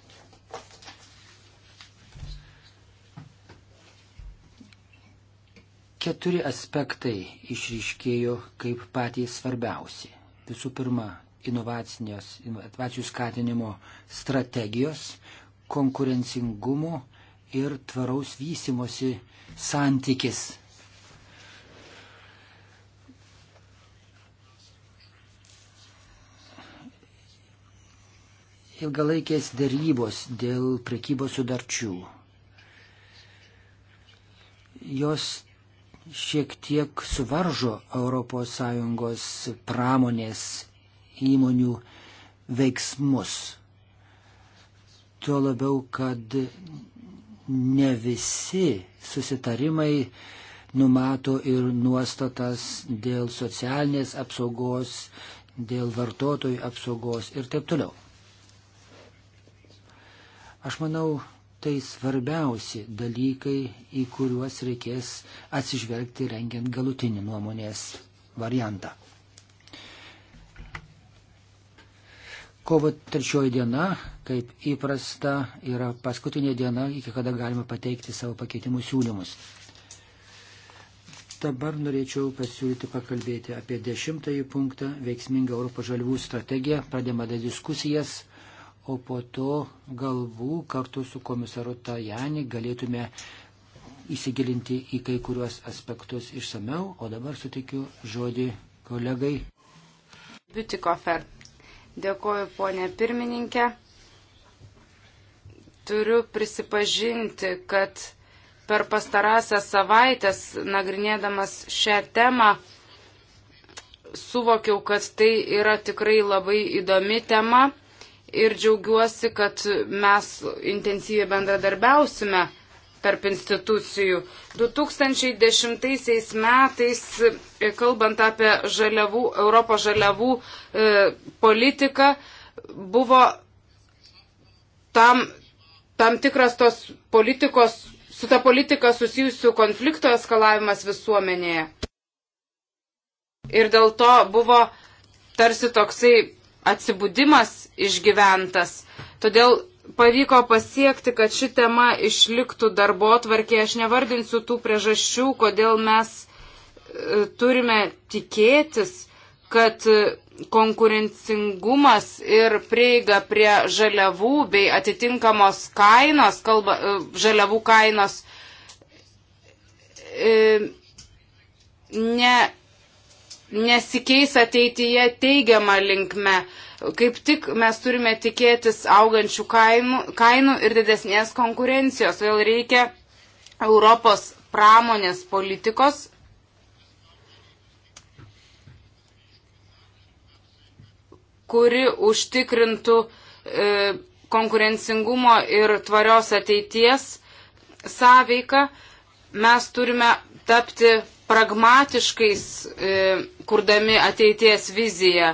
Keturi aspektai išryškėjo kaip patys svarbiausi. Visų pirma, inovacijų skatinimo strategijos, konkurencingumo ir tvaraus vystimosi santykis. Ilgalaikės dėrybos dėl prekybos sudarčių. Jos šiek tiek suvaržo ES pramonės įmonių veiksmus. Tuo labiau, kad ne visi susitarimai numato ir nuostatas dėl socialinės apsaugos, dėl vartotojų apsaugos ir taip toliau. Aš manau, tai svarbiausi dalykai, į kuriuos reikės atsižvelgti rengiant galutinį nuomonės variantą. Kovo trečioji diena, kaip įprasta, yra paskutinė diena, iki kada galima pateikti savo pakeitimų siūlymus. Dabar norėčiau pasiūlyti pakalbėti apie dešimtąjį punktą - veiksmingą Europos žalvų strategiją. Pradėmada diskusijas, o po to galvų kartu su komisaru Tajani galėtume įsigilinti į kai kuriuos aspektus išsameu, o dabar sutikiu žodį kolegai. Bitikofer. Dėkoju, ponė pirmininkė. Turiu prisipažinti, kad per pastarąsias savaitės, nagrinėdamas šią temą, suvokiau, kad tai yra tikrai labai įdomi tema ir džiaugiuosi, kad mes intensyviai bendradarbiausime tarp institucijų. 2010 metais, e, kalbant apie žaliavų, Europos žaliavų e, politiką, buvo tam, tam tikras tos politikos, su ta politika susijusių konflikto eskalavimas visuomenėje. Ir dėl to buvo tarsi toksai atsibudimas išgyventas. Todėl pavyko pasiekti, kad ši tema išliktų darbo tvarkė. Aš nevardinsiu tų priežasčių, kodėl mes e, turime tikėtis, kad e, konkurencingumas ir prieiga prie žaliavų bei atitinkamos kainos, kalba, e, žaliavų kainos, ne, nesikeis ateityje teigiamą linkmę. Kaip tik mes turime tikėtis augančių kainų, kainų ir didesnės konkurencijos. Vėl reikia Europos pramonės politikos. kuri užtikrintų e, konkurencingumo ir tvarios ateities sąveiką. Mes turime tapti pragmatiškais, e, kurdami ateities viziją.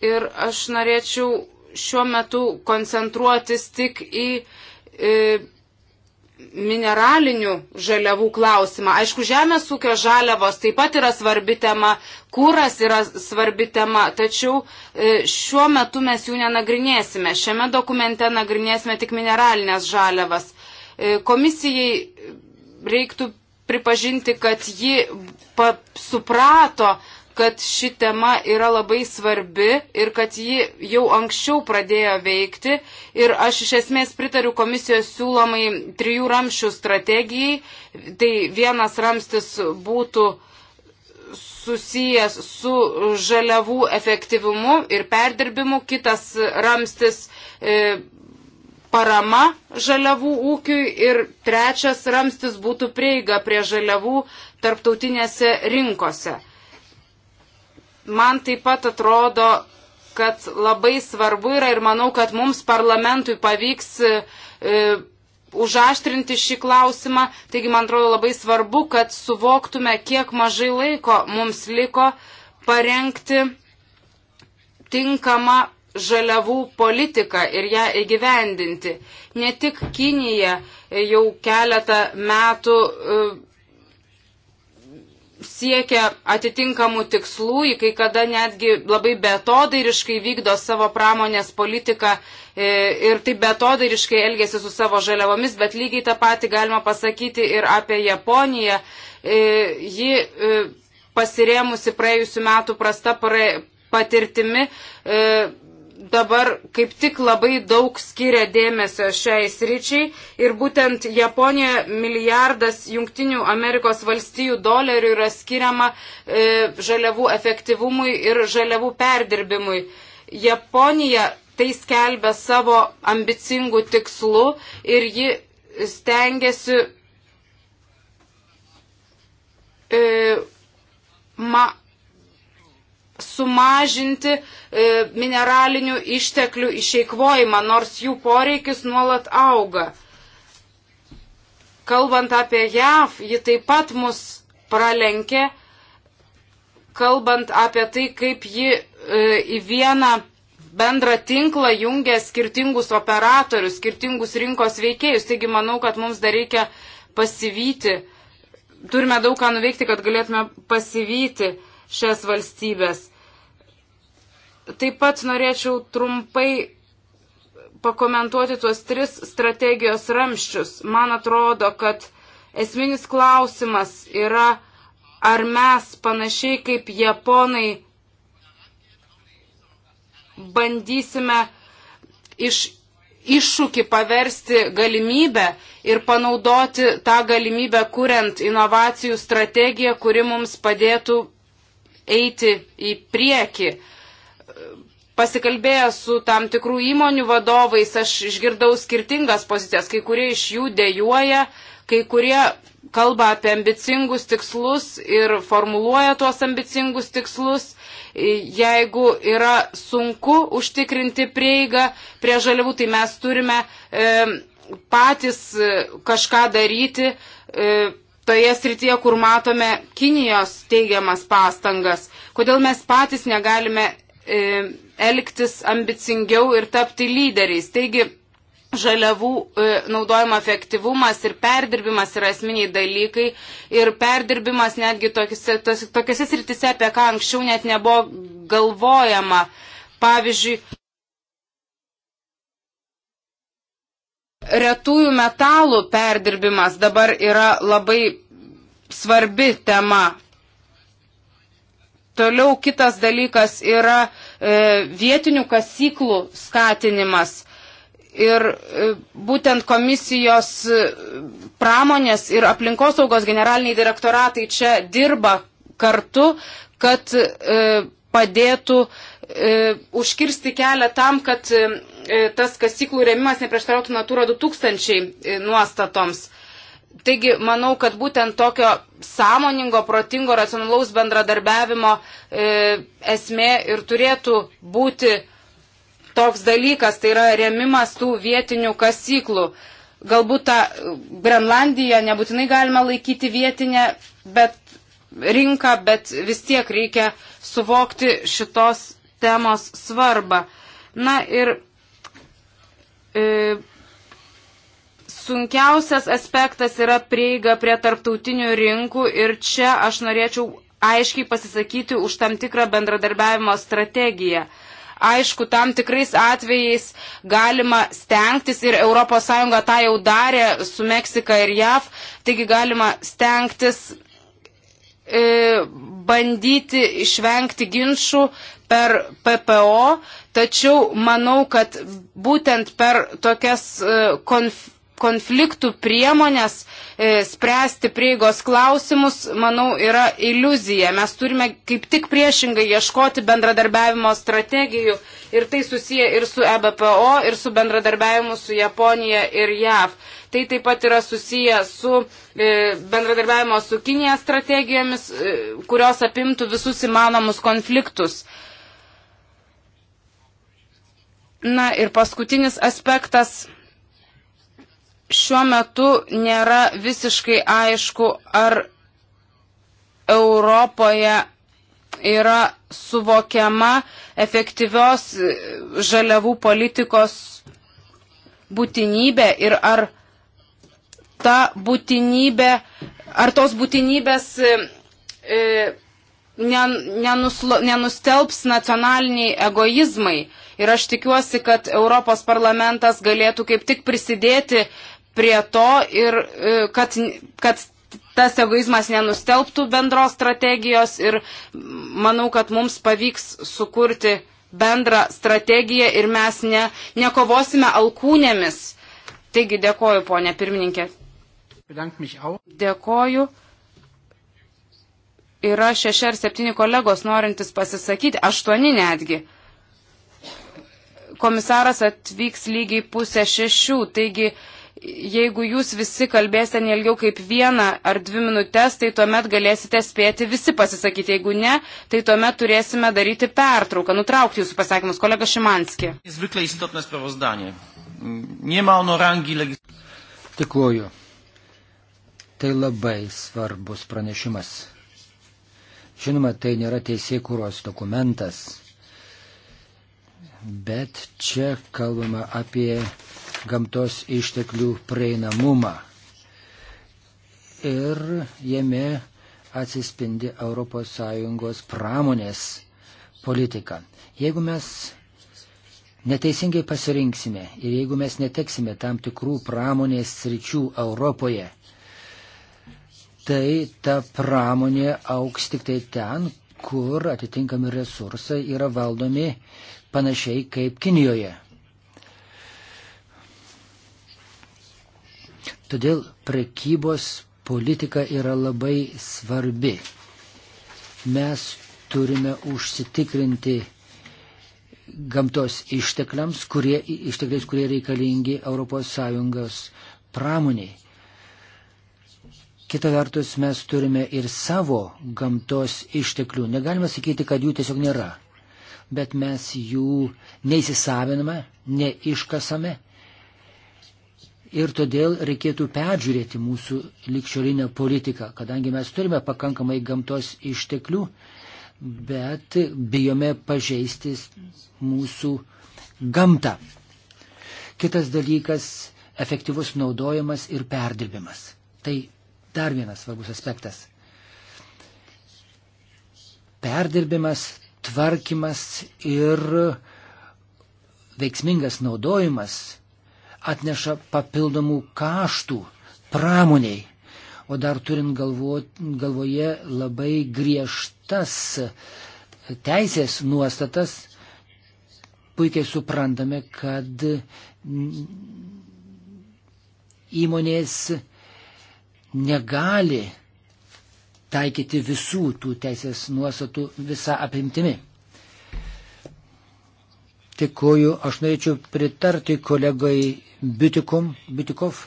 Ir aš norėčiau šiuo metu koncentruotis tik į e, mineralinių žaliavų klausimą. Aišku, žemės ūkio žaliavos taip pat yra svarbi tema, kūras yra svarbi tema, tačiau e, šiuo metu mes jų nenagrinėsime. Šiame dokumente nagrinėsime tik mineralinės žaliavas. E, komisijai reiktų pripažinti, kad ji suprato, kad ši tema yra labai svarbi ir kad ji jau anksčiau pradėjo veikti. Ir aš iš esmės pritariu komisijos siūlomai trijų ramščių strategijai. Tai vienas ramstis būtų susijęs su žaliavų efektyvumu ir perdirbimu, kitas ramstis e, parama žaliavų ūkiui ir trečias ramstis būtų prieiga prie žaliavų tarptautinėse rinkose man taip pat atrodo, kad labai svarbu yra ir manau, kad mums parlamentui pavyks e, e, užaštrinti šį klausimą. Taigi, man atrodo, labai svarbu, kad suvoktume, kiek mažai laiko mums liko parengti tinkamą žaliavų politiką ir ją įgyvendinti. Ne tik Kinija jau keletą metų. E, siekia atitinkamų tikslų, į kai kada netgi labai betodairiškai vykdo savo pramonės politiką e, ir taip betodairiškai elgesi su savo žaliavomis, bet lygiai tą patį galima pasakyti ir apie Japoniją. E, ji e, pasirėmusi praėjusiu metu prasta patirtimi dabar kaip tik labai daug skiria dėmesio šiai sričiai ir būtent Japonija milijardas Junktinių Amerikos valstijų dolerių yra skiriama e, žaliavų efektyvumui ir žaliavų perdirbimui. Japonija tai skelbia savo ambicingų tikslų ir ji stengiasi e, ma, sumažinti e, E, mineralinių išteklių išeikvojimą, nors jų poreikis nuolat auga. Kalbant apie JAV, ji taip pat mus pralenkė, kalbant apie tai, kaip ji e, į vieną bendrą tinklą jungia skirtingus operatorius, skirtingus rinkos veikėjus. Taigi manau, kad mums dar reikia pasivyti. Turime daug ką nuveikti, kad galėtume pasivyti šias valstybės. Taip pat norėčiau trumpai pakomentuoti tuos tris strategijos ramščius. Man atrodo, kad esminis klausimas yra, ar mes panašiai kaip japonai bandysime iš iššūkį paversti galimybę ir panaudoti tą galimybę, kuriant inovacijų strategiją, kuri mums padėtų eiti į priekį pasikalbėjęs su tam tikrų įmonių vadovais, aš išgirdau skirtingas pozicijas. Kai kurie iš jų dėjuoja, kai kurie kalba apie ambicingus tikslus ir formuluoja tuos ambicingus tikslus. Jeigu yra sunku užtikrinti prieigą prie žaliavų, tai mes turime e, patys e, kažką daryti. E, toje srityje, kur matome Kinijos teigiamas pastangas, kodėl mes patys negalime E, elgtis ambicingiau ir tapti lyderiais. Taigi, žaliavų e, naudojimo efektyvumas ir perdirbimas yra esminiai dalykai ir perdirbimas netgi tokiose, tos, tokiose sritise, apie ką anksčiau net nebuvo galvojama. Pavyzdžiui, retųjų metalų perdirbimas dabar yra labai svarbi tema. Toliau kitas dalykas yra e, vietinių kasyklų skatinimas. Ir e, būtent komisijos e, pramonės ir aplinkosaugos generaliniai direktoratai čia dirba kartu, kad e, padėtų e, užkirsti kelią tam, kad e, tas kasyklų remimas neprieštarautų Natūra 2000 e, nuostatoms. E, Taigi, manau, kad būtent tokio sąmoningo, protingo, racionalaus bendradarbiavimo e, esmė ir turėtų būti toks dalykas, tai yra remimas tų vietinių kasyklų. Galbūt tą Grenlandiją nebūtinai galima laikyti vietinę bet, rinką, bet vis tiek reikia suvokti šitos temos svarbą. Na ir e, sunkiausias aspektas yra prieiga prie tarptautinių rinkų ir čia aš norėčiau aiškiai pasisakyti už tam tikrą bendradarbiavimo strategiją. Aišku, tam tikrais atvejais galima stengtis ir ES tą jau darė su Meksika ir JAV, taigi galima stengtis e, bandyti išvengti ginčių per PPO, tačiau manau, kad būtent per tokias e, konf konfliktų priemonės e, spręsti prieigos klausimus, manau, yra iliuzija. Mes turime kaip tik priešingai ieškoti bendradarbiavimo strategijų ir tai susiję ir su EBPO, ir su bendradarbiavimu su Japonija ir JAV. Tai taip pat yra susiję su e, bendradarbiavimo su Kinija strategijomis, e, kurios apimtų visus įmanomus konfliktus. Na ir paskutinis aspektas šiuo metu nėra visiškai aišku, ar Europoje yra suvokiama efektyvios e, žaliavų politikos būtinybė ir ar ta būtinybė, ar tos būtinybės e, e nenuslo, nenustelbs nacionaliniai egoizmai. Ir aš tikiuosi, kad Europos parlamentas galėtų kaip tik prisidėti prie to ir e, kad, kad tas egoizmas nenustelbtų bendros strategijos ir manau, kad mums pavyks sukurti bendrą strategiją ir mes ne, nekovosime alkūnėmis. Taigi dėkoju, ponė pirmininkė. Dėkoju. Yra šeši ar septyni kolegos norintis pasisakyti, aštuoni netgi. Komisaras atvyks lygiai pusę šešių, taigi jeigu jūs visi kalbėsite neilgiau kaip vieną ar dvi minutės, tai tuomet galėsite spėti visi pasisakyti. Jeigu ne, tai tuomet turėsime daryti pertrauką, nutraukti jūsų pasakymus. Kolega Šimanski. Tikuoju. Tai labai svarbus pranešimas. Žinoma, tai nėra teisėkūros dokumentas, bet čia kalbama apie gamtos išteklių prieinamumą. Ir jame atsispindi ES pramonės politika. Jeigu mes neteisingai pasirinksime ir jeigu mes neteksime tam tikrų pramonės sričių Europoje, tai ta pramonė auks tik tai ten, kur atitinkami resursai yra valdomi panašiai kaip Kinijoje. Todėl prekybos politika yra labai svarbi. Mes turime užsitikrinti gamtos ištekliams, kurie, ištekliais, kurie reikalingi ES pramoniai. Kita vertus, mes turime ir savo gamtos išteklių. Negalima sakyti, kad jų tiesiog nėra. Bet mes jų neįsisaviname, neiškasame ir todėl reikėtų peržiūrėti mūsų likščiolinę politiką, kadangi mes turime pakankamai gamtos išteklių, bet bijome pažeisti mūsų gamtą. Kitas dalykas - efektyvus naudojimas ir perdirbimas. Tai dar vienas svarbus aspektas. Perdirbimas, tvarkymas ir veiksmingas naudojimas atneša papildomų kaštų pramoniai. O dar turint galvo, galvoje labai griežtas teisės nuostatas, puikiai suprantame, kad įmonės negali taikyti visų tų teisės nuostatų visą apimtimi. Tikuoju, aš norėčiau pritarti kolegai Bitikum, Bitikov,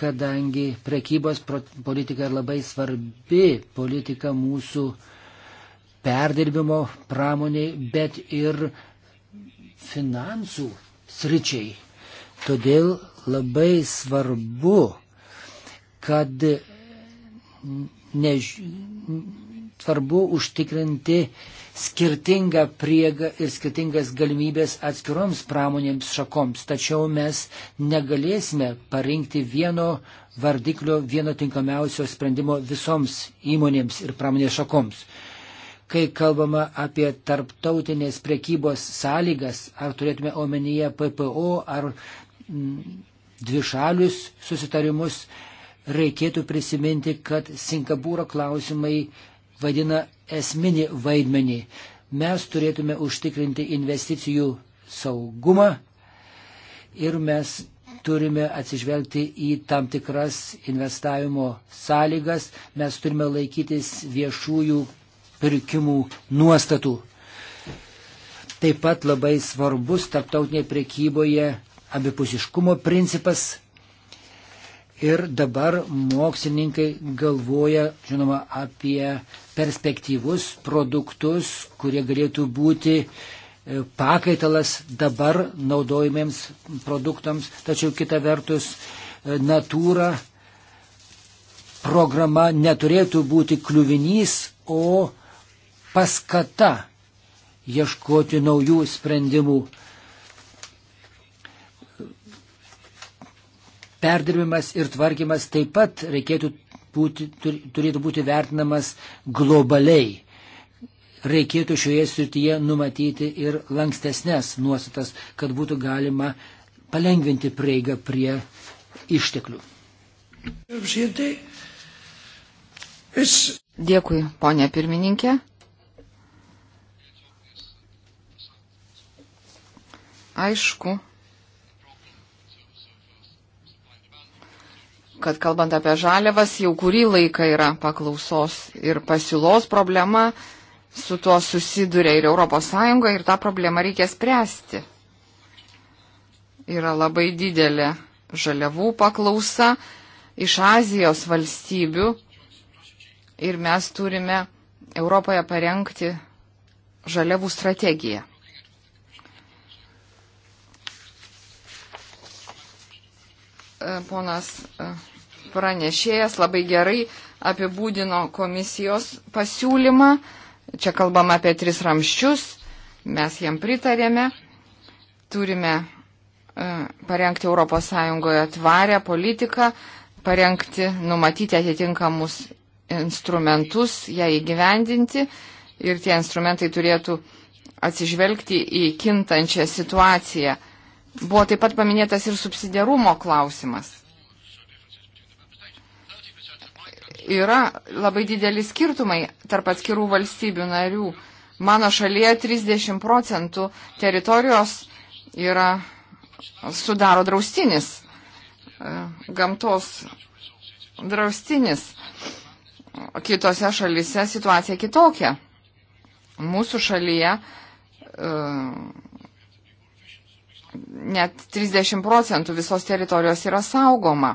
kadangi prekybos politika labai svarbi politika mūsų perdirbimo pramoniai, bet ir finansų sričiai. Todėl labai svarbu, kad než svarbu užtikrinti skirtingą priegą ir skirtingas galimybės atskiroms pramonėms šakoms. Tačiau mes negalėsime parinkti vieno vardiklio, vieno tinkamiausio sprendimo visoms įmonėms ir pramonės šakoms. Kai kalbama apie tarptautinės priekybos sąlygas, ar turėtume omenyje PPO ar m, mm, dvišalius susitarimus, reikėtų prisiminti, kad Singapūro klausimai vaidina esminį vaidmenį. Mes turėtume užtikrinti investicijų saugumą ir mes turime atsižvelgti į tam tikras investavimo sąlygas, mes turime laikytis viešųjų pirkimų nuostatų. Taip pat labai svarbus tarptautinėje prekyboje abipusiškumo principas Ir dabar mokslininkai galvoja, žinoma, apie perspektyvus produktus, kurie galėtų būti e, pakaitalas dabar naudojimiems produktams, tačiau kita vertus e, natūra programa neturėtų būti kliuvinys, o paskata ieškoti naujų sprendimų. perdirbimas ir tvarkymas taip pat reikėtų būti, turėtų būti vertinamas globaliai. Reikėtų šioje srityje numatyti ir lankstesnės nuostatas, kad būtų galima palengvinti prieigą prie išteklių. Dėkui, ponė pirmininkė. Aišku, kad kalbant apie žaliavas, jau kurį laiką yra paklausos ir pasiūlos problema, su tuo susiduria ir ES ir tą problemą reikia spręsti. Yra labai didelė žaliavų paklausa iš Azijos valstybių ir mes turime Europoje parengti žaliavų strategiją. E, ponas e, pranešėjas labai gerai apibūdino komisijos pasiūlymą. Čia kalbam apie tris ramščius, mes jam pritarėme, turime e, parengti ES tvarę politiką, parengti, numatyti atitinkamus instrumentus, ją įgyvendinti ir tie instrumentai turėtų atsižvelgti į kintančią situaciją. Buvo taip pat paminėtas ir subsidiarumo klausimas. Yra labai dideli skirtumai tarp atskirų valstybių narių. Mano šalyje 30 procentų teritorijos yra, sudaro draustinis, e, gamtos draustinis. Kitose šalyse situacija kitokia. Mūsų šalyje uh, net 30 procentų visos teritorijos yra saugoma.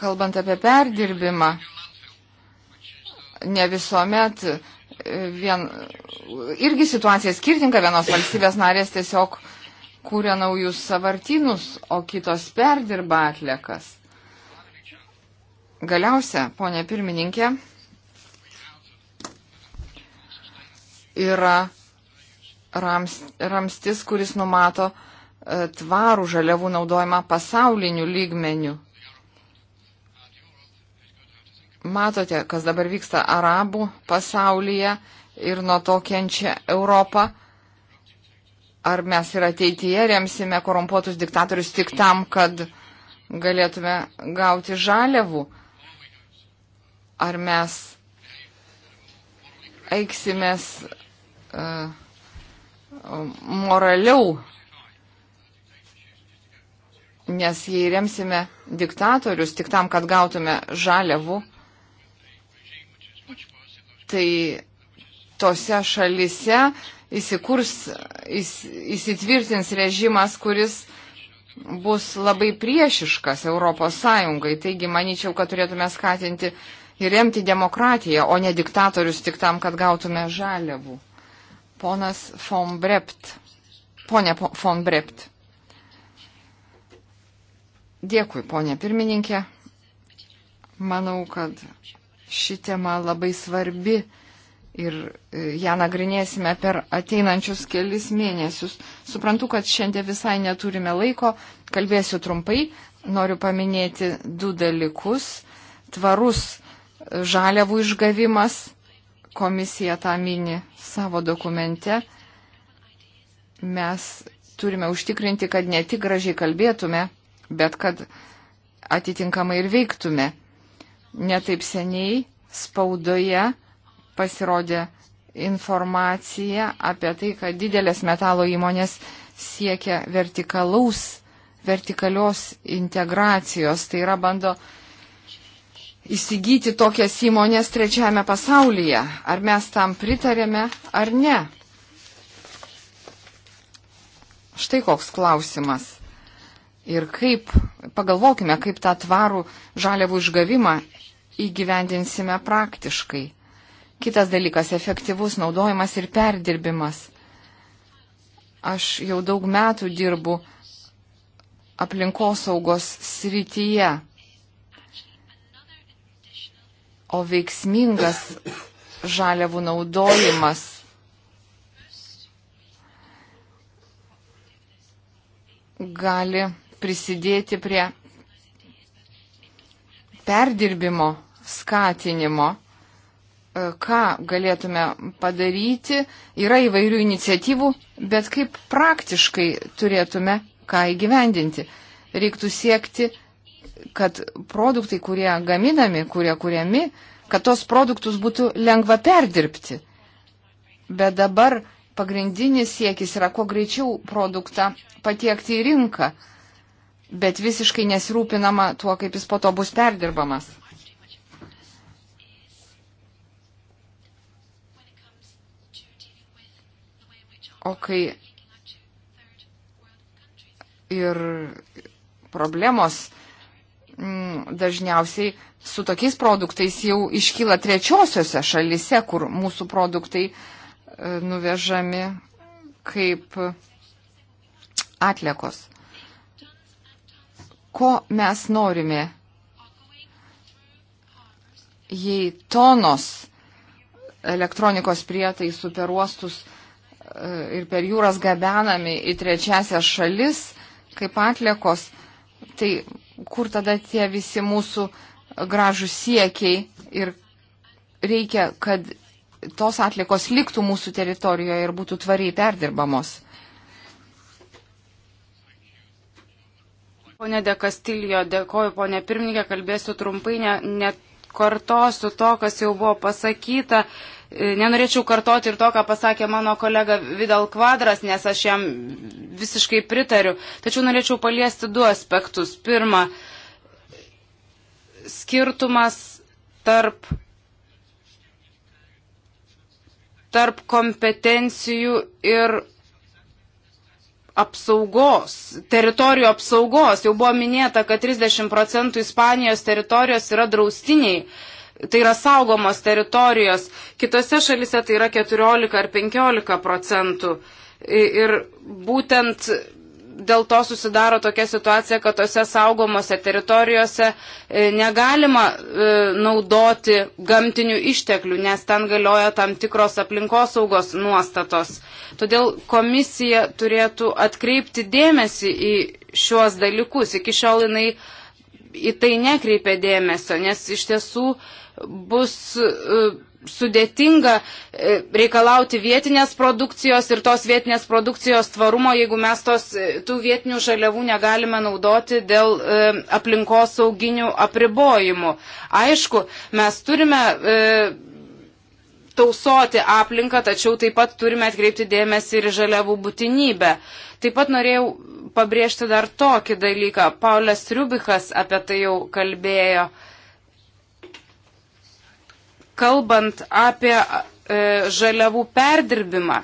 Kalbant apie perdirbimą, ne visuomet e, vien, irgi situacija skirtinga, vienos valstybės narės tiesiog kūrė naujus savartynus, o kitos perdirba atliekas. Galiausia, ponė pirmininkė, yra rams, ramstis, kuris numato e, tvarų žaliavų naudojimą pasauliniu lygmeniu. Matote, kas dabar vyksta arabų pasaulyje ir nuo to kenčia Europą. Ar mes ir ateityje remsime korumpuotus diktatorius tik tam, kad galėtume gauti žaliavų? Ar mes eiksimės. Uh, moraliau, nes jei remsime diktatorius tik tam, kad gautume žaliavų, tai tose šalise įsikurs, įs, įsitvirtins režimas, kuris bus labai priešiškas Europos Sąjungai. Taigi, manyčiau, kad turėtume skatinti ir remti demokratiją, o ne diktatorius tik tam, kad gautume žaliavų. Ponas Fombrept. Pone Fombrept. Dėkui, ponė pirmininkė. Manau, kad ši tema labai svarbi ir e, ją nagrinėsime per ateinančius kelis mėnesius. Suprantu, kad šiandien visai neturime laiko, kalbėsiu trumpai, noriu paminėti du dalykus. Tvarus e, žaliavų išgavimas komisija tą mini savo dokumente, mes turime užtikrinti, kad ne tik gražiai kalbėtume, bet kad atitinkamai ir veiktume. Netaip seniai spaudoje pasirodė informacija apie tai, kad didelės metalo įmonės siekia vertikalaus, vertikalios integracijos. Tai yra bando įsigyti tokias įmonės trečiame pasaulyje. Ar mes tam pritarėme ar ne? Štai koks klausimas. Ir kaip, pagalvokime, kaip tą tvarų žaliavų išgavimą įgyvendinsime praktiškai. Kitas dalykas - efektyvus naudojimas ir perdirbimas. Aš jau daug metų dirbu aplinkosaugos srityje o veiksmingas žaliavų naudojimas. gali prisidėti prie perdirbimo skatinimo, e, ką galėtume padaryti. Yra įvairių iniciatyvų, bet kaip praktiškai turėtume ką įgyvendinti. Reiktų siekti kad produktai, kurie gaminami, kurie kuriami, kad tos produktus būtų lengva perdirbti. Bet dabar pagrindinis siekis yra kuo greičiau produktą patiekti į rinką, bet visiškai nesirūpinama tuo, kaip jis po to bus perdirbamas. O kai ir problemos Mm, dažniausiai su tokiais produktais jau iškyla trečiosiose šalise, kur mūsų produktai e, nuvežami kaip atliekos. Ko mes norime? Jei tonos elektronikos prietaisų per uostus e, ir per jūras gabenami į trečiasias šalis kaip atliekos, Tai kur tada tie visi mūsų gražų siekiai ir reikia, kad tos atlikos liktų mūsų teritorijoje ir būtų tvariai perdirbamos. Pone De Kastilijo, dėkoju, ponė pirmininkė, kalbėsiu trumpai, ne, ne kartosiu to, kas jau buvo pasakyta. Uh, Nenorėčiau kartoti ir to, ką pasakė mano kolega Vidal Kvadras, nes aš jam visiškai pritariu. Tačiau norėčiau paliesti du aspektus. Pirma, skirtumas tarp, tarp kompetencijų ir apsaugos, teritorijų apsaugos. Jau buvo minėta, kad 30 procentų Ispanijos teritorijos yra draustiniai. Uh, tai yra saugomos teritorijos, kitose šalise tai yra 14 ar 15 procentų. Ir būtent dėl to susidaro tokia situacija, kad tose saugomose teritorijose e, negalima e, naudoti gamtinių išteklių, nes ten galioja tam tikros aplinkosaugos nuostatos. Todėl komisija turėtų atkreipti dėmesį į šiuos dalykus. Iki šiol jinai į tai nekreipia dėmesio, nes iš tiesų bus e, sudėtinga e, reikalauti vietinės produkcijos ir tos vietinės produkcijos tvarumo, jeigu mes tos, e, tų vietinių žaliavų negalime naudoti dėl e, aplinkos sauginių apribojimų. Aišku, mes turime e, tausoti aplinką, tačiau taip pat turime atkreipti dėmesį ir žaliavų būtinybę. Taip pat norėjau pabrėžti dar tokį dalyką. Paulas Riubikas apie tai jau kalbėjo. E, kalbant apie e, žaliavų perdirbimą,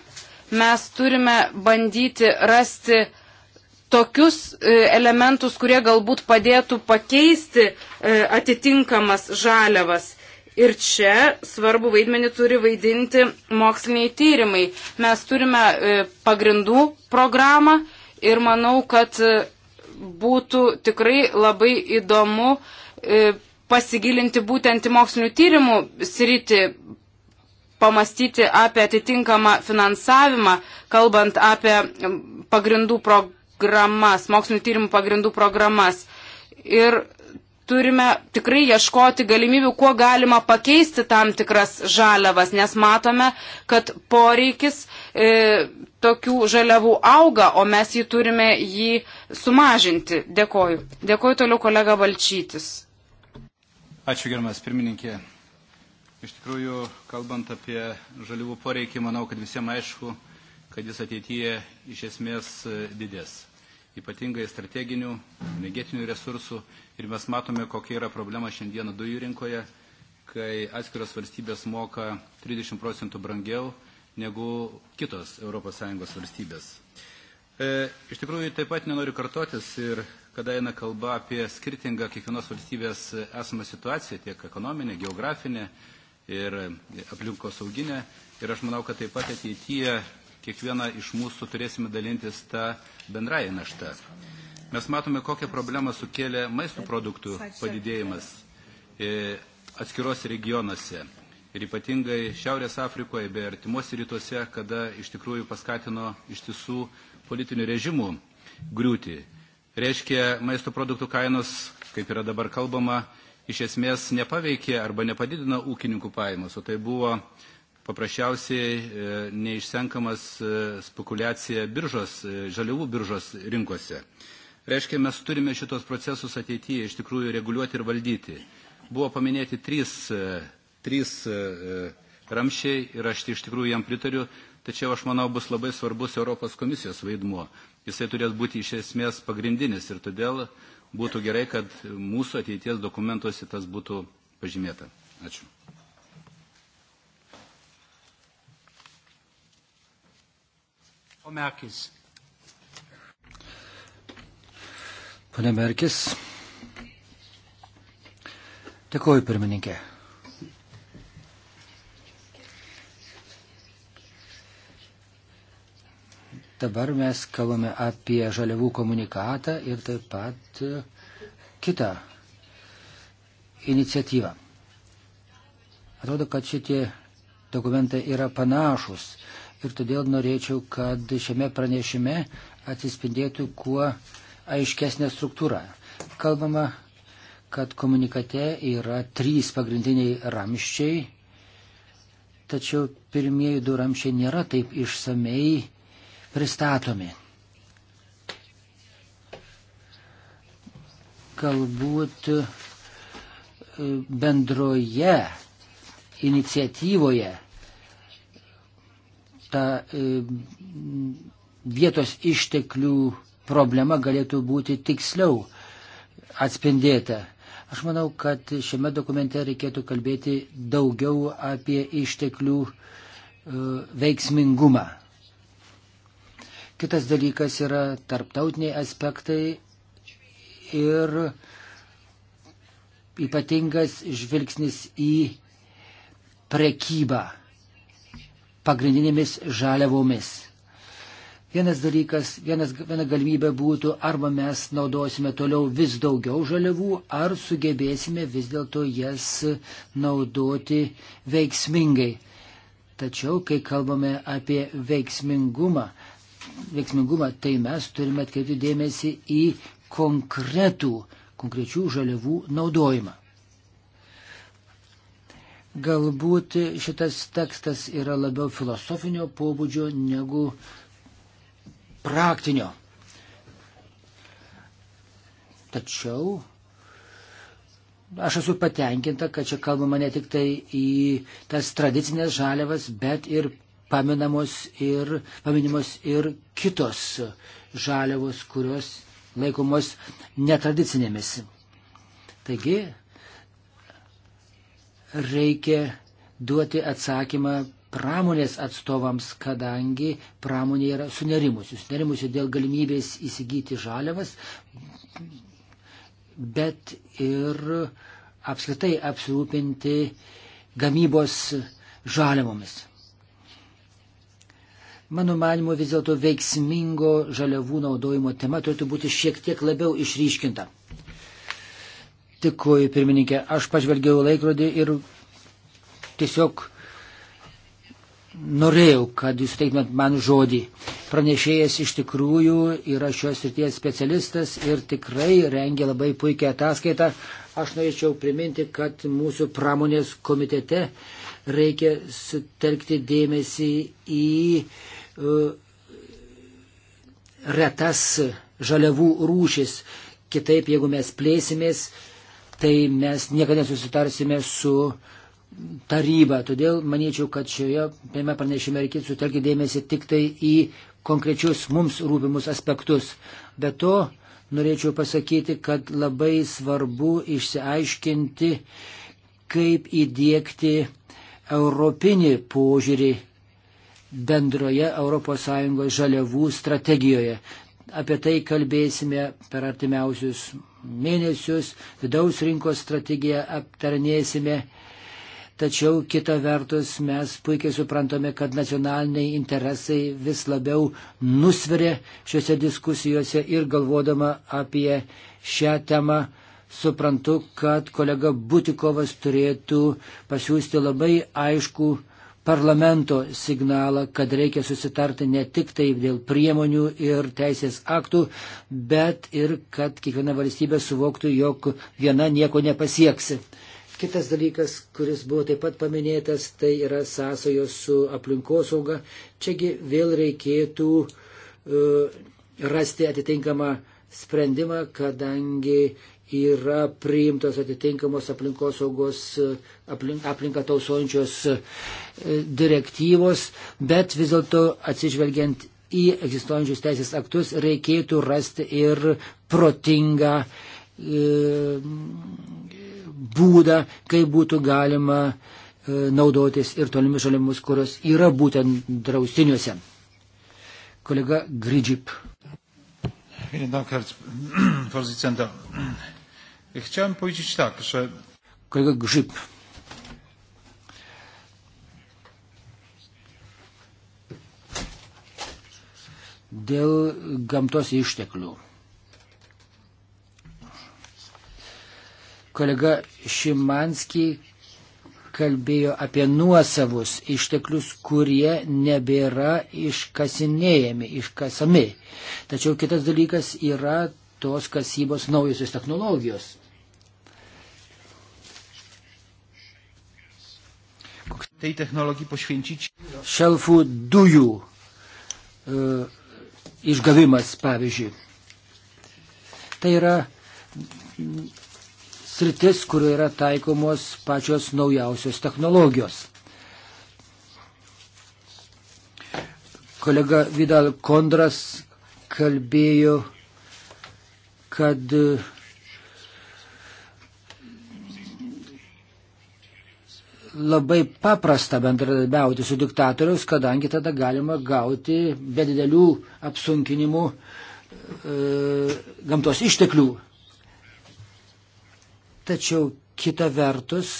mes turime bandyti rasti tokius e, elementus, kurie galbūt padėtų pakeisti e, atitinkamas žaliavas. Ir čia svarbu vaidmenį turi vaidinti moksliniai tyrimai. Mes turime pagrindų programą ir manau, kad būtų tikrai labai įdomu pasigilinti būtent į mokslinių tyrimų sritį, pamastyti apie atitinkamą finansavimą, kalbant apie pagrindų programas, mokslinių tyrimų pagrindų programas. Ir turime tikrai ieškoti galimybių, kuo galima pakeisti tam tikras žaliavas, nes matome, kad poreikis e, tokių žaliavų auga, o mes jį turime jį sumažinti. Dėkoju. Dėkoju toliau kolega Valčytis. Ačiū, gerbiamas pirmininkė. Iš tikrųjų, kalbant apie žaliavų poreikį, manau, kad visiems aišku, kad jis ateityje iš esmės e, didės. Ypatingai strateginių, energetinių resursų. Ir mes matome, kokia yra problema šiandieną dujų rinkoje, kai atskiros valstybės moka 30 procentų brangiau negu kitos ES valstybės. E, iš tikrųjų, taip pat nenoriu kartotis ir kada eina kalba apie skirtingą kiekvienos valstybės esamą situaciją, tiek ekonominę, geografinę ir aplinkosauginę. Ir aš manau, kad taip pat ateityje kiekvieną iš mūsų turėsime dalintis tą bendrąją naštą. Mes matome, kokią problemą sukėlė maisto produktų padidėjimas e, atskiros regionuose. Ir ypatingai Šiaurės Afrikoje bei artimuose rytuose, kada iš tikrųjų paskatino iš tiesų politinių režimų griūti. Reiškia, maisto produktų kainos, kaip yra dabar kalbama, iš esmės nepaveikė arba nepadidino ūkininkų pajamos, o tai buvo paprasčiausiai e, neišsenkamas e, spekulacija biržos, e, žaliavų biržos rinkose. Reiškia, mes turime šitos procesus ateityje iš tikrųjų reguliuoti ir valdyti. Buvo paminėti trys, trys ramšiai ir aš iš tikrųjų jam pritariu, tačiau aš manau bus labai svarbus Europos komisijos vaidmuo jisai turės būti iš esmės pagrindinis ir todėl būtų gerai, kad mūsų ateities dokumentuose tas būtų pažymėta. Ačiū. Merkis. Pane Merkis. Dėkuoju, pirmininkė. Dabar mes kalbame apie žaliavų komunikatą ir taip pat e, kitą iniciatyvą. Atrodo, kad šitie dokumentai yra panašus ir todėl norėčiau, kad šiame pranešime atsispindėtų kuo aiškesnė struktūra. Kalbama, kad komunikate yra trys pagrindiniai ramščiai, tačiau pirmieji du ramščiai nėra taip išsamei pristatomi. Galbūt e, bendroje iniciatyvoje ta e, vietos išteklių problema galėtų būti tiksliau atspindėta. Aš manau, kad šiame dokumente reikėtų kalbėti daugiau apie išteklių e, veiksmingumą. Kitas dalykas yra tarptautiniai aspektai ir ypatingas žvilgsnis į prekybą pagrindinėmis žaliavomis. Vienas dalykas, vienas, viena galimybė būtų, arba mes naudosime toliau vis daugiau žaliavų, ar sugebėsime vis dėlto jas naudoti veiksmingai. Tačiau, kai kalbame apie veiksmingumą, veiksmingumą, tai mes turime atkreipti dėmesį į konkretų, konkrečių žaliavų naudojimą. Galbūt šitas tekstas yra labiau filosofinio pobūdžio negu praktinio. Tačiau aš esu patenkinta, kad čia kalbama ne tik tai į tas tradicinės žaliavas, bet ir paminamos ir, paminimos ir kitos žaliavos, kurios laikomos netradicinėmis. Taigi, reikia duoti atsakymą pramonės atstovams, kadangi pramonė yra sunerimusi, sunerimusi dėl galimybės įsigyti žaliavas, bet ir apskritai apsirūpinti gamybos žaliavomis. Mano manimo vis dėlto veiksmingo žaliavų naudojimo tema turėtų būti šiek tiek labiau išryškinta. Tikuoju, pirmininkė, aš pažvelgiau laikrodį ir tiesiog norėjau, kad jūs teiktumėt man žodį. Pranešėjas iš tikrųjų yra šios ryties specialistas ir tikrai rengia labai puikią ataskaitą. Aš norėčiau priminti, kad mūsų pramonės komitete uh, reikia sutelkti dėmesį į e, retas žaliavų rūšis. Kitaip, jeigu mes plėsimės, tai mes niekada susitarsime su taryba. Todėl manyčiau, kad šioje pirmame pranešime reikėtų sutelkti dėmesį tik tai į konkrečius mums rūpimus aspektus. Be to, norėčiau pasakyti, kad labai svarbu išsiaiškinti, kaip įdėkti europinį požiūrį bendroje ES žaliavų strategijoje. Apie tai kalbėsime per artimiausius mėnesius, vidaus rinkos strategiją aptarinėsime. Tačiau kita vertus mes puikiai suprantame, kad nacionaliniai interesai vis labiau nusveria šiuose diskusijose ir galvodama apie šią temą suprantu, kad kolega Butikovas turėtų pasiūsti labai aišku parlamento signalą, kad reikia susitarti ne tik tai dėl priemonių ir teisės aktų, bet ir kad kiekviena valstybė suvoktų, jog viena nieko nepasieksi. Kitas dalykas, kuris buvo taip pat paminėtas, tai yra sąsojos su aplinkosauga. Čiagi vėl reikėtų uh, rasti atitinkamą sprendimą, kadangi uh, yra priimtos atitinkamos aplinkosaugos aplink, aplinką tausojančios e, direktyvos, bet vis dėlto atsižvelgiant į egzistuojančius teisės aktus reikėtų rasti ir protingą e, būdą, kaip būtų galima e, naudotis ir tolimis šalimis, kurios yra būtent draustiniuose. Kolega Grigip. Vielen Dank, Herr Vorsitzender. Chciałem powiedzieć tak, że... Kolega Grzyb. Dėl gamtos išteklių. Kolega Šimanski kalbėjo apie nuosavus išteklius, kurie nebėra iškasinėjami, iškasami. Tačiau kitas dalykas yra tos kasybos naujosios technologijos. tej technologii poświęcić. Šelfų dujų e, išgavimas, pavyzdžiui. Tai yra sritis, kur yra taikomos pačios naujausios technologijos. Kolega Vidal Kondras kalbėjo, kad labai paprasta bendradarbiauti su diktatoriaus, kadangi tada galima gauti be didelių apsunkinimų e, gamtos išteklių. Tačiau kita vertus,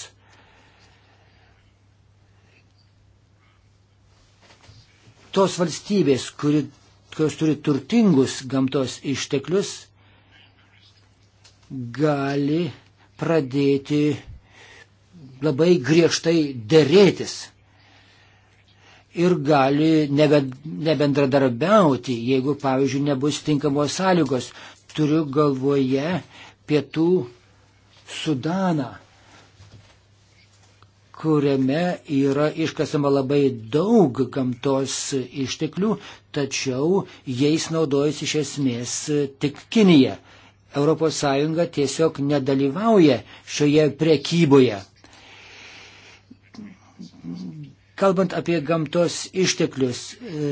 tos valstybės, kuri, kurios turi turtingus gamtos išteklius, gali pradėti labai griežtai dėrėtis ir gali nebendradarbiauti, jeigu, pavyzdžiui, nebus tinkamos sąlygos. Turiu galvoje pietų Sudaną, kuriame yra iškasama labai daug gamtos išteklių, tačiau jais naudojasi iš esmės tik Kinija. ES tiesiog nedalyvauja šioje prekyboje. Kalbant apie gamtos išteklius,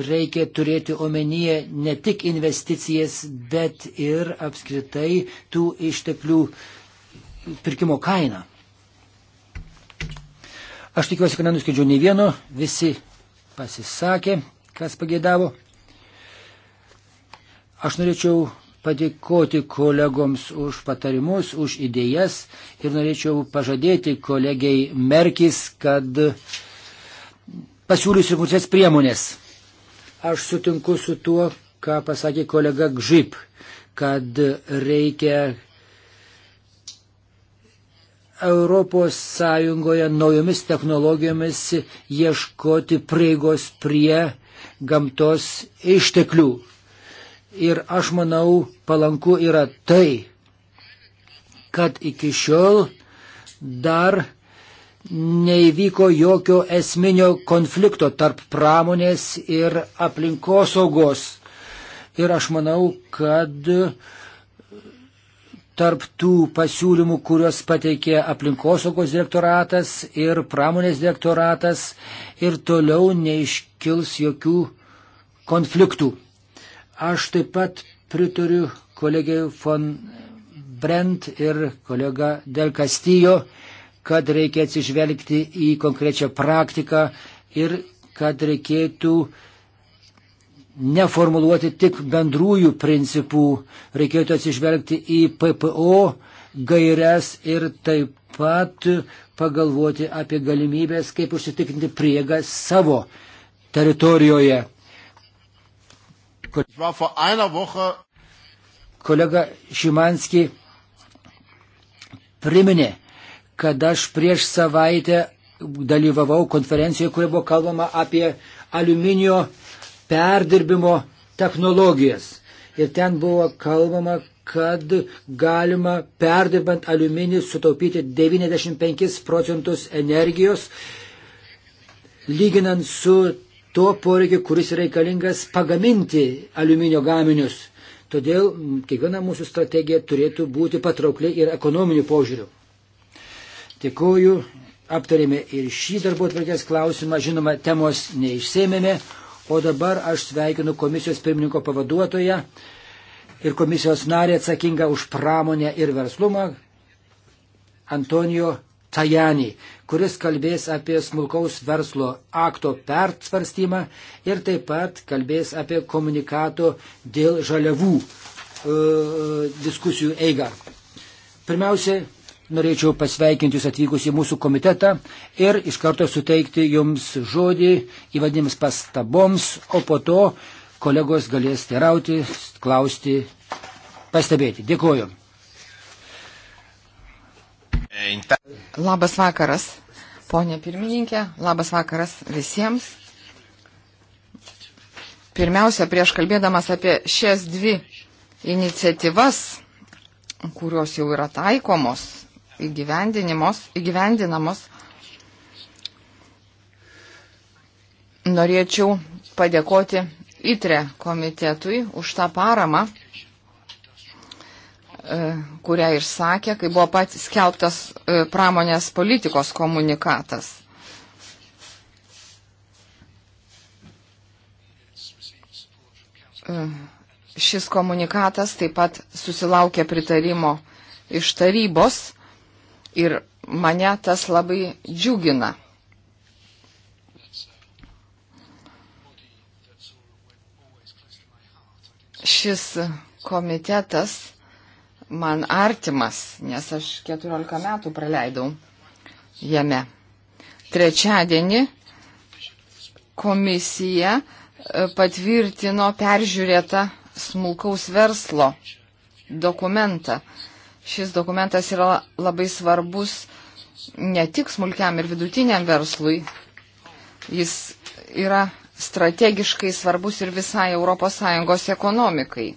reikia turėti omenyje ne tik investicijas, bet ir apskritai tų išteklių pirkimo kainą. Aš tikiuosi, kad nenuskidžiau nei vieno, visi pasisakė, kas pagėdavo. Aš norėčiau padėkoti kolegoms už patarimus, už idėjas ir norėčiau pažadėti kolegiai Merkis, kad pasiūlysiu pusės priemonės. Aš sutinku su tuo, ką pasakė kolega Gžip, kad reikia Europos Sąjungoje naujomis technologijomis ieškoti prieigos prie gamtos išteklių Ir aš manau, palanku yra tai, kad iki šiol dar neįvyko jokio esminio konflikto tarp pramonės ir aplinkosaugos. Ir aš manau, kad tarp tų pasiūlymų, kuriuos pateikė aplinkosaugos direktoratas ir pramonės direktoratas, ir toliau neiškils jokių konfliktų. Aš taip pat pritariu kolegijai von Brent ir kolega Del Castillo, kad reikia atsižvelgti į konkrečią praktiką ir kad reikėtų neformuluoti tik bendrųjų principų, reikėtų atsižvelgti į PPO gairias ir taip pat pagalvoti apie galimybės, kaip užsitikrinti priegą savo teritorijoje. Kolega Šimanski priminė, kad aš prieš savaitę dalyvavau konferencijoje, kurioje buvo kalbama apie aliuminio perdirbimo technologijas. Ir ten buvo kalbama, kad galima perdirbant aliuminį sutaupyti 95 procentus energijos, lyginant su tuo poreikiu, kuris reikalingas pagaminti aliuminio gaminius. Todėl kiekviena mūsų strategija turėtų būti patraukli ir ekonominiu požiūriu. Tikuoju, aptarėme ir šį darbo atvarkės klausimą, žinoma, temos neišsėmėme, o dabar aš sveikinu komisijos pirmininko pavaduotoją ir komisijos narį atsakingą už pramonę ir verslumą, Antonijo Tajani kuris kalbės apie smulkaus verslo akto persvarstymą ir taip pat kalbės apie komunikato dėl žaliavų e, diskusijų eigą. Pirmiausia, norėčiau pasveikinti Jūs atvykus į mūsų komitetą ir iš karto suteikti Jums žodį įvadinims pastaboms, o po to kolegos galės terauti, klausti, pastebėti. Dėkuoju. Labas vakaras, ponė pirmininkė, labas vakaras visiems. Pirmiausia, prieš kalbėdamas apie šias dvi iniciatyvas, kurios jau yra taikomos, įgyvendinamos, norėčiau padėkoti ITRE komitetui už tą paramą, E, kurią ir sakė, kai buvo pats skelbtas e, pramonės politikos komunikatas. E, šis komunikatas taip pat susilaukė pritarimo iš tarybos ir mane tas labai džiugina. Šis komitetas man artimas, nes aš 14 metų praleidau jame. Trečiadienį komisija e, patvirtino peržiūrėtą smulkaus verslo dokumentą. Šis dokumentas yra labai svarbus ne tik smulkiam ir vidutiniam verslui, jis yra strategiškai svarbus ir visai ES ekonomikai.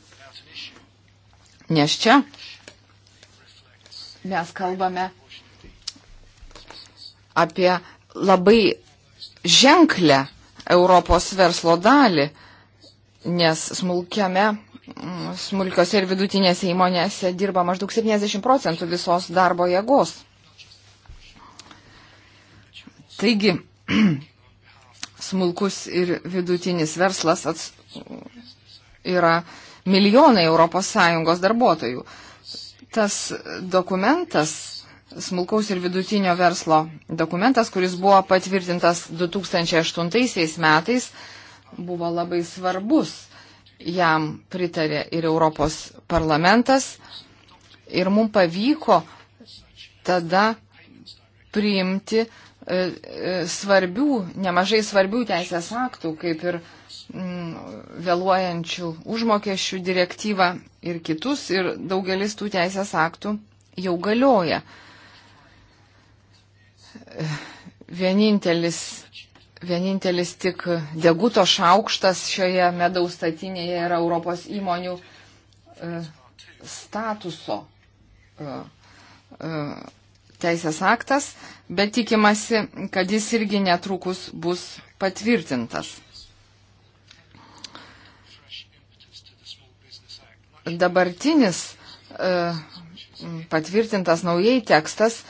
Nes čia mes kalbame apie labai ženklę Europos verslo dalį, nes smulkiame, mm, smulkiose ir vidutinėse įmonėse dirba maždaug 70 procentų visos darbo jėgos. Taigi, smulkus ir vidutinis verslas ats... yra milijonai ES darbuotojų. Tas dokumentas, smulkaus ir vidutinio verslo dokumentas, kuris buvo patvirtintas 2008 metais, buvo labai svarbus. Jam pritarė ir Europos parlamentas ir mums pavyko tada priimti e, e, svarbių, nemažai svarbių teisės aktų, kaip ir Mm, vėluojančių užmokesčių direktyvą ir kitus, ir daugelis tų teisės aktų jau galioja. Vienintelis, vienintelis tik deguto šaukštas šioje medaus statinėje yra Europos įmonių e, statuso e, e, teisės aktas, bet tikimasi, kad jis irgi netrukus bus patvirtintas. dabartinis e, patvirtintas naujai tekstas,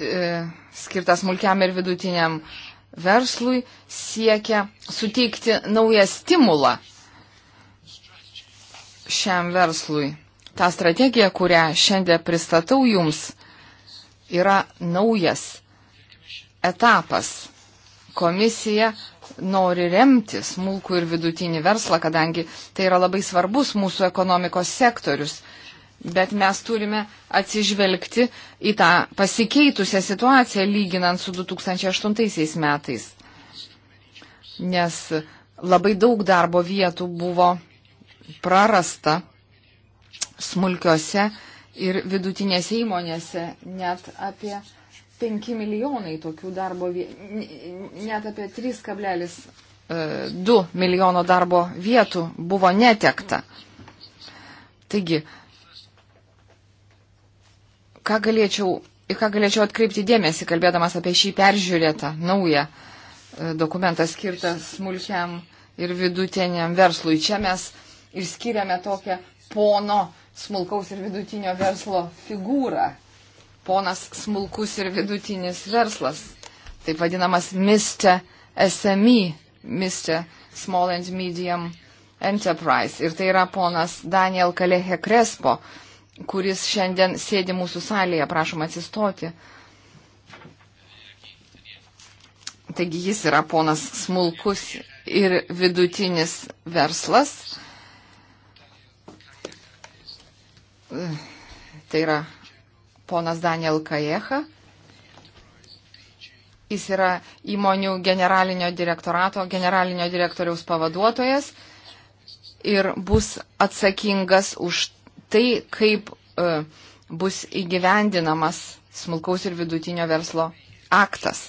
e, skirtas smulkiam ir vidutiniam verslui, siekia suteikti naują stimulą šiam verslui. Ta strategija, kurią šiandien pristatau jums, yra naujas etapas. Komisija nori remti smulkų ir vidutinį verslą, kadangi tai yra labai svarbus mūsų ekonomikos sektorius. Bet mes turime atsižvelgti į tą pasikeitusią situaciją lyginant su 2008 metais. Nes labai daug darbo vietų buvo prarasta smulkiose ir vidutinėse įmonėse, net apie 5 milijonai tokių darbo vietų, net apie 3,2 e, milijono darbo vietų buvo netekta. Taigi, ką galėčiau, į ką galėčiau atkreipti dėmesį, kalbėdamas apie šį peržiūrėtą naują e, dokumentą skirtą smulkiam ir vidutiniam verslui. Čia mes ir skiriame tokią pono smulkaus ir vidutinio verslo figūrą ponas smulkus ir vidutinis verslas, taip vadinamas Mr. SME, Mr. Small and Medium Enterprise. Ir tai yra ponas Daniel Kalehe Krespo, kuris šiandien sėdi mūsų salėje, prašom atsistoti. Taigi jis yra ponas smulkus ir vidutinis verslas. Tai yra ponas Daniel Kajecha. Jis yra įmonių generalinio direktorato, generalinio direktoriaus pavaduotojas ir bus atsakingas už tai, kaip uh, bus įgyvendinamas smulkaus ir vidutinio verslo aktas.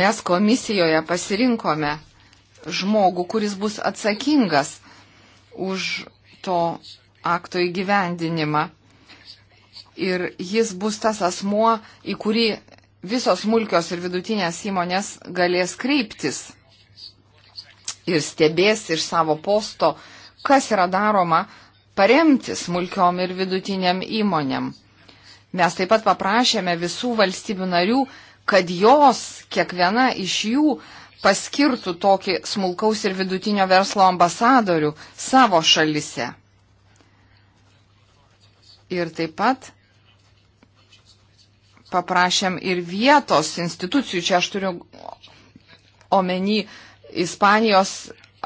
Mes komisijoje pasirinkome žmogų, kuris bus atsakingas už to akto įgyvendinimą. Ir jis bus tas asmuo, į kurį visos smulkios ir vidutinės įmonės galės kreiptis ir stebės iš savo posto, kas yra daroma paremti smulkiom ir vidutiniam įmonėm. Mes taip pat paprašėme visų valstybių narių, kad jos, kiekviena iš jų, paskirtų tokį smulkaus ir vidutinio verslo ambasadorių savo šalise. Ir taip pat paprašėm ir vietos institucijų, čia aš turiu omeny Ispanijos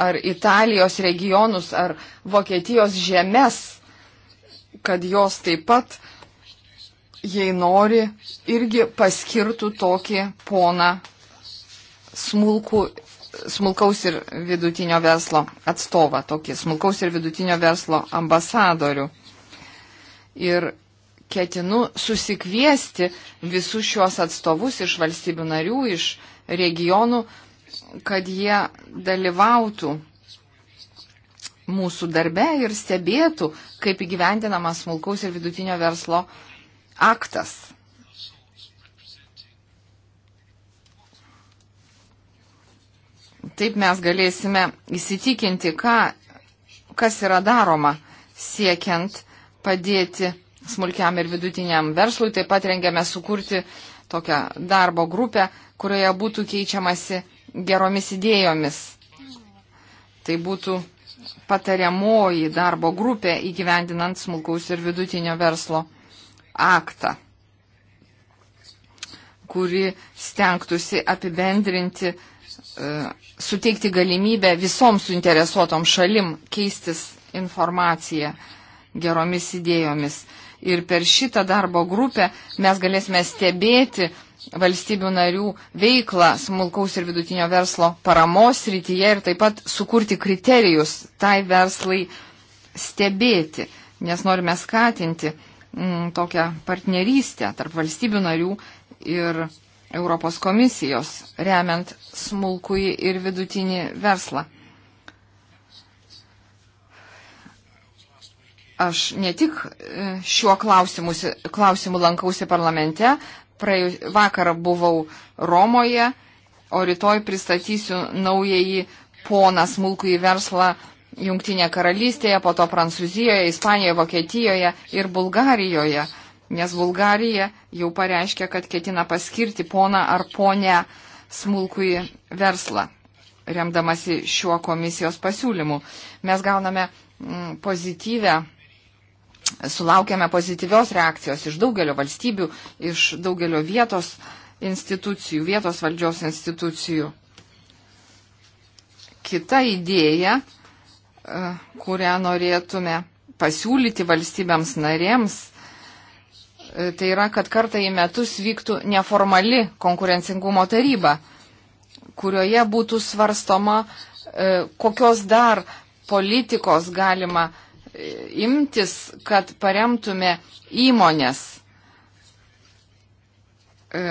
ar Italijos regionus ar Vokietijos žemės, kad jos taip pat, jei nori, irgi paskirtų tokį poną smulkų, smulkaus ir vidutinio verslo atstovą, tokį smulkaus ir vidutinio verslo ambasadorių ir ketinu susikviesti visus šios atstovus iš valstybių narių, iš regionų, kad jie dalyvautų mūsų darbe ir stebėtų, kaip įgyvendinamas smulkaus ir vidutinio verslo aktas. Taip mes galėsime įsitikinti, ką, kas yra daroma siekiant padėti smulkiam ir vidutiniam verslui. Taip pat rengiame sukurti tokią darbo grupę, kurioje būtų keičiamasi geromis idėjomis. Tai būtų patariamoji darbo grupė įgyvendinant smulkaus ir vidutinio verslo aktą, kuri stengtųsi apibendrinti, e, suteikti galimybę visoms suinteresuotom šalim keistis informaciją geromis idėjomis. Ir per šitą darbo grupę mes galėsime stebėti valstybių narių veiklą smulkaus ir vidutinio verslo paramos rytyje ir taip pat sukurti kriterijus tai verslai stebėti, nes norime skatinti m, mm, tokią partnerystę tarp valstybių narių ir Europos komisijos, remiant smulkųjį ir vidutinį verslą. Aš ne tik e, šiuo klausimu lankausi parlamente, praėjus vakarą buvau Romoje, o rytoj pristatysiu naująjį poną smulkų į verslą Junktinė karalystėje, po to Prancūzijoje, Ispanijoje, Vokietijoje ir Bulgarijoje, nes Bulgarija jau pareiškia, kad ketina paskirti poną ar ponę smulkų į verslą, remdamasi šiuo komisijos pasiūlymu. Mes gauname mm, pozityvę sulaukėme pozityvios reakcijos iš daugelio valstybių, iš daugelio vietos institucijų, vietos valdžios institucijų. Kita idėja, e, kurią norėtume pasiūlyti valstybėms narėms, e, tai yra, kad kartą į metus vyktų neformali konkurencingumo taryba, kurioje būtų svarstoma, e, kokios dar politikos galima uh, imtis, kad paremtume įmonės e,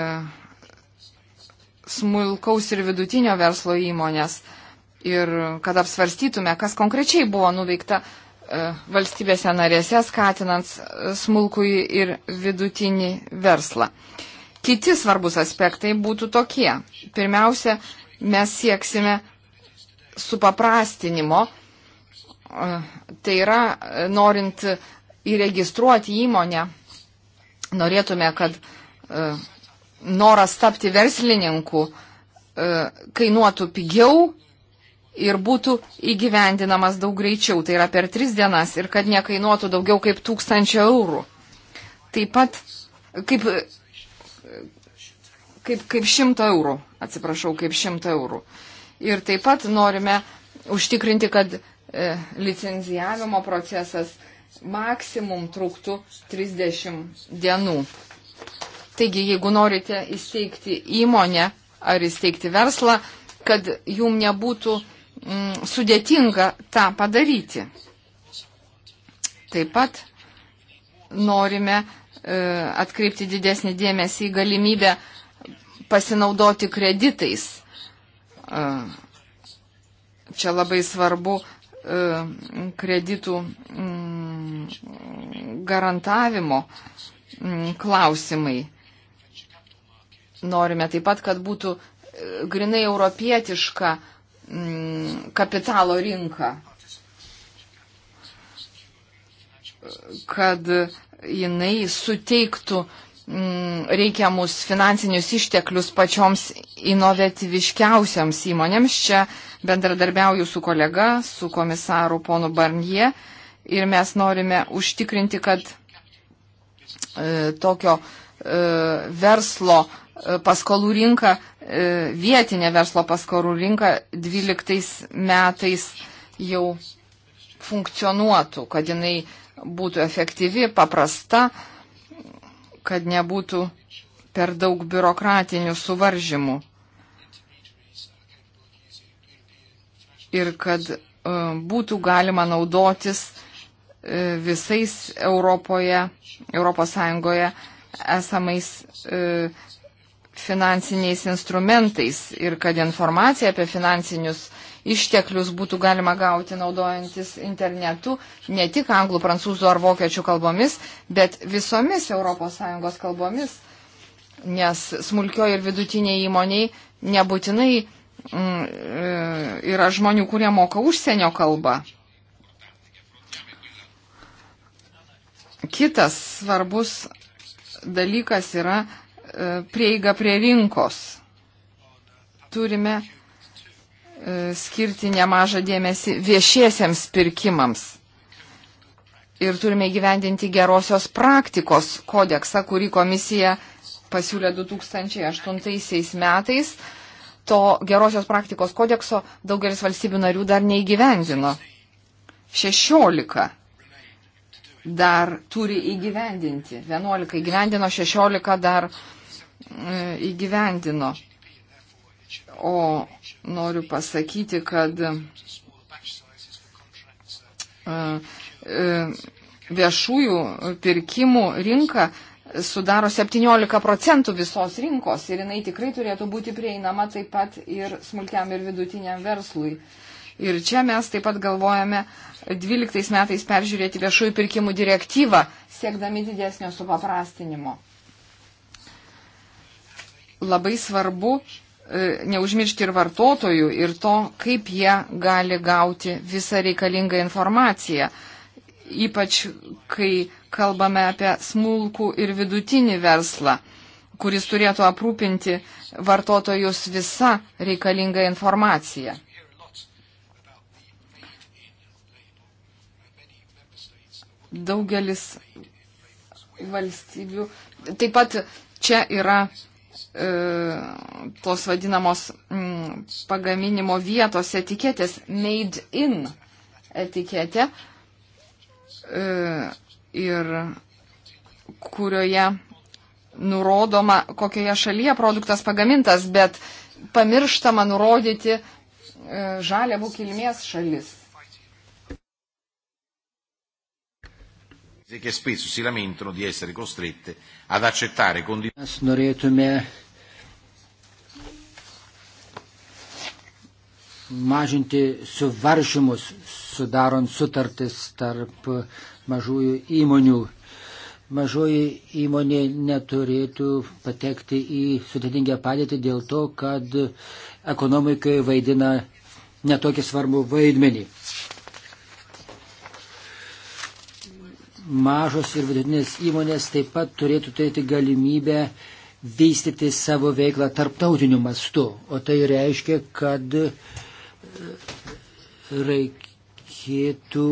smulkaus ir vidutinio verslo įmonės ir kad apsvarstytume, kas konkrečiai buvo nuveikta e, valstybėse narėse, skatinant e, smulkų ir vidutinį verslą. Kiti svarbus aspektai būtų tokie. Pirmiausia, mes sieksime supaprastinimo Tai yra, norint įregistruoti įmonę, norėtume, kad e, noras tapti verslininku e, kainuotų pigiau ir būtų įgyvendinamas daug greičiau, tai yra per tris dienas ir kad nekainuotų daugiau kaip tūkstančio eurų. Taip pat kaip, kaip, kaip šimto eurų, atsiprašau, kaip šimto eurų. Ir taip pat norime užtikrinti, kad E, licenzijavimo procesas maksimum truktų 30 dienų. Taigi, jeigu norite įsteigti įmonę ar įsteigti verslą, kad jum nebūtų mm, sudėtinga tą padaryti. Taip pat norime e, atkreipti didesnį dėmesį į galimybę pasinaudoti kreditais. E, čia labai svarbu E, kreditų mm, garantavimo mm, klausimai. Norime taip pat, kad būtų e, grinai europietiška mm, kapitalo rinka, kad jinai suteiktų uh, Mm, reikiamus finansinius išteklius pačioms inovatyviškiausiams įmonėms. Čia bendradarbiauju su kolega, su komisaru ponu Barnie ir mes norime užtikrinti, kad e, tokio e, verslo e, paskolų rinka, e, vietinė verslo paskolų rinka 12 metais jau funkcionuotų, kad jinai būtų efektyvi, paprasta. E, kad nebūtų per daug biurokratinių suvaržymų ir kad e, būtų galima naudotis e, visais Europoje, Europos Sąjungoje esamais e, finansiniais instrumentais ir kad informacija apie finansinius instrumentus išteklius būtų galima gauti naudojantis internetu, ne tik anglų, prancūzų ar vokiečių kalbomis, bet visomis ES kalbomis, nes smulkio ir vidutiniai įmoniai nebūtinai mm, e, yra žmonių, kurie moka užsienio kalbą. Kitas svarbus dalykas yra e, prieiga prie rinkos. Turime E, skirti nemažą dėmesį viešiesiems pirkimams. Ir turime įgyvendinti gerosios praktikos kodeksą, kurį komisija pasiūlė 2008 metais. To gerosios praktikos kodekso daugelis valstybių narių dar neįgyvendino. 16 dar turi įgyvendinti. 11 įgyvendino, 16 dar e, įgyvendino. O noriu pasakyti, kad e, e, viešųjų pirkimų rinka sudaro 17 procentų visos rinkos ir jinai tikrai turėtų būti prieinama taip pat ir smulkiam ir vidutiniam verslui. Ir čia mes taip pat galvojame 12 metais peržiūrėti viešųjų pirkimų direktyvą, siekdami didesnio supaprastinimo. Labai svarbu E, neužmiršti ir vartotojų, ir to, kaip jie gali gauti visą reikalingą informaciją. Ypač, kai kalbame apie smulkų ir vidutinį verslą, kuris turėtų aprūpinti vartotojus visą reikalingą informaciją. Daugelis valstybių. Taip pat čia yra E, tos vadinamos m, mm, pagaminimo vietos etiketės made in etiketė e, ir kurioje nurodoma, kokioje šalyje produktas pagamintas, bet pamirštama nurodyti e, žaliavų kilmės šalis. che spesso si lamentano di essere costrette ad accettare condizioni. Mes norėtume mažinti suvaržymus, sudarant sutartis tarp mažųjų įmonių. Mažoji įmonė neturėtų patekti į sudėtingę padėtį dėl to, kad ekonomikai vaidina netokį svarbų vaidmenį. mažos ir vidutinės įmonės taip pat turėtų turėti galimybę vystyti savo veiklą tarptautiniu mastu. O tai reiškia, kad e, reikėtų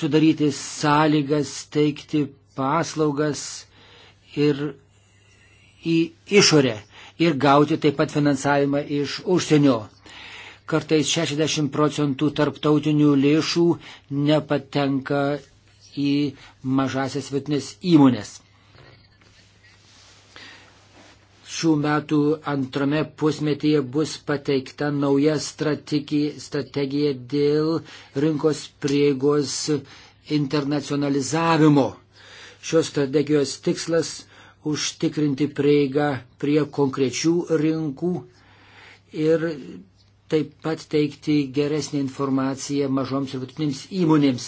sudaryti sąlygas, teikti paslaugas ir į išorę ir gauti taip pat finansavimą iš užsienio kartais 60 procentų tarptautinių lėšų nepatenka į mažasias vietinės įmonės. Šių metų antrame pusmetyje bus pateikta nauja strategija dėl rinkos prieigos internacionalizavimo. Šios strategijos tikslas - užtikrinti prieigą prie konkrečių rinkų ir taip pat teikti geresnį informaciją mažoms ir vidutinėms įmonėms.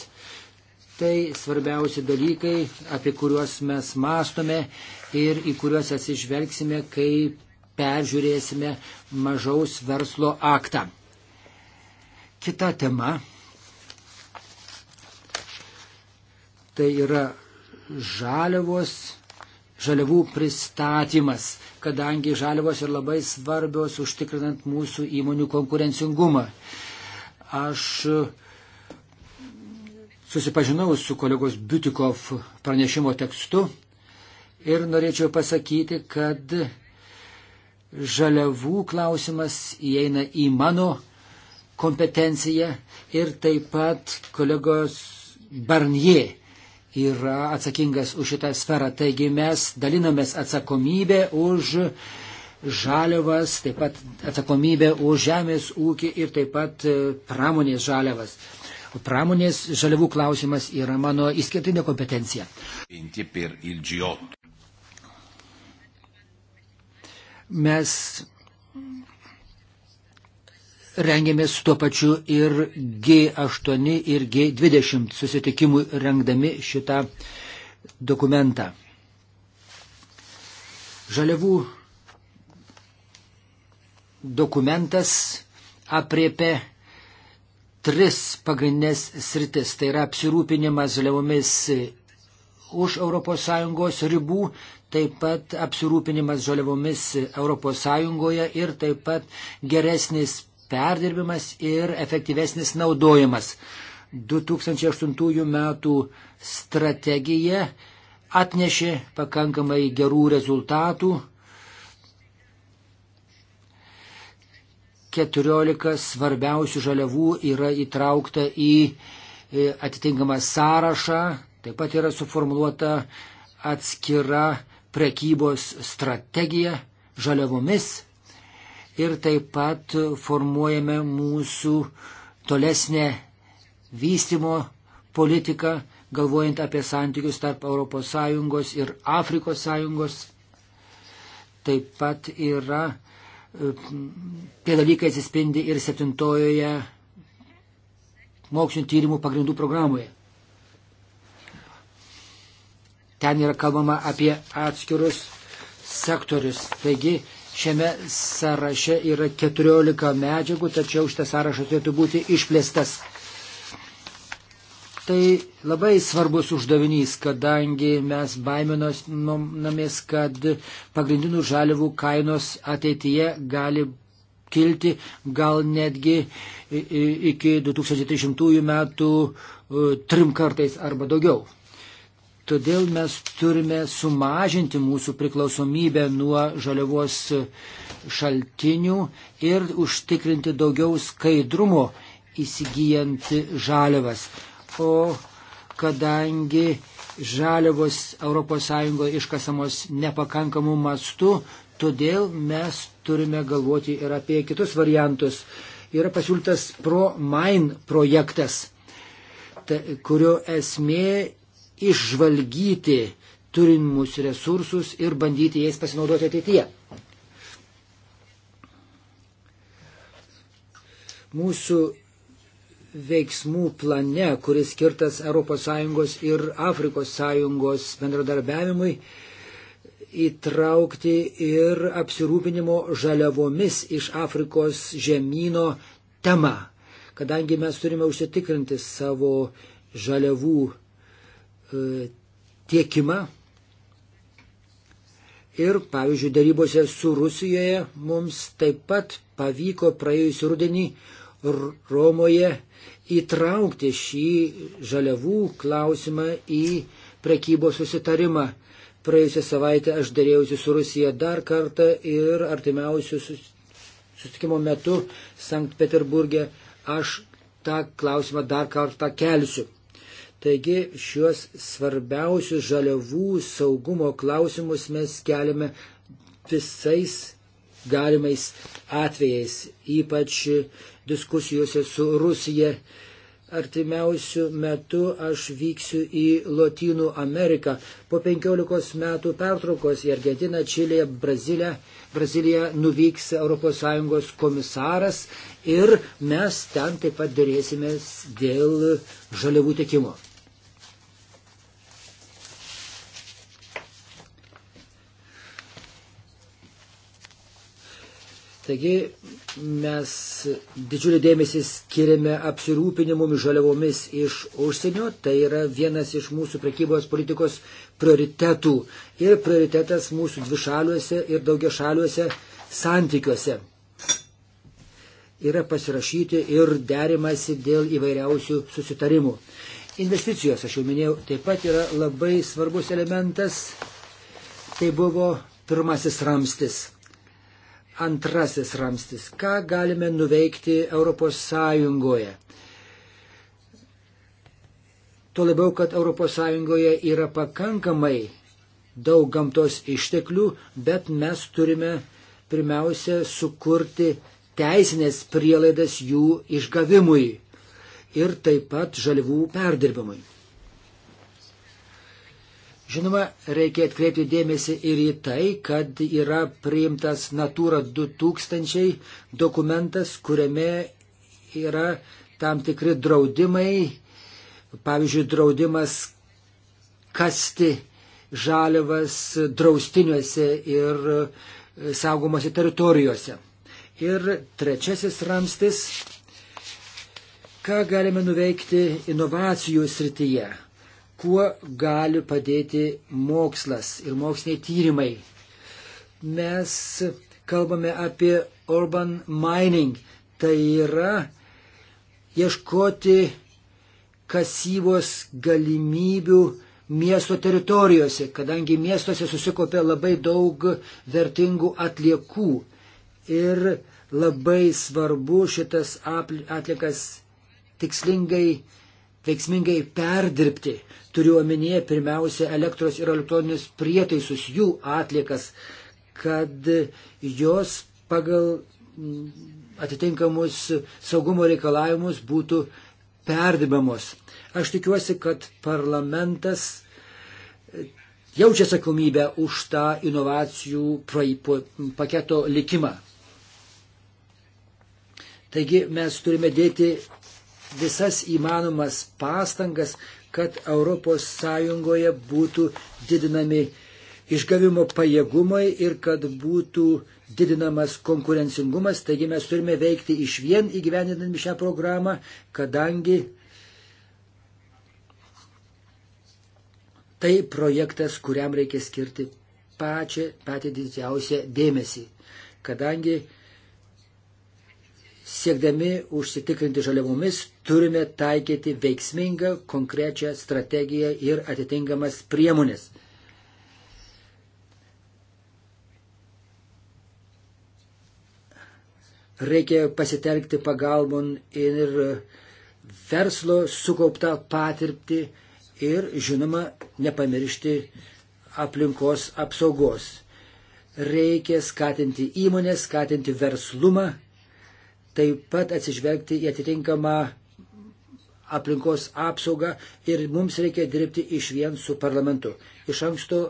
Tai svarbiausi dalykai, apie kuriuos mes mastome ir į kuriuos atsižvelgsime, kai peržiūrėsime mažaus verslo aktą. Kita tema tai yra žaliavos žaliavų pristatymas, kadangi žaliavos yra labai svarbios užtikrinant mūsų įmonių konkurencingumą. Aš e, susipažinau su kolegos Biutikov pranešimo tekstu ir norėčiau pasakyti, kad žaliavų klausimas įeina į mano kompetenciją ir taip pat kolegos Barnier yra atsakingas už šitą sferą. Taigi mes dalinamės atsakomybę už žaliavas, taip pat atsakomybę už žemės ūkį ir taip pat e, pramonės žaliavas. O pramonės žaliavų klausimas yra mano įskirtinė kompetencija. Mes rengėmės tuo pačiu ir G8 ir G20 susitikimui rengdami šitą dokumentą. Žaliavų dokumentas apriepia tris pagrindinės sritis. Tai yra apsirūpinimas žaliavomis už ES ribų, taip pat apsirūpinimas žaliavomis ES ir taip pat geresnis perdirbimas ir efektyvesnis naudojimas. 2008 metų strategija atnešė pakankamai gerų rezultatų. 14 svarbiausių žaliavų yra įtraukta į e, atitinkamą sąrašą, taip pat yra suformuoluota atskira prekybos strategija žaliavomis ir taip pat formuojame mūsų tolesnę vystimo politiką, galvojant apie santykius tarp ES ir Afrikos sąjungos. Taip pat yra, e, tie dalykai atsispindi ir septintojoje mokslinio tyrimų pagrindų programoje. Ten yra kalbama apie atskirus sektorius. Taigi Šiame sąraše yra 14 medžiagų, tačiau šitas sąrašas turėtų būti išplėstas. Tai labai svarbus uždavinys, kadangi mes baiminomės, kad pagrindinių žalivų kainos ateityje gali kilti gal netgi iki 2030 metų e, trim kartais arba daugiau. Todėl mes turime sumažinti mūsų priklausomybę nuo žaliavos šaltinių ir užtikrinti daugiau skaidrumo įsigijant žaliavas. O kadangi žaliavos ES iškasamos nepakankamų mastų, todėl mes turime galvoti ir apie kitus variantus. Yra pasiūlytas ProMine projektas, ta, kurio esmė išžvalgyti turimus resursus ir bandyti jais pasinaudoti ateityje. Mūsų veiksmų plane, kuris skirtas ES ir AS bendradarbiavimui, įtraukti ir apsirūpinimo žaliavomis iš Afrikos žemynų temą, kadangi mes turime užsitikrinti savo žaliavų E, tiekimą. Ir, pavyzdžiui, darybose su Rusijoje mums taip pat pavyko praėjusį rudenį Romoje įtraukti šį žaliavų klausimą į prekybos susitarimą. Praėjusią savaitę aš dėrėjausi su Rusija dar kartą ir artimiausių susitikimo metu Sankt Peterburgė aš tą klausimą dar kartą kelsiu. Taigi šiuos svarbiausius žaliavų saugumo klausimus mes keliame visais galimais atvejais, ypač diskusijose su Rusija. Artimiausių metų aš vyksiu į Lotynų Ameriką. Po 15 metų pertraukos į Argentiną, Čilę, Braziliją, Braziliją nuvyks ES komisaras ir mes ten taip pat dėrėsimės dėl žaliavų tiekimo. Taigi mes didžiulį dėmesį skiriame apsirūpinimumi žaliavomis iš užsienio, tai yra vienas iš mūsų prekybos politikos prioritetų ir prioritetas mūsų dvišaliuose ir daugiašaliuose santykiuose. Yra pasirašyti ir derimasi dėl įvairiausių susitarimų. Investicijos, aš jau minėjau, taip pat yra labai svarbus elementas. Tai buvo pirmasis ramstis antrasis ramstis. Ką galime nuveikti Europos Sąjungoje? Tuo labiau, kad Europos Sąjungoje yra pakankamai daug gamtos išteklių, bet mes turime pirmiausia sukurti teisinės prielaidas jų išgavimui ir taip pat žalivų perdirbimui. Žinoma, reikia atkreipti dėmesį ir į tai, kad yra priimtas Natura 2000 dokumentas, kuriame yra tam tikri draudimai, pavyzdžiui, draudimas kasti žalėvas draustiniuose ir e, saugomose teritorijose. Ir trečiasis ramstis, ką galime nuveikti inovacijų srityje kuo gali padėti mokslas ir moksliniai tyrimai. Mes kalbame apie urban mining, tai yra ieškoti kasybos galimybių miesto teritorijose, kadangi miestuose susikopia labai daug vertingų atliekų. Ir labai svarbu šitas atlikas tikslingai, veiksmingai perdirbti. Turiu omenyje pirmiausia elektros ir elektroninius prietaisus, jų atlikas, kad jos pagal mm, atitinkamus saugumo reikalavimus būtų perdirbamos. Aš tikiuosi, kad parlamentas e, jaučia atsakomybę už tą inovacijų paketo likimą. Taigi mes turime dėti visas įmanomas pastangas, kad ES būtų didinami išgavimo pajėgumai ir kad būtų didinamas konkurencingumas. Taigi mes turime veikti iš vien įgyvendinami šią programą, kadangi tai projektas, kuriam reikia skirti pačią, patį didžiausią dėmesį. Kadangi siekdami užsitikrinti žaliavomis, turime taikyti veiksmingą, konkrečią strategiją ir atitinkamas priemonės. Reikia pasitelkti pagalbon ir verslo sukauptą patirtį ir, žinoma, nepamiršti aplinkos apsaugos. Reikia skatinti įmonės, skatinti verslumą taip pat atsižvelgti į atitinkamą aplinkos apsaugą ir mums reikia dirbti iš vien su parlamentu. Iš anksto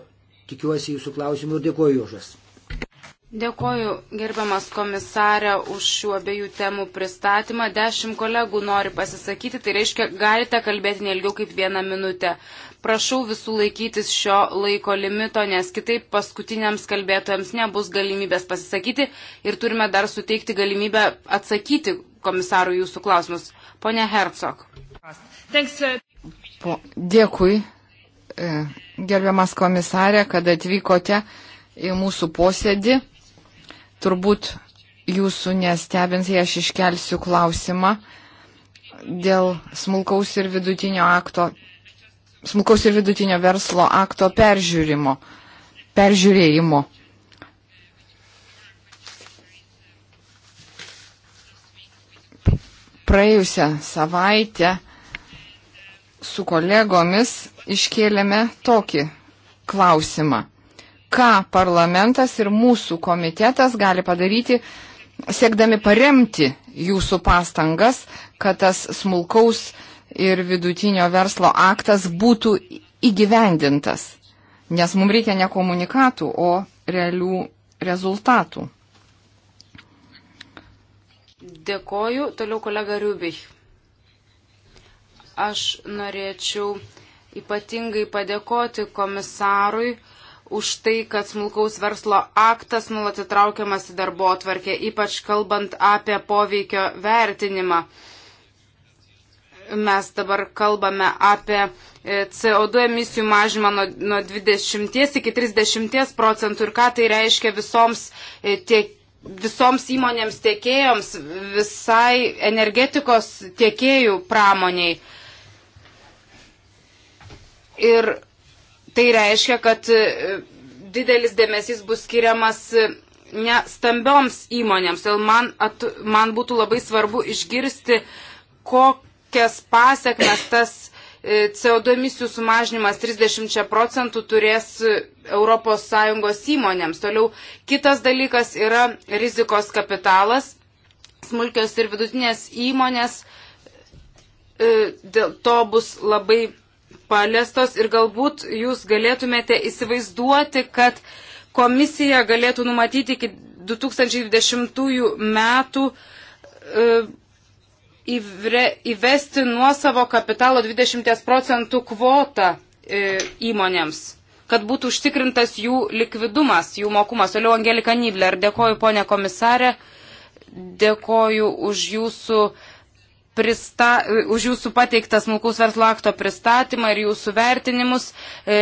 tikiuosi jūsų klausimų ir dėkuoju už juos. Dėkoju, gerbiamas komisarė, už šių abiejų temų pristatymą. Dešimt kolegų nori pasisakyti, tai reiškia, galite kalbėti neilgiau kaip vieną minutę. Prašau visų laikytis šio laiko limito, nes kitaip paskutiniams kalbėtojams nebus galimybės pasisakyti ir turime dar suteikti galimybę atsakyti komisarų jūsų klausimus. Pone Hercog. Po, dėkui, e, gerbiamas komisarė, kad atvykote į mūsų posėdį. Turbūt jūsų nestebins, jei aš iškelsiu klausimą dėl smulkaus ir vidutinio akto, smulkaus ir vidutinio verslo akto peržiūrimo, peržiūrėjimo. Praėjusią savaitę su kolegomis iškėlėme tokį klausimą ką parlamentas ir mūsų komitetas gali padaryti, siekdami paremti jūsų pastangas, kad tas smulkaus ir vidutinio verslo aktas būtų įgyvendintas. Nes mums reikia ne komunikatų, o realių rezultatų. Dėkoju. Toliau kolega Riubich. Aš norėčiau ypatingai padėkoti komisarui už tai, kad smulkaus verslo aktas nulat įtraukiamas į darbo atvarkę, ypač kalbant apie poveikio vertinimą. Mes dabar kalbame apie e, CO2 emisijų mažymą nuo, nuo 20 iki 30 procentų ir ką tai reiškia visoms e, tiek visoms įmonėms tiekėjams, visai energetikos tiekėjų pramoniai. Ir Tai reiškia, kad e, didelis dėmesys bus skiriamas e, ne stambioms įmonėms. Todėl man, at, man būtų labai svarbu išgirsti, kokias pasiekmes tas e, CO2 emisijų sumažinimas 30 procentų turės ES įmonėms. Toliau kitas dalykas yra rizikos kapitalas. Smulkios ir vidutinės įmonės dėl to bus labai paliestos ir galbūt jūs galėtumėte įsivaizduoti, kad komisija galėtų numatyti iki 2020 metų e, įvesti nuo savo kapitalo 20 procentų kvotą e, įmonėms, kad būtų užtikrintas jų likvidumas, jų mokumas. Toliau Angelika Nibler, dėkoju ponė komisarė, dėkoju už jūsų uh, prista, e, už jūsų pateiktą smulkaus verslo akto pristatymą ir jūsų vertinimus e,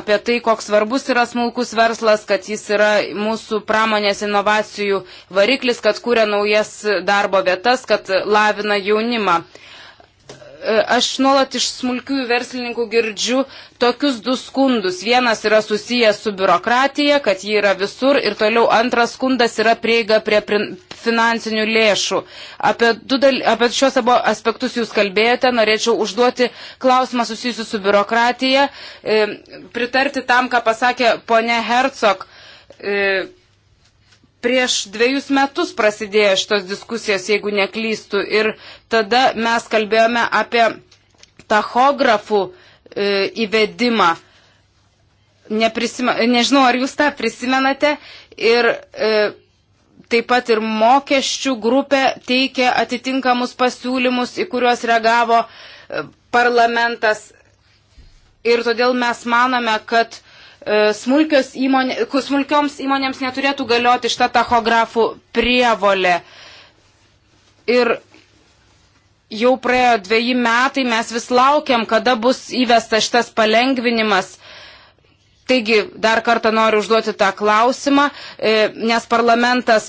apie tai, koks svarbus yra smulkus verslas, kad jis yra mūsų pramonės inovacijų variklis, kad kūrė naujas darbo vietas, kad lavina jaunimą. E, E, aš nuolat iš smulkių verslininkų girdžiu tokius du skundus. Vienas yra susijęs su biurokratija, kad ji yra visur ir toliau antras skundas yra prieiga prie finansinių lėšų. Apie, dal... apie šios abu aspektus jūs kalbėjote, norėčiau užduoti klausimą susijusiu su biurokratija, e, pritarti tam, ką pasakė ponė Hercog e, prieš dviejus metus prasidėjo šitos diskusijos, jeigu neklystų, ir tada mes kalbėjome apie tachografų e, įvedimą. Neprisima, nežinau, ar jūs tą prisimenate. Ir e, taip pat ir mokesčių grupė teikė atitinkamus pasiūlymus, į kuriuos reagavo e, parlamentas. Ir todėl mes manome, kad E, įmonė, smulkioms įmonėms neturėtų galioti šitą tachografų prievolę. Ir jau praėjo dviejį metai, mes vis laukiam, kada bus įvestas šitas palengvinimas. Taigi dar kartą noriu užduoti tą klausimą, e, nes parlamentas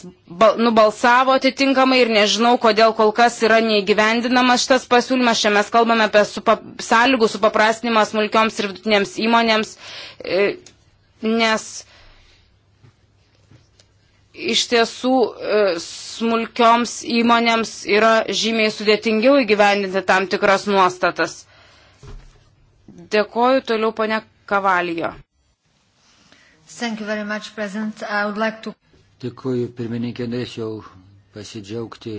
nubalsavo atitinkamai ir nežinau, kodėl kol kas yra neįgyvendinamas šitas pasiūlymas. Šiandien mes kalbame apie supa, sąlygų supaprastinimą smulkioms ir vidutinėms įmonėms, e, nes iš tiesų e, smulkioms įmonėms yra žymiai sudėtingiau įgyvendinti tam tikras nuostatas. Dėkoju toliau, ponia Kavalijo. Much, like to... Dėkuoju, pirmininkė, norėčiau pasidžiaugti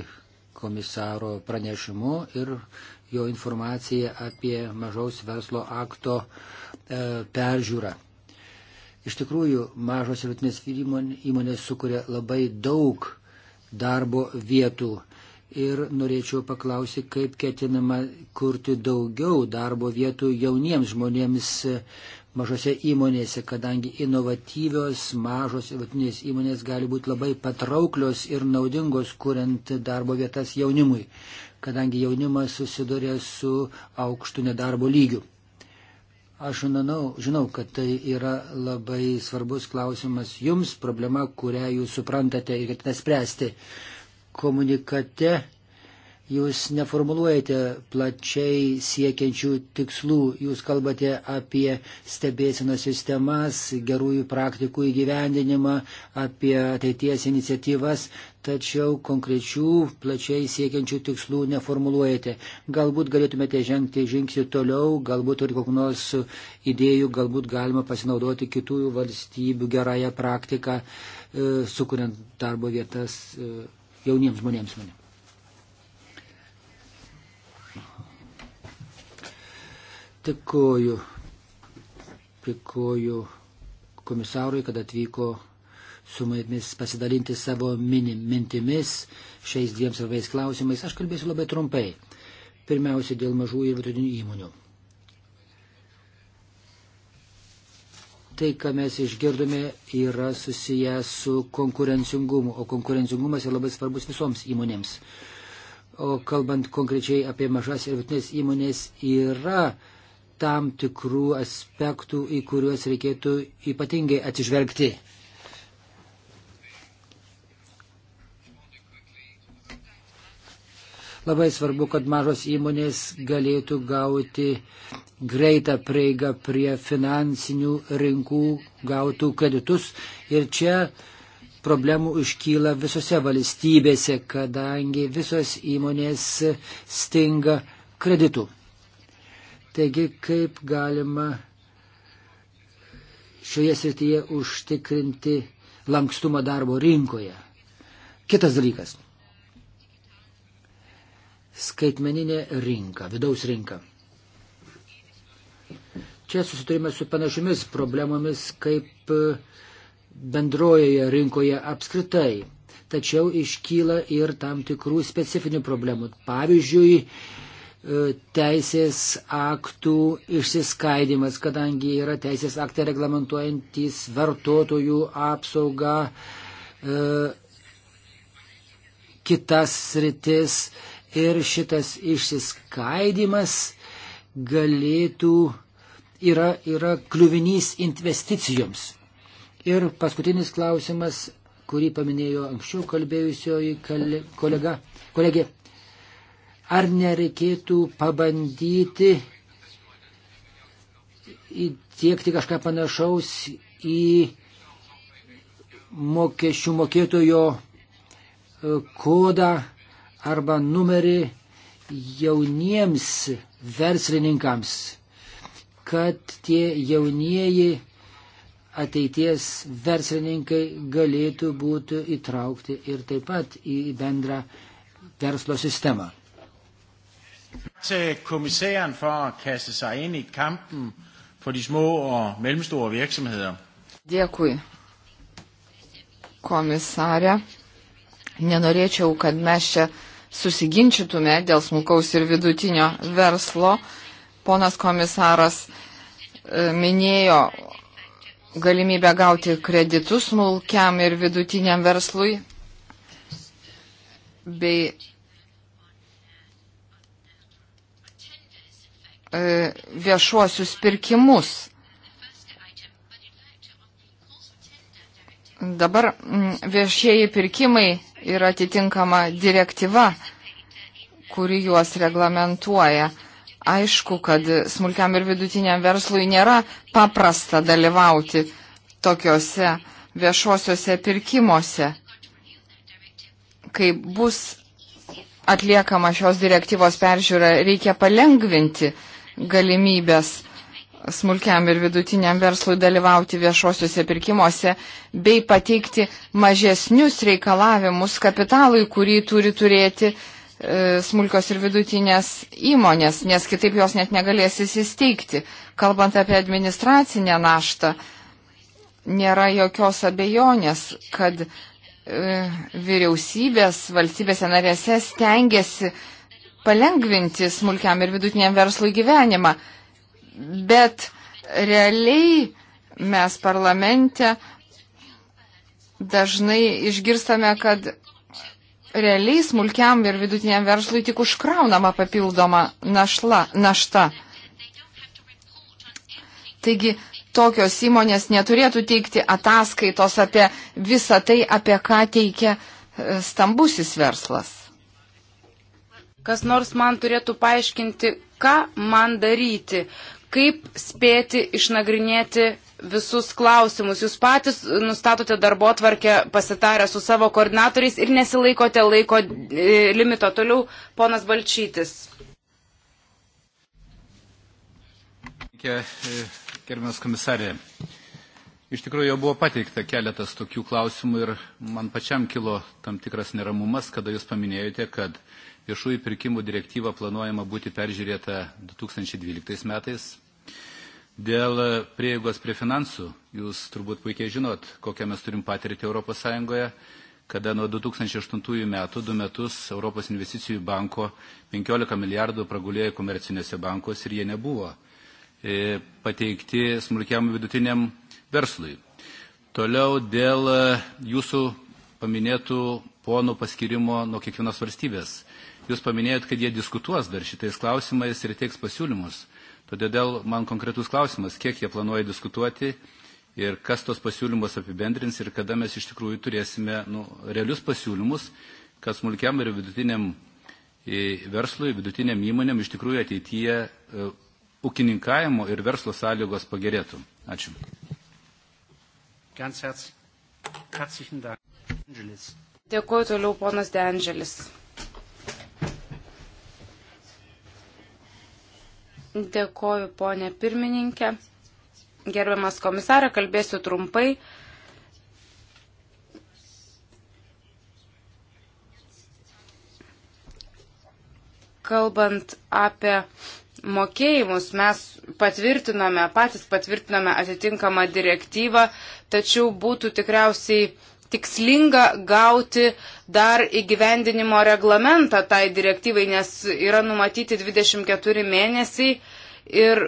komisaro pranešimu ir jo informaciją apie mažaus verslo akto e, peržiūrą. Iš tikrųjų, mažos ir vidutinės įmonės sukuria labai daug darbo vietų ir norėčiau paklausyti, kaip ketinama kurti daugiau darbo vietų jauniems žmonėms mažose įmonėse, kadangi inovatyvios mažos ir vatinės įmonės gali būti labai patrauklios ir naudingos, kuriant darbo vietas jaunimui, kadangi jaunimas susiduria su aukštu nedarbo lygiu. Aš manau, žinau, kad tai yra labai svarbus klausimas jums, problema, kurią jūs suprantate ir ketinate spręsti. Komunikate Jūs neformuluojate plačiai siekiančių tikslų, jūs kalbate apie stebėsinos sistemas, gerųjų praktikų įgyvendinimą, apie ateities iniciatyvas, tačiau konkrečių plačiai siekiančių tikslų neformuluojate. Galbūt galėtumėte žengti žingsnį toliau, galbūt turi kokių nors idėjų, galbūt galima pasinaudoti kitų valstybių gerąją praktiką, e, sukuriant darbo vietas e, jauniems žmonėms. Mane. Dėkuoju. Dėkuoju komisarui, kad atvyko su mumis pasidalinti savo mini, mintimis šiais dviem svarbiais klausimais. Aš kalbėsiu labai trumpai. Pirmiausia, dėl mažų ir vidutinių įmonių. Tai, ką mes išgirdome, yra susiję su konkurencingumu, o konkurencingumas yra labai svarbus visoms įmonėms. O kalbant konkrečiai apie mažas ir vidutinės įmonės, yra uh, tam tikrų aspektų, į kuriuos reikėtų ypatingai atsižvelgti. Labai svarbu, kad mažos įmonės galėtų gauti greitą prieigą prie finansinių rinkų, gautų kreditus. Ir čia problemų iškyla visose valstybėse, kadangi visos įmonės stinga kreditų. Taigi, kaip galima šioje srityje užtikrinti lankstumą darbo rinkoje. Kitas dalykas. Skaitmeninė rinka, vidaus rinka. Čia susiturime su panašiomis problemomis kaip e, bendrojoje rinkoje apskritai. Tačiau iškyla ir tam tikrų specifinių problemų. Pavyzdžiui, E, teisės aktų išsiskaidimas, kadangi yra teisės aktai reglamentuojantis vartotojų apsaugą, e, kitas sritis ir šitas išsiskaidimas galėtų yra, yra kliuvinys investicijoms. Ir paskutinis klausimas, kurį paminėjo anksčiau kalbėjusioji kolega, kolegė Ar nereikėtų pabandyti įtiekti kažką panašaus į mokesčių mokėtojo e, kodą arba numerį jauniems verslininkams, kad tie jaunieji ateities verslininkai galėtų būti įtraukti ir taip pat į bendrą verslo sistemą til kommissæren for at kaste sig ind i kampen for de små og mellemstore virksomheder. Dėkui, komisarė. Nenorėčiau, kad mes čia susiginčytume dėl smulkaus ir vidutinio verslo. Ponas komisaras e, minėjo galimybę gauti kreditus smulkiam ir vidutiniam verslui bei E, viešuosius pirkimus. Dabar mm, viešieji pirkimai yra atitinkama direktyva, kuri juos reglamentuoja. Aišku, kad smulkiam ir vidutiniam verslui nėra paprasta dalyvauti tokiuose viešuosiuose pirkimuose. Kai bus atliekama šios direktyvos peržiūra, reikia palengvinti uh, galimybės smulkiam ir vidutiniam verslui dalyvauti viešuosiuose pirkimuose bei pateikti mažesnius reikalavimus kapitalui, kurį turi turėti e, smulkios ir vidutinės įmonės, nes kitaip jos net negalės įsisteigti. Kalbant apie administracinę naštą, nėra jokios abejonės, kad e, vyriausybės valstybėse narėse stengiasi palengvinti smulkiam ir vidutiniam verslui gyvenimą. Bet realiai mes parlamente dažnai išgirstame, kad realiai smulkiam ir vidutiniam verslui tik užkraunama papildoma našla, našta. Taigi tokios įmonės neturėtų teikti ataskaitos apie visą tai, apie ką teikia e, stambusis verslas kas nors man turėtų paaiškinti, ką man daryti, kaip spėti išnagrinėti visus klausimus. Jūs patys nustatote darbo tvarkę pasitarę su savo koordinatoriais ir nesilaikote laiko e, limito. Toliau ponas Balčytis. E, gerbiamas komisarė, iš tikrųjų jau buvo pateikta keletas tokių klausimų ir man pačiam kilo tam tikras neramumas, kada jūs paminėjote, kad uh, viešųjų pirkimų direktyva planuojama būti peržiūrėta 2012 metais. Dėl prieigos prie finansų, jūs turbūt puikiai žinot, kokią mes turim patirtį ES, kada nuo 2008 metų du metus Europos investicijų banko 15 milijardų pragulėjo komercinėse bankos ir jie nebuvo e, pateikti smulkiam vidutiniam verslui. Toliau dėl e, jūsų paminėtų ponų paskirimo nuo kiekvienos valstybės Jūs paminėjot, kad jie diskutuos dar šitais klausimais ir teiks pasiūlymus. Todėl man konkretus klausimas, kiek jie planuoja diskutuoti ir kas tos pasiūlymus apibendrins ir kada mes iš tikrųjų turėsime nu, realius pasiūlymus, kad smulkiam ir vidutiniam e, verslui, vidutiniam įmonėm iš tikrųjų ateityje uh, ūkininkavimo ir verslo sąlygos pagerėtų. Ačiū. Ganz herzlichen Dank. Dėkuoju toliau ponas Denželis. Dėkoju, ponė pirmininkė. Gerbiamas komisarė, kalbėsiu trumpai. Kalbant apie mokėjimus, mes patvirtinome, patys patvirtinome atitinkamą direktyvą, tačiau būtų tikriausiai tikslinga gauti dar įgyvendinimo reglamentą tai direktyvai, nes yra numatyti 24 mėnesiai. Ir,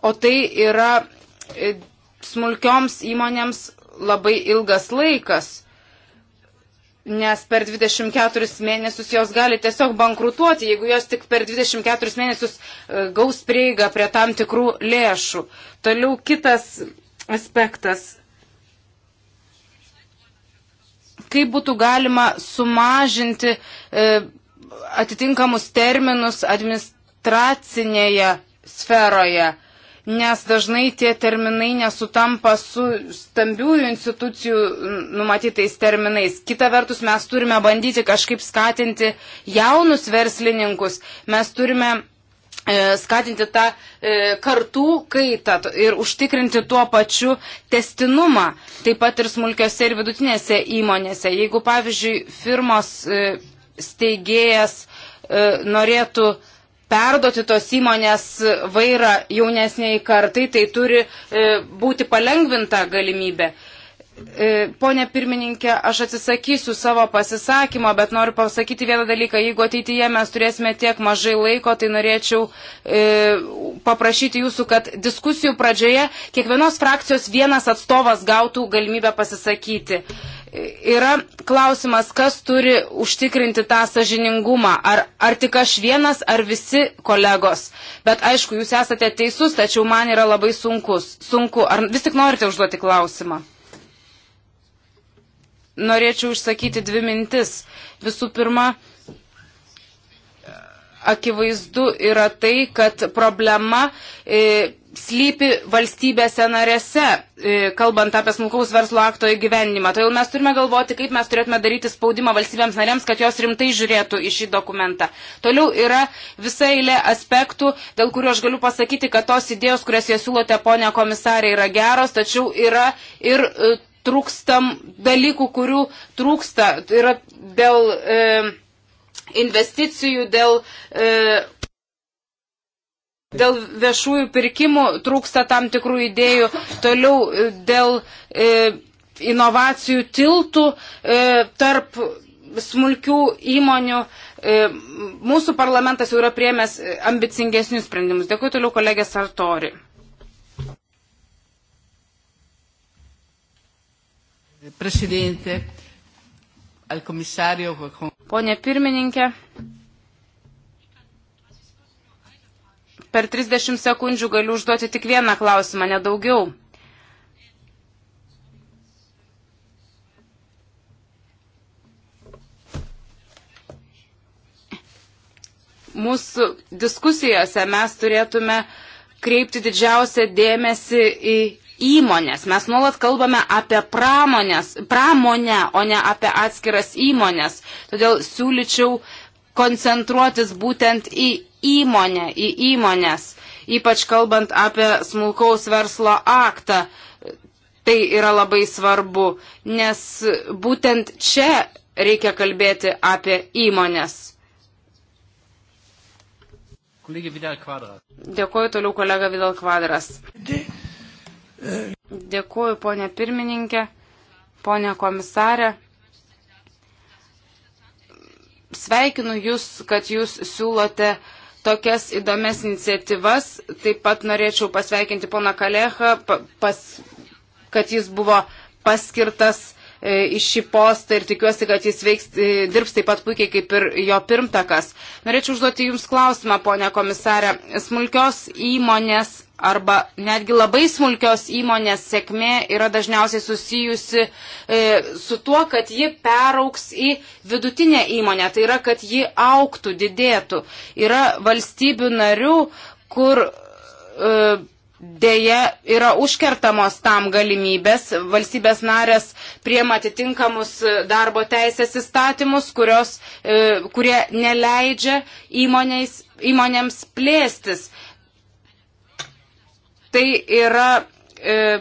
o tai yra e, smulkioms įmonėms labai ilgas laikas, nes per 24 mėnesius jos gali tiesiog bankrutuoti, jeigu jos tik per 24 mėnesius e, gaus prieigą prie tam tikrų lėšų. Toliau kitas aspektas kaip būtų galima sumažinti e, atitinkamus terminus administracinėje sferoje, nes dažnai tie terminai nesutampa su stambiųjų institucijų numatytais terminais. Kita vertus, mes turime bandyti kažkaip skatinti jaunus verslininkus, mes turime E, skatinti tą e, kartų kaitą ir užtikrinti tuo pačiu testinumą, taip pat ir smulkiose ir vidutinėse įmonėse. Jeigu, pavyzdžiui, firmos e, steigėjas norėtų perduoti tos įmonės vairą jaunesniai kartai, tai turi būti palengvinta galimybė. E, Pone pirmininkė, aš atsisakysiu savo pasisakymo, bet noriu pasakyti vieną dalyką. Jeigu ateityje mes turėsime tiek mažai laiko, tai norėčiau e, paprašyti jūsų, kad diskusijų pradžioje kiekvienos frakcijos vienas atstovas gautų galimybę pasisakyti. E, yra klausimas, kas turi užtikrinti tą sažiningumą. Ar, ar tik aš vienas, ar visi kolegos. Bet aišku, jūs esate teisus, tačiau man yra labai sunkus, sunku. Ar vis tik norite užduoti klausimą? norėčiau išsakyti dvi mintis. Visų pirma, akivaizdu yra tai, kad problema e, slypi valstybėse narėse, e, kalbant apie smulkaus verslo akto įgyvendimą. Todėl mes turime galvoti, kaip mes turėtume daryti spaudimą valstybėms narėms, kad jos rimtai žiūrėtų į šį dokumentą. Toliau yra visa eilė aspektų, dėl kurių aš galiu pasakyti, kad tos idėjos, kurias jie siūlote, ponia komisarė, yra geros, tačiau yra ir. E, trūkstam dalykų, kurių trūksta. Tai yra dėl e, investicijų, dėl. E, Dėl viešųjų pirkimų trūksta tam tikrų idėjų, toliau e, dėl e, inovacijų tiltų e, tarp smulkių įmonių. E, mūsų parlamentas jau yra priemęs ambicingesnius sprendimus. Dėkui toliau kolegė Sartori. Presidente, al komisario. Pone pirmininkė, per 30 sekundžių galiu užduoti tik vieną klausimą, nedaugiau. Mūsų diskusijose mes turėtume kreipti didžiausią dėmesį į įmonės. Mes nuolat kalbame apie pramonės, pramonę, o ne apie atskiras įmonės. Todėl siūlyčiau koncentruotis būtent į įmonę, į įmonės. Ypač kalbant apie smulkaus verslo aktą, tai yra labai svarbu, nes būtent čia reikia kalbėti apie įmonės. Dėkuoju toliau kolega Vidal Kvadras. Dėkuoju, ponė pirmininkė, ponė komisarė. Sveikinu Jūs, kad Jūs siūlote tokias įdomias iniciatyvas. Taip pat norėčiau pasveikinti poną Kalechą, pas, kad jis buvo paskirtas iš e, šį postą ir tikiuosi, kad jis veiks, e, dirbs taip pat puikiai kaip ir jo pirmtakas. Norėčiau užduoti Jums klausimą, ponė komisarė. Smulkios įmonės arba netgi labai smulkios įmonės sėkmė yra dažniausiai susijusi e, su tuo, kad ji perauks į vidutinę įmonę, tai yra, kad ji auktų, didėtų. Yra valstybių narių, kur e, dėja yra užkertamos tam galimybės, valstybės narės priema atitinkamus darbo teisės įstatymus, kurios, e, kurie neleidžia įmonės, įmonėms plėstis. E, tai yra e,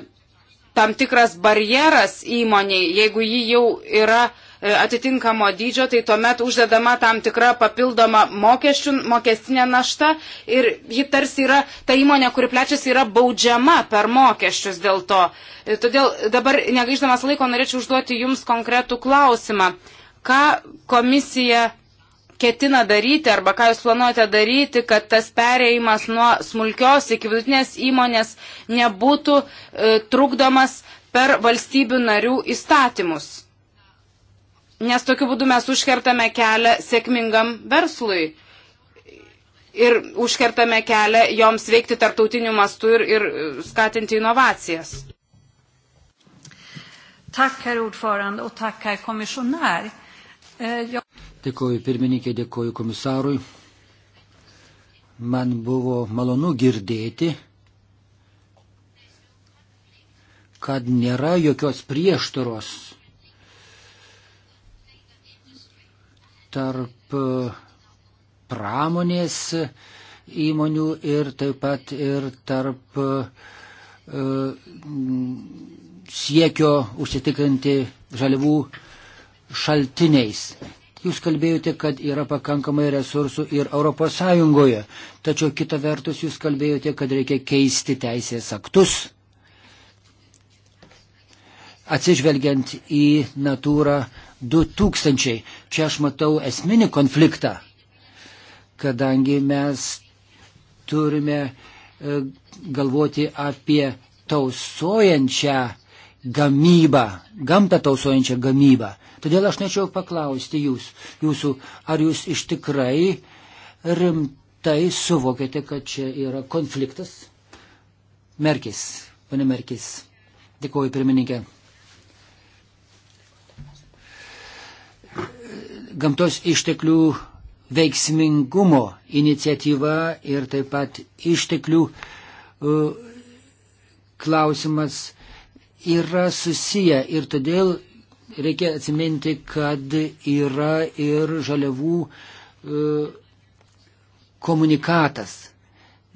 tam tikras barjeras įmoniai, jeigu ji jau yra e, atitinkamo dydžio, tai tuomet uždedama tam tikra papildoma mokesčių, mokestinė našta ir ji tarsi yra, ta įmonė, kuri plečiasi, yra baudžiama per mokesčius dėl to. E, todėl dabar, negaiždamas laiko, norėčiau užduoti Jums konkretų klausimą. Ką komisija ketina daryti arba ką jūs planuojate daryti, kad tas pereimas nuo smulkios iki vidutinės įmonės nebūtų e, trukdomas per valstybių narių įstatymus. Nes tokiu būdu mes užkertame kelią sėkmingam verslui ir užkertame kelią joms veikti tarptautiniu mastu ir, ir skatinti inovacijas. Tack, herr ordförande, och tack, herr kommissionär. Eh, jag... Dėkuoju pirmininkė, dėkuoju komisarui. Man buvo malonu girdėti, kad nėra jokios prieštaros tarp e, pramonės įmonių ir taip pat ir tarp e, siekio užsitikrinti žaliavų šaltiniais. Jūs kalbėjote, kad yra pakankamai resursų ir ES, tačiau kita vertus jūs kalbėjote, kad reikia keisti teisės aktus. Atsižvelgiant į natūrą 2000, čia aš matau esminį konfliktą, kadangi mes turime e, galvoti apie tausojančią gamybą, gamtą tausojančią gamybą. Todėl aš nečiau paklausti jūs, jūsų, ar jūs iš tikrai rimtai suvokėte, kad čia yra konfliktas? Merkis, pane Merkis, dėkuoju pirmininkė. Gamtos išteklių veiksmingumo iniciatyva ir taip pat išteklių klausimas yra susiję ir todėl reikia atsiminti, kad yra ir žaliavų e, komunikatas.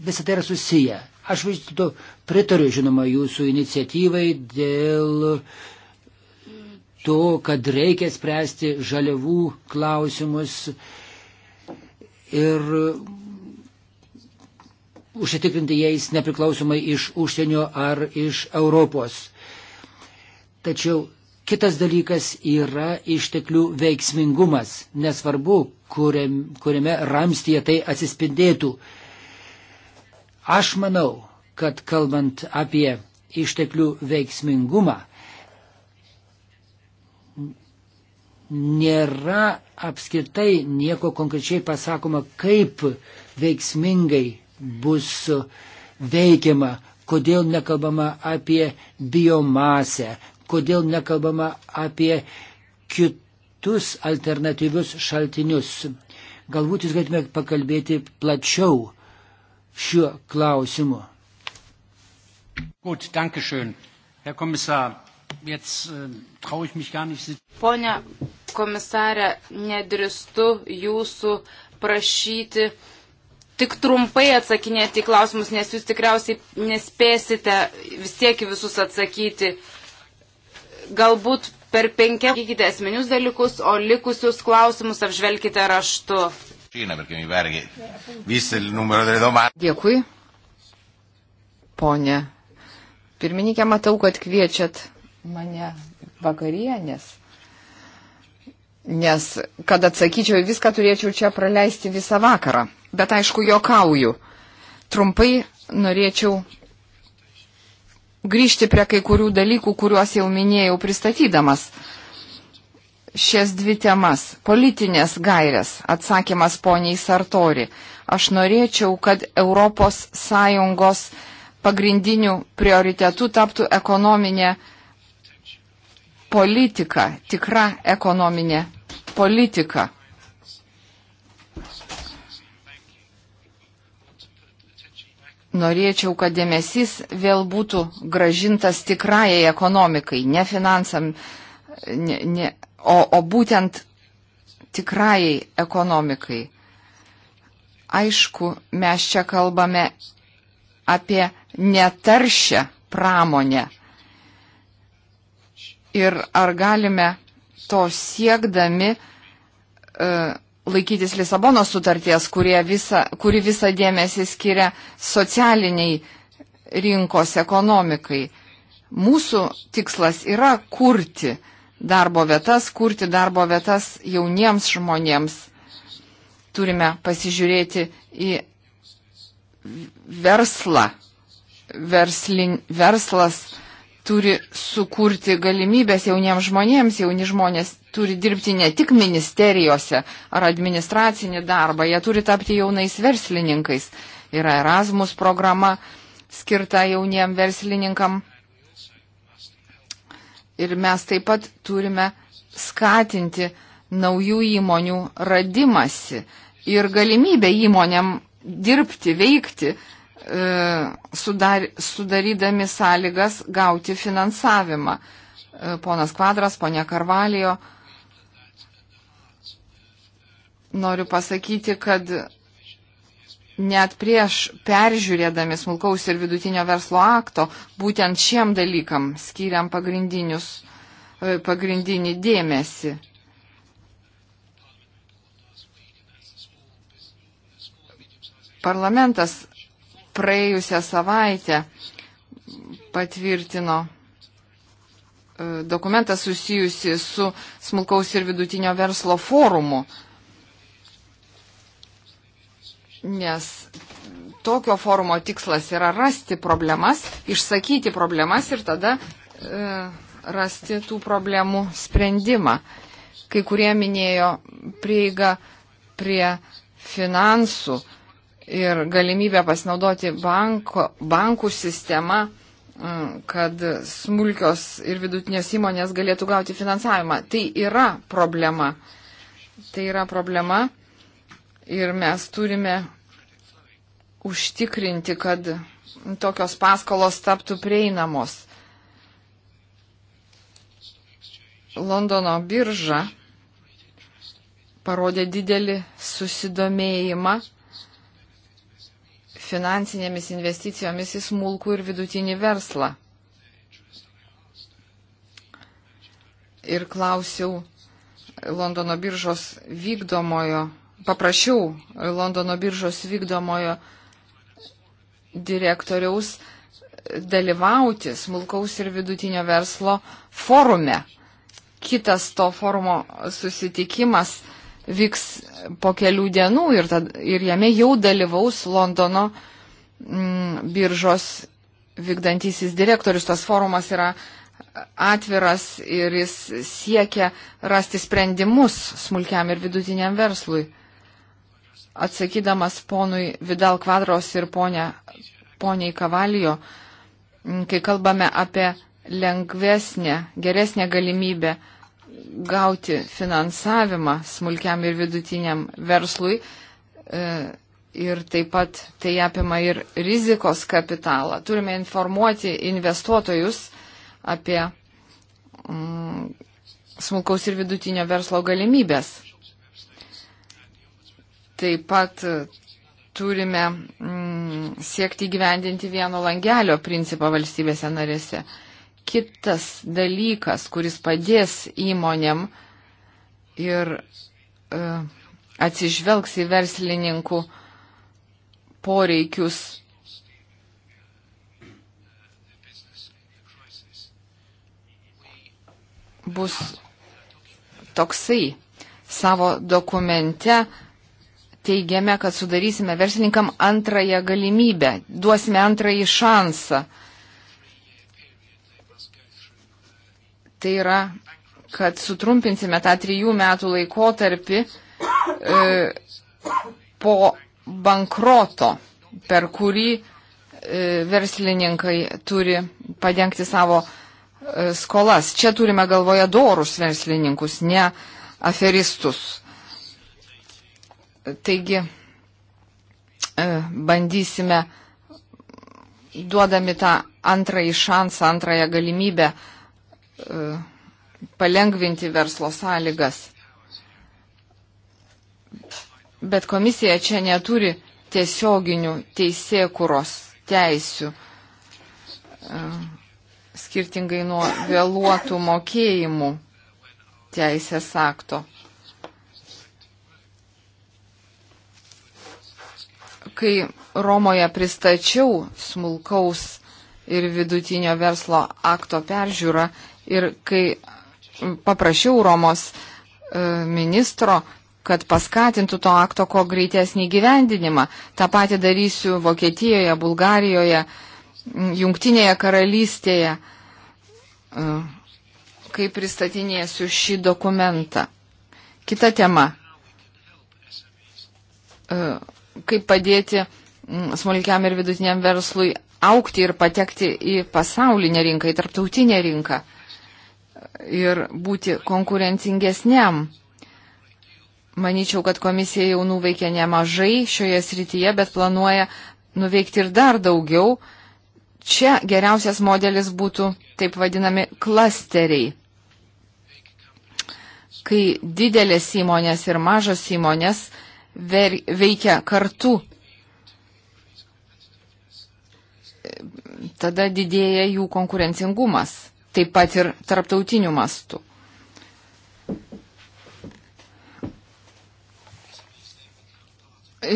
Visą tai yra susiję. Aš vis dėlto pritariu, žinoma, jūsų iniciatyvai dėl to, kad reikia spręsti žaliavų klausimus ir užsitikrinti jais nepriklausomai iš užsienio ar iš Europos. Tačiau Kitas dalykas yra išteklių veiksmingumas, nesvarbu, kuriam, kuriame ramstyje tai atsispindėtų. Aš manau, kad kalbant apie išteklių veiksmingumą, nėra apskritai nieko konkrečiai pasakoma, kaip veiksmingai bus veikiama, kodėl nekalbama apie biomasę, kodėl nekalbama apie kitus alternatyvius šaltinius. Galbūt jūs galėtume pakalbėti plačiau šiuo klausimu. Gut, danke schön. Herr Kommissar, jetzt äh, traue ich mich gar nicht. Pone komisarė, nedristu jūsų prašyti tik trumpai atsakinėti į klausimus, nes jūs tikriausiai nespėsite vis tiek visus atsakyti. Uh, galbūt per penkias sakykite esminius dalykus, o likusius klausimus apžvelkite raštu. Dėkui. Pone. Pirmininkė, matau, kad kviečiat mane vakarienės. Nes, kad atsakyčiau viską, turėčiau čia praleisti visą vakarą. Bet aišku, jokauju. Trumpai norėčiau grįžti prie kai kurių dalykų, kuriuos jau minėjau pristatydamas šias dvi temas - politinės gairės, atsakymas poniai Sartori. Aš norėčiau, kad ES pagrindinių prioritetų taptų ekonominė politika, tikra ekonominė politika. norėčiau, kad dėmesys vėl būtų gražintas tikrajai ekonomikai, ne finansam, ne, ne, o, o būtent tikrajai ekonomikai. Aišku, mes čia kalbame apie netaršę pramonę. Ir ar galime to siekdami uh, laikytis Lisabono sutarties, visa, kuri visą dėmesį skiria socialiniai rinkos ekonomikai. Mūsų tikslas yra kurti darbo vietas, kurti darbo vietas jauniems žmonėms. Turime pasižiūrėti į verslą. Verslin, verslas turi sukurti galimybės jauniems žmonėms, jauni žmonės turi dirbti ne tik ministerijose ar administracinį darbą, jie turi tapti jaunais verslininkais. Yra Erasmus programa skirta jauniem verslininkam. Ir mes taip pat turime skatinti naujų įmonių radimasi ir galimybę įmonėm dirbti, veikti E, sudar, sudarydami sąlygas gauti finansavimą. E, ponas Kvadras, ponia Karvalijo, noriu pasakyti, kad net prieš peržiūrėdami smulkaus ir vidutinio verslo akto, būtent šiem dalykam skiriam e, pagrindinį dėmesį. Parlamentas praėjusią savaitę patvirtino e, dokumentą susijusi su smulkaus ir vidutinio verslo forumu. Nes tokio forumo tikslas yra rasti problemas, išsakyti problemas ir tada e, rasti tų problemų sprendimą. Kai kurie minėjo prieigą prie finansų, e, ir galimybę pasinaudoti banko, bankų sistemą, mm, kad smulkios ir vidutinės įmonės galėtų gauti finansavimą. Tai yra problema. Tai yra problema ir mes turime užtikrinti, kad tokios paskolos taptų prieinamos. Londono birža parodė didelį susidomėjimą finansinėmis investicijomis į smulkų ir vidutinį verslą. Ir klausiau Londono biržos vykdomojo, paprašiau Londono biržos vykdomojo direktoriaus dalyvauti smulkaus ir vidutinio verslo forume. Kitas to forumo susitikimas vyks po kelių dienų ir, tad, ir jame jau dalyvaus Londono mm, biržos vykdantysis direktorius. Tas forumas yra atviras ir jis siekia rasti sprendimus smulkiam ir vidutiniam verslui. Atsakydamas ponui Vidal Kvadros ir ponia, poniai Kavalijo, mm, kai kalbame apie lengvesnę, geresnę galimybę gauti finansavimą smulkiam ir vidutiniam verslui. E, ir taip pat tai apima ir rizikos kapitalą. Turime informuoti investuotojus apie mm, smulkaus ir vidutinio verslo galimybės. Taip pat turime mm, siekti gyvendinti vieno langelio principą valstybėse narėse kitas dalykas, kuris padės įmonėm ir uh, atsižvelgs į verslininkų poreikius. bus toksai. Savo dokumente teigiame, kad sudarysime verslininkam antrąją galimybę, duosime antrąjį šansą. tai yra, kad sutrumpinsime tą trijų metų laikotarpį e, po bankroto, per kurį e, verslininkai turi padengti savo e, skolas. Čia turime galvoje dorus verslininkus, ne aferistus. Taigi, e, bandysime duodami tą antrąjį šansą, antrąją galimybę E, palengvinti verslo sąlygas. Bet komisija čia neturi tiesioginių teisėkuros teisių, e, skirtingai nuo vėluotų mokėjimų teisės akto. Kai Romoje pristačiau smulkaus ir vidutinio verslo akto peržiūrą, Ir kai paprašiau Romos e, ministro, kad paskatintų to akto kuo greitesnį gyvendinimą, tą patį darysiu Vokietijoje, Bulgarijoje, Jungtinėje karalystėje, e, kai pristatinėsiu šį dokumentą. Kita tema. E, kaip padėti smulkiam ir vidutiniam verslui aukti ir patekti į pasaulinę rinką, į tarptautinę rinką ir būti konkurencingesniam. Maničiau, kad komisija jau nuveikė nemažai šioje srityje, bet planuoja nuveikti ir dar daugiau. Čia geriausias modelis būtų taip vadinami klasteriai. Kai didelės įmonės ir mažos įmonės ver, veikia kartu, tada didėja jų konkurencingumas taip pat ir tarptautiniu mastu.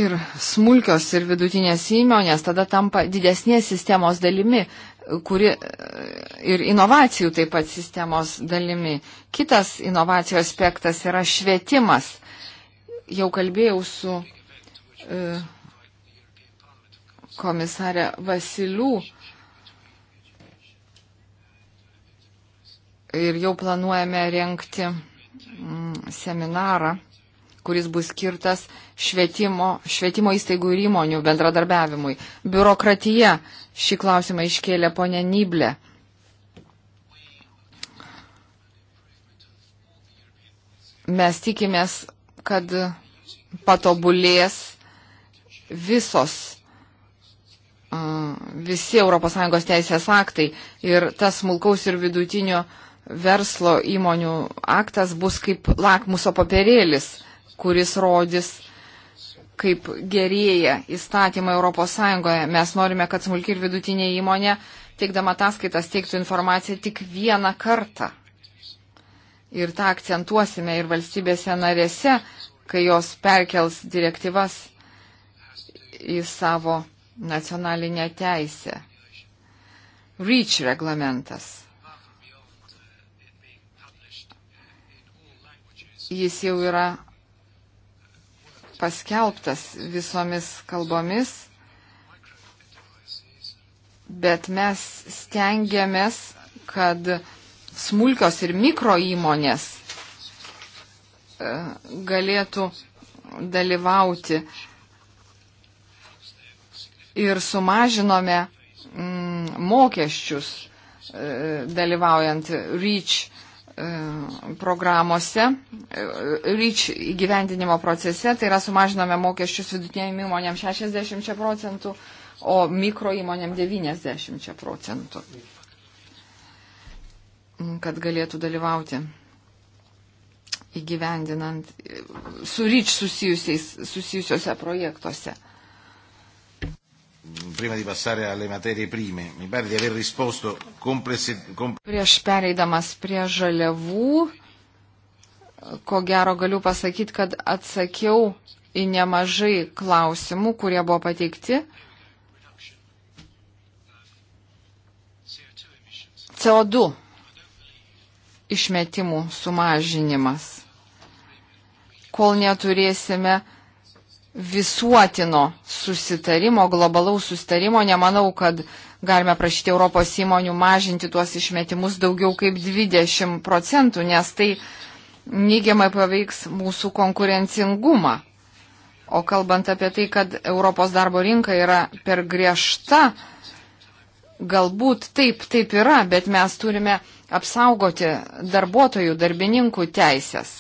Ir smulkios ir vidutinės įmonės tada tampa didesnės sistemos dalimi, kuri ir inovacijų taip pat sistemos dalimi. Kitas inovacijų aspektas yra švietimas. Jau kalbėjau su e, komisarė Vasilių ir jau planuojame renkti mm, seminarą, kuris bus skirtas švietimo, švietimo įstaigų ir įmonių bendradarbiavimui. Biurokratija šį klausimą iškėlė ponė Nyblė. Mes tikimės, kad patobulės visos visi ES teisės aktai ir tas smulkaus ir vidutinio uh, verslo įmonių aktas bus kaip lakmuso papirėlis, kuris rodys, kaip gerėja įstatymai ES. Mes norime, kad smulki ir vidutinė įmonė, teikdama ataskaitas, teiktų informaciją tik vieną kartą. Ir tą akcentuosime ir valstybėse narėse, kai jos perkels direktyvas į savo nacionalinę teisę. REACH reglamentas. jis jau yra paskelbtas visomis kalbomis, bet mes stengiamės, kad smulkios ir mikro įmonės e, galėtų dalyvauti ir sumažinome mm, mokesčius e, dalyvaujant REACH E, programuose, e, ryč įgyvendinimo procese, tai yra sumažiname mokesčius vidutinėm įmonėm 60 procentų, o mikro įmonėm 90 procentų, kad galėtų dalyvauti įgyvendinant su ryč susijusiuose projektuose prima di passare alle materie prime, mi pare di aver risposto complessivamente. Prieš pereidamas prie žaliavų, ko gero galiu pasakyti, kad atsakiau į nemažai klausimų, kurie buvo pateikti. CO2 išmetimų sumažinimas. Kol neturėsime visuotino susitarimo, globalaus susitarimo, nemanau, kad galime prašyti Europos įmonių mažinti tuos išmetimus daugiau kaip 20 procentų, nes tai neigiamai paveiks mūsų konkurencingumą. O kalbant apie tai, kad Europos darbo rinka yra per griežta, galbūt taip, taip yra, bet mes turime apsaugoti darbuotojų, darbininkų teisės.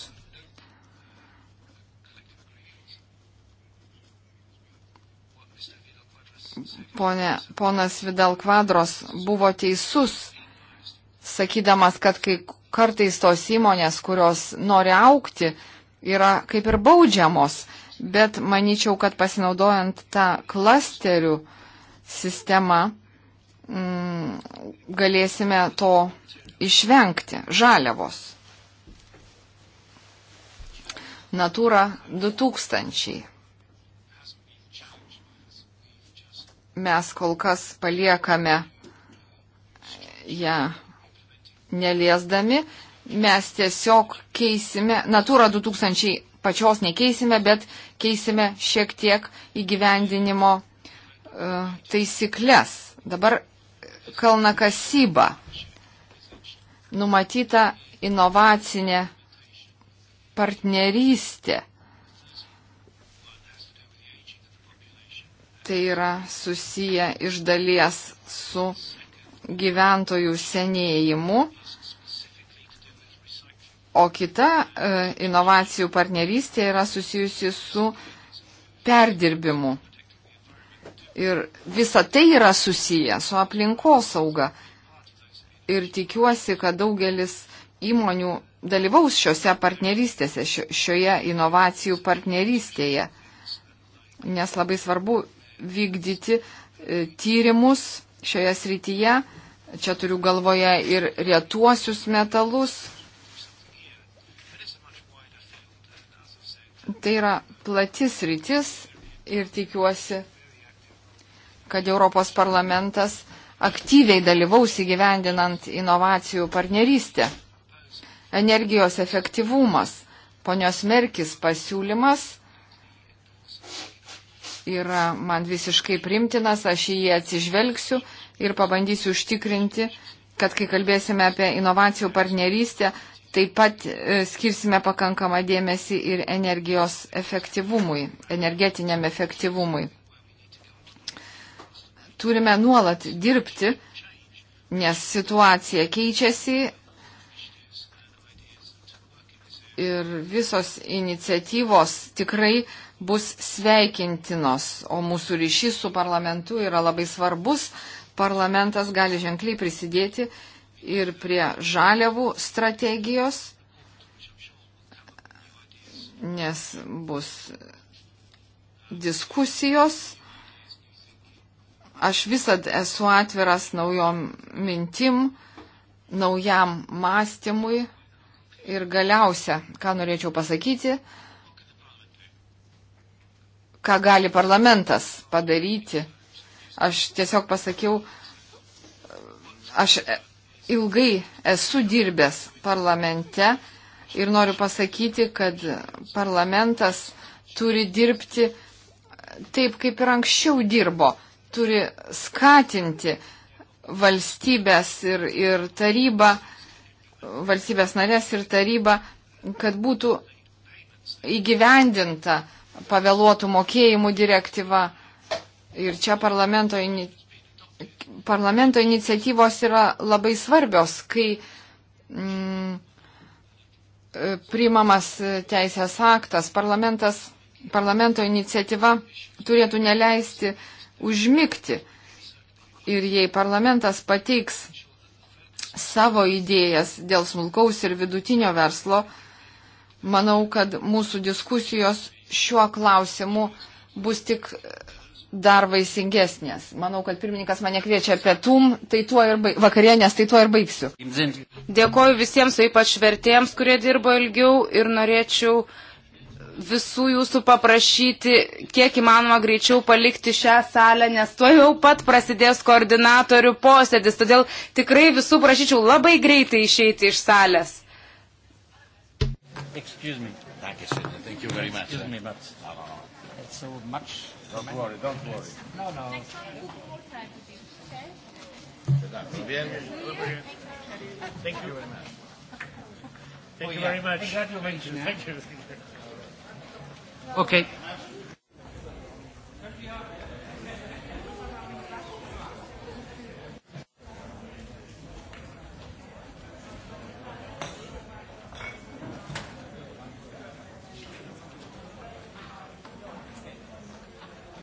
Pone, ponas Vidal Kvadros buvo teisus, sakydamas, kad kai kartais tos įmonės, kurios nori aukti, yra kaip ir baudžiamos, bet manyčiau, kad pasinaudojant tą klasterių sistemą m, mm, galėsime to išvengti žaliavos. Natūra 2000. mes kol kas paliekame ją neliesdami. Mes tiesiog keisime, Natūra 2000 pačios nekeisime, bet keisime šiek tiek įgyvendinimo uh, taisyklės. Dabar kalnakasyba numatyta inovacinė partnerystė. Tai yra susiję iš dalies su gyventojų senėjimu, o kita e, inovacijų partnerystė yra susijusi su perdirbimu. Ir visa tai yra susiję su aplinkosauga. Ir tikiuosi, kad daugelis įmonių dalyvaus šiuose partnerystėse, šioje inovacijų partnerystėje. Nes labai svarbu vykdyti e, tyrimus šioje srityje. Čia turiu galvoje ir rietuosius metalus. Tai yra platis rytis ir tikiuosi, kad Europos parlamentas aktyviai dalyvaus įgyvendinant inovacijų partnerystę. Energijos efektyvumas, ponios Merkis pasiūlymas yra man visiškai primtinas, aš į jį atsižvelgsiu ir pabandysiu užtikrinti, kad kai kalbėsime apie inovacijų partnerystę, taip pat e, skirsime pakankamą dėmesį ir energijos efektyvumui, energetiniam efektyvumui. Turime nuolat dirbti, nes situacija keičiasi ir visos iniciatyvos tikrai bus sveikintinos, o mūsų ryšys su parlamentu yra labai svarbus. Parlamentas gali ženkliai prisidėti ir prie žaliavų strategijos, nes bus diskusijos. Aš visad esu atviras naujom mintim, naujam mąstymui Ir galiausia, ką norėčiau pasakyti, ką gali parlamentas padaryti. Aš tiesiog pasakiau, aš ilgai esu dirbęs parlamente ir noriu pasakyti, kad parlamentas turi dirbti taip, kaip ir anksčiau dirbo, turi skatinti valstybės ir, ir tarybą valstybės narės ir tarybą, kad būtų įgyvendinta pavėluotų mokėjimų direktyva. Ir čia parlamento, ini... parlamento iniciatyvos yra labai svarbios, kai mm, e, priimamas teisės aktas, parlamentas, parlamento iniciatyva turėtų neleisti užmigti. Ir jei parlamentas pateiks savo idėjas dėl smulkaus ir vidutinio verslo, manau, kad mūsų diskusijos šiuo klausimu bus tik dar vaisingesnės. Manau, kad pirmininkas mane kviečia pietum, tai tuo ir baig... vakarienės, tai tuo ir baigsiu. Dėkoju visiems, ypač vertėjams, kurie dirbo ilgiau ir norėčiau visų jūsų paprašyti, kiek įmanoma greičiau palikti šią salę, nes tuo jau pat prasidės koordinatorių posėdis. Todėl tikrai visų prašyčiau labai greitai išeiti iš salės. Excuse me. Thank you, Sidney. Thank you very much. Excuse me, but no, no, no. it's so much. Don't worry, don't worry. No, no. Next time, more time to be, okay? Muy bien. Thank you very much. Thank you very much. Thank you. Thank you. Okay.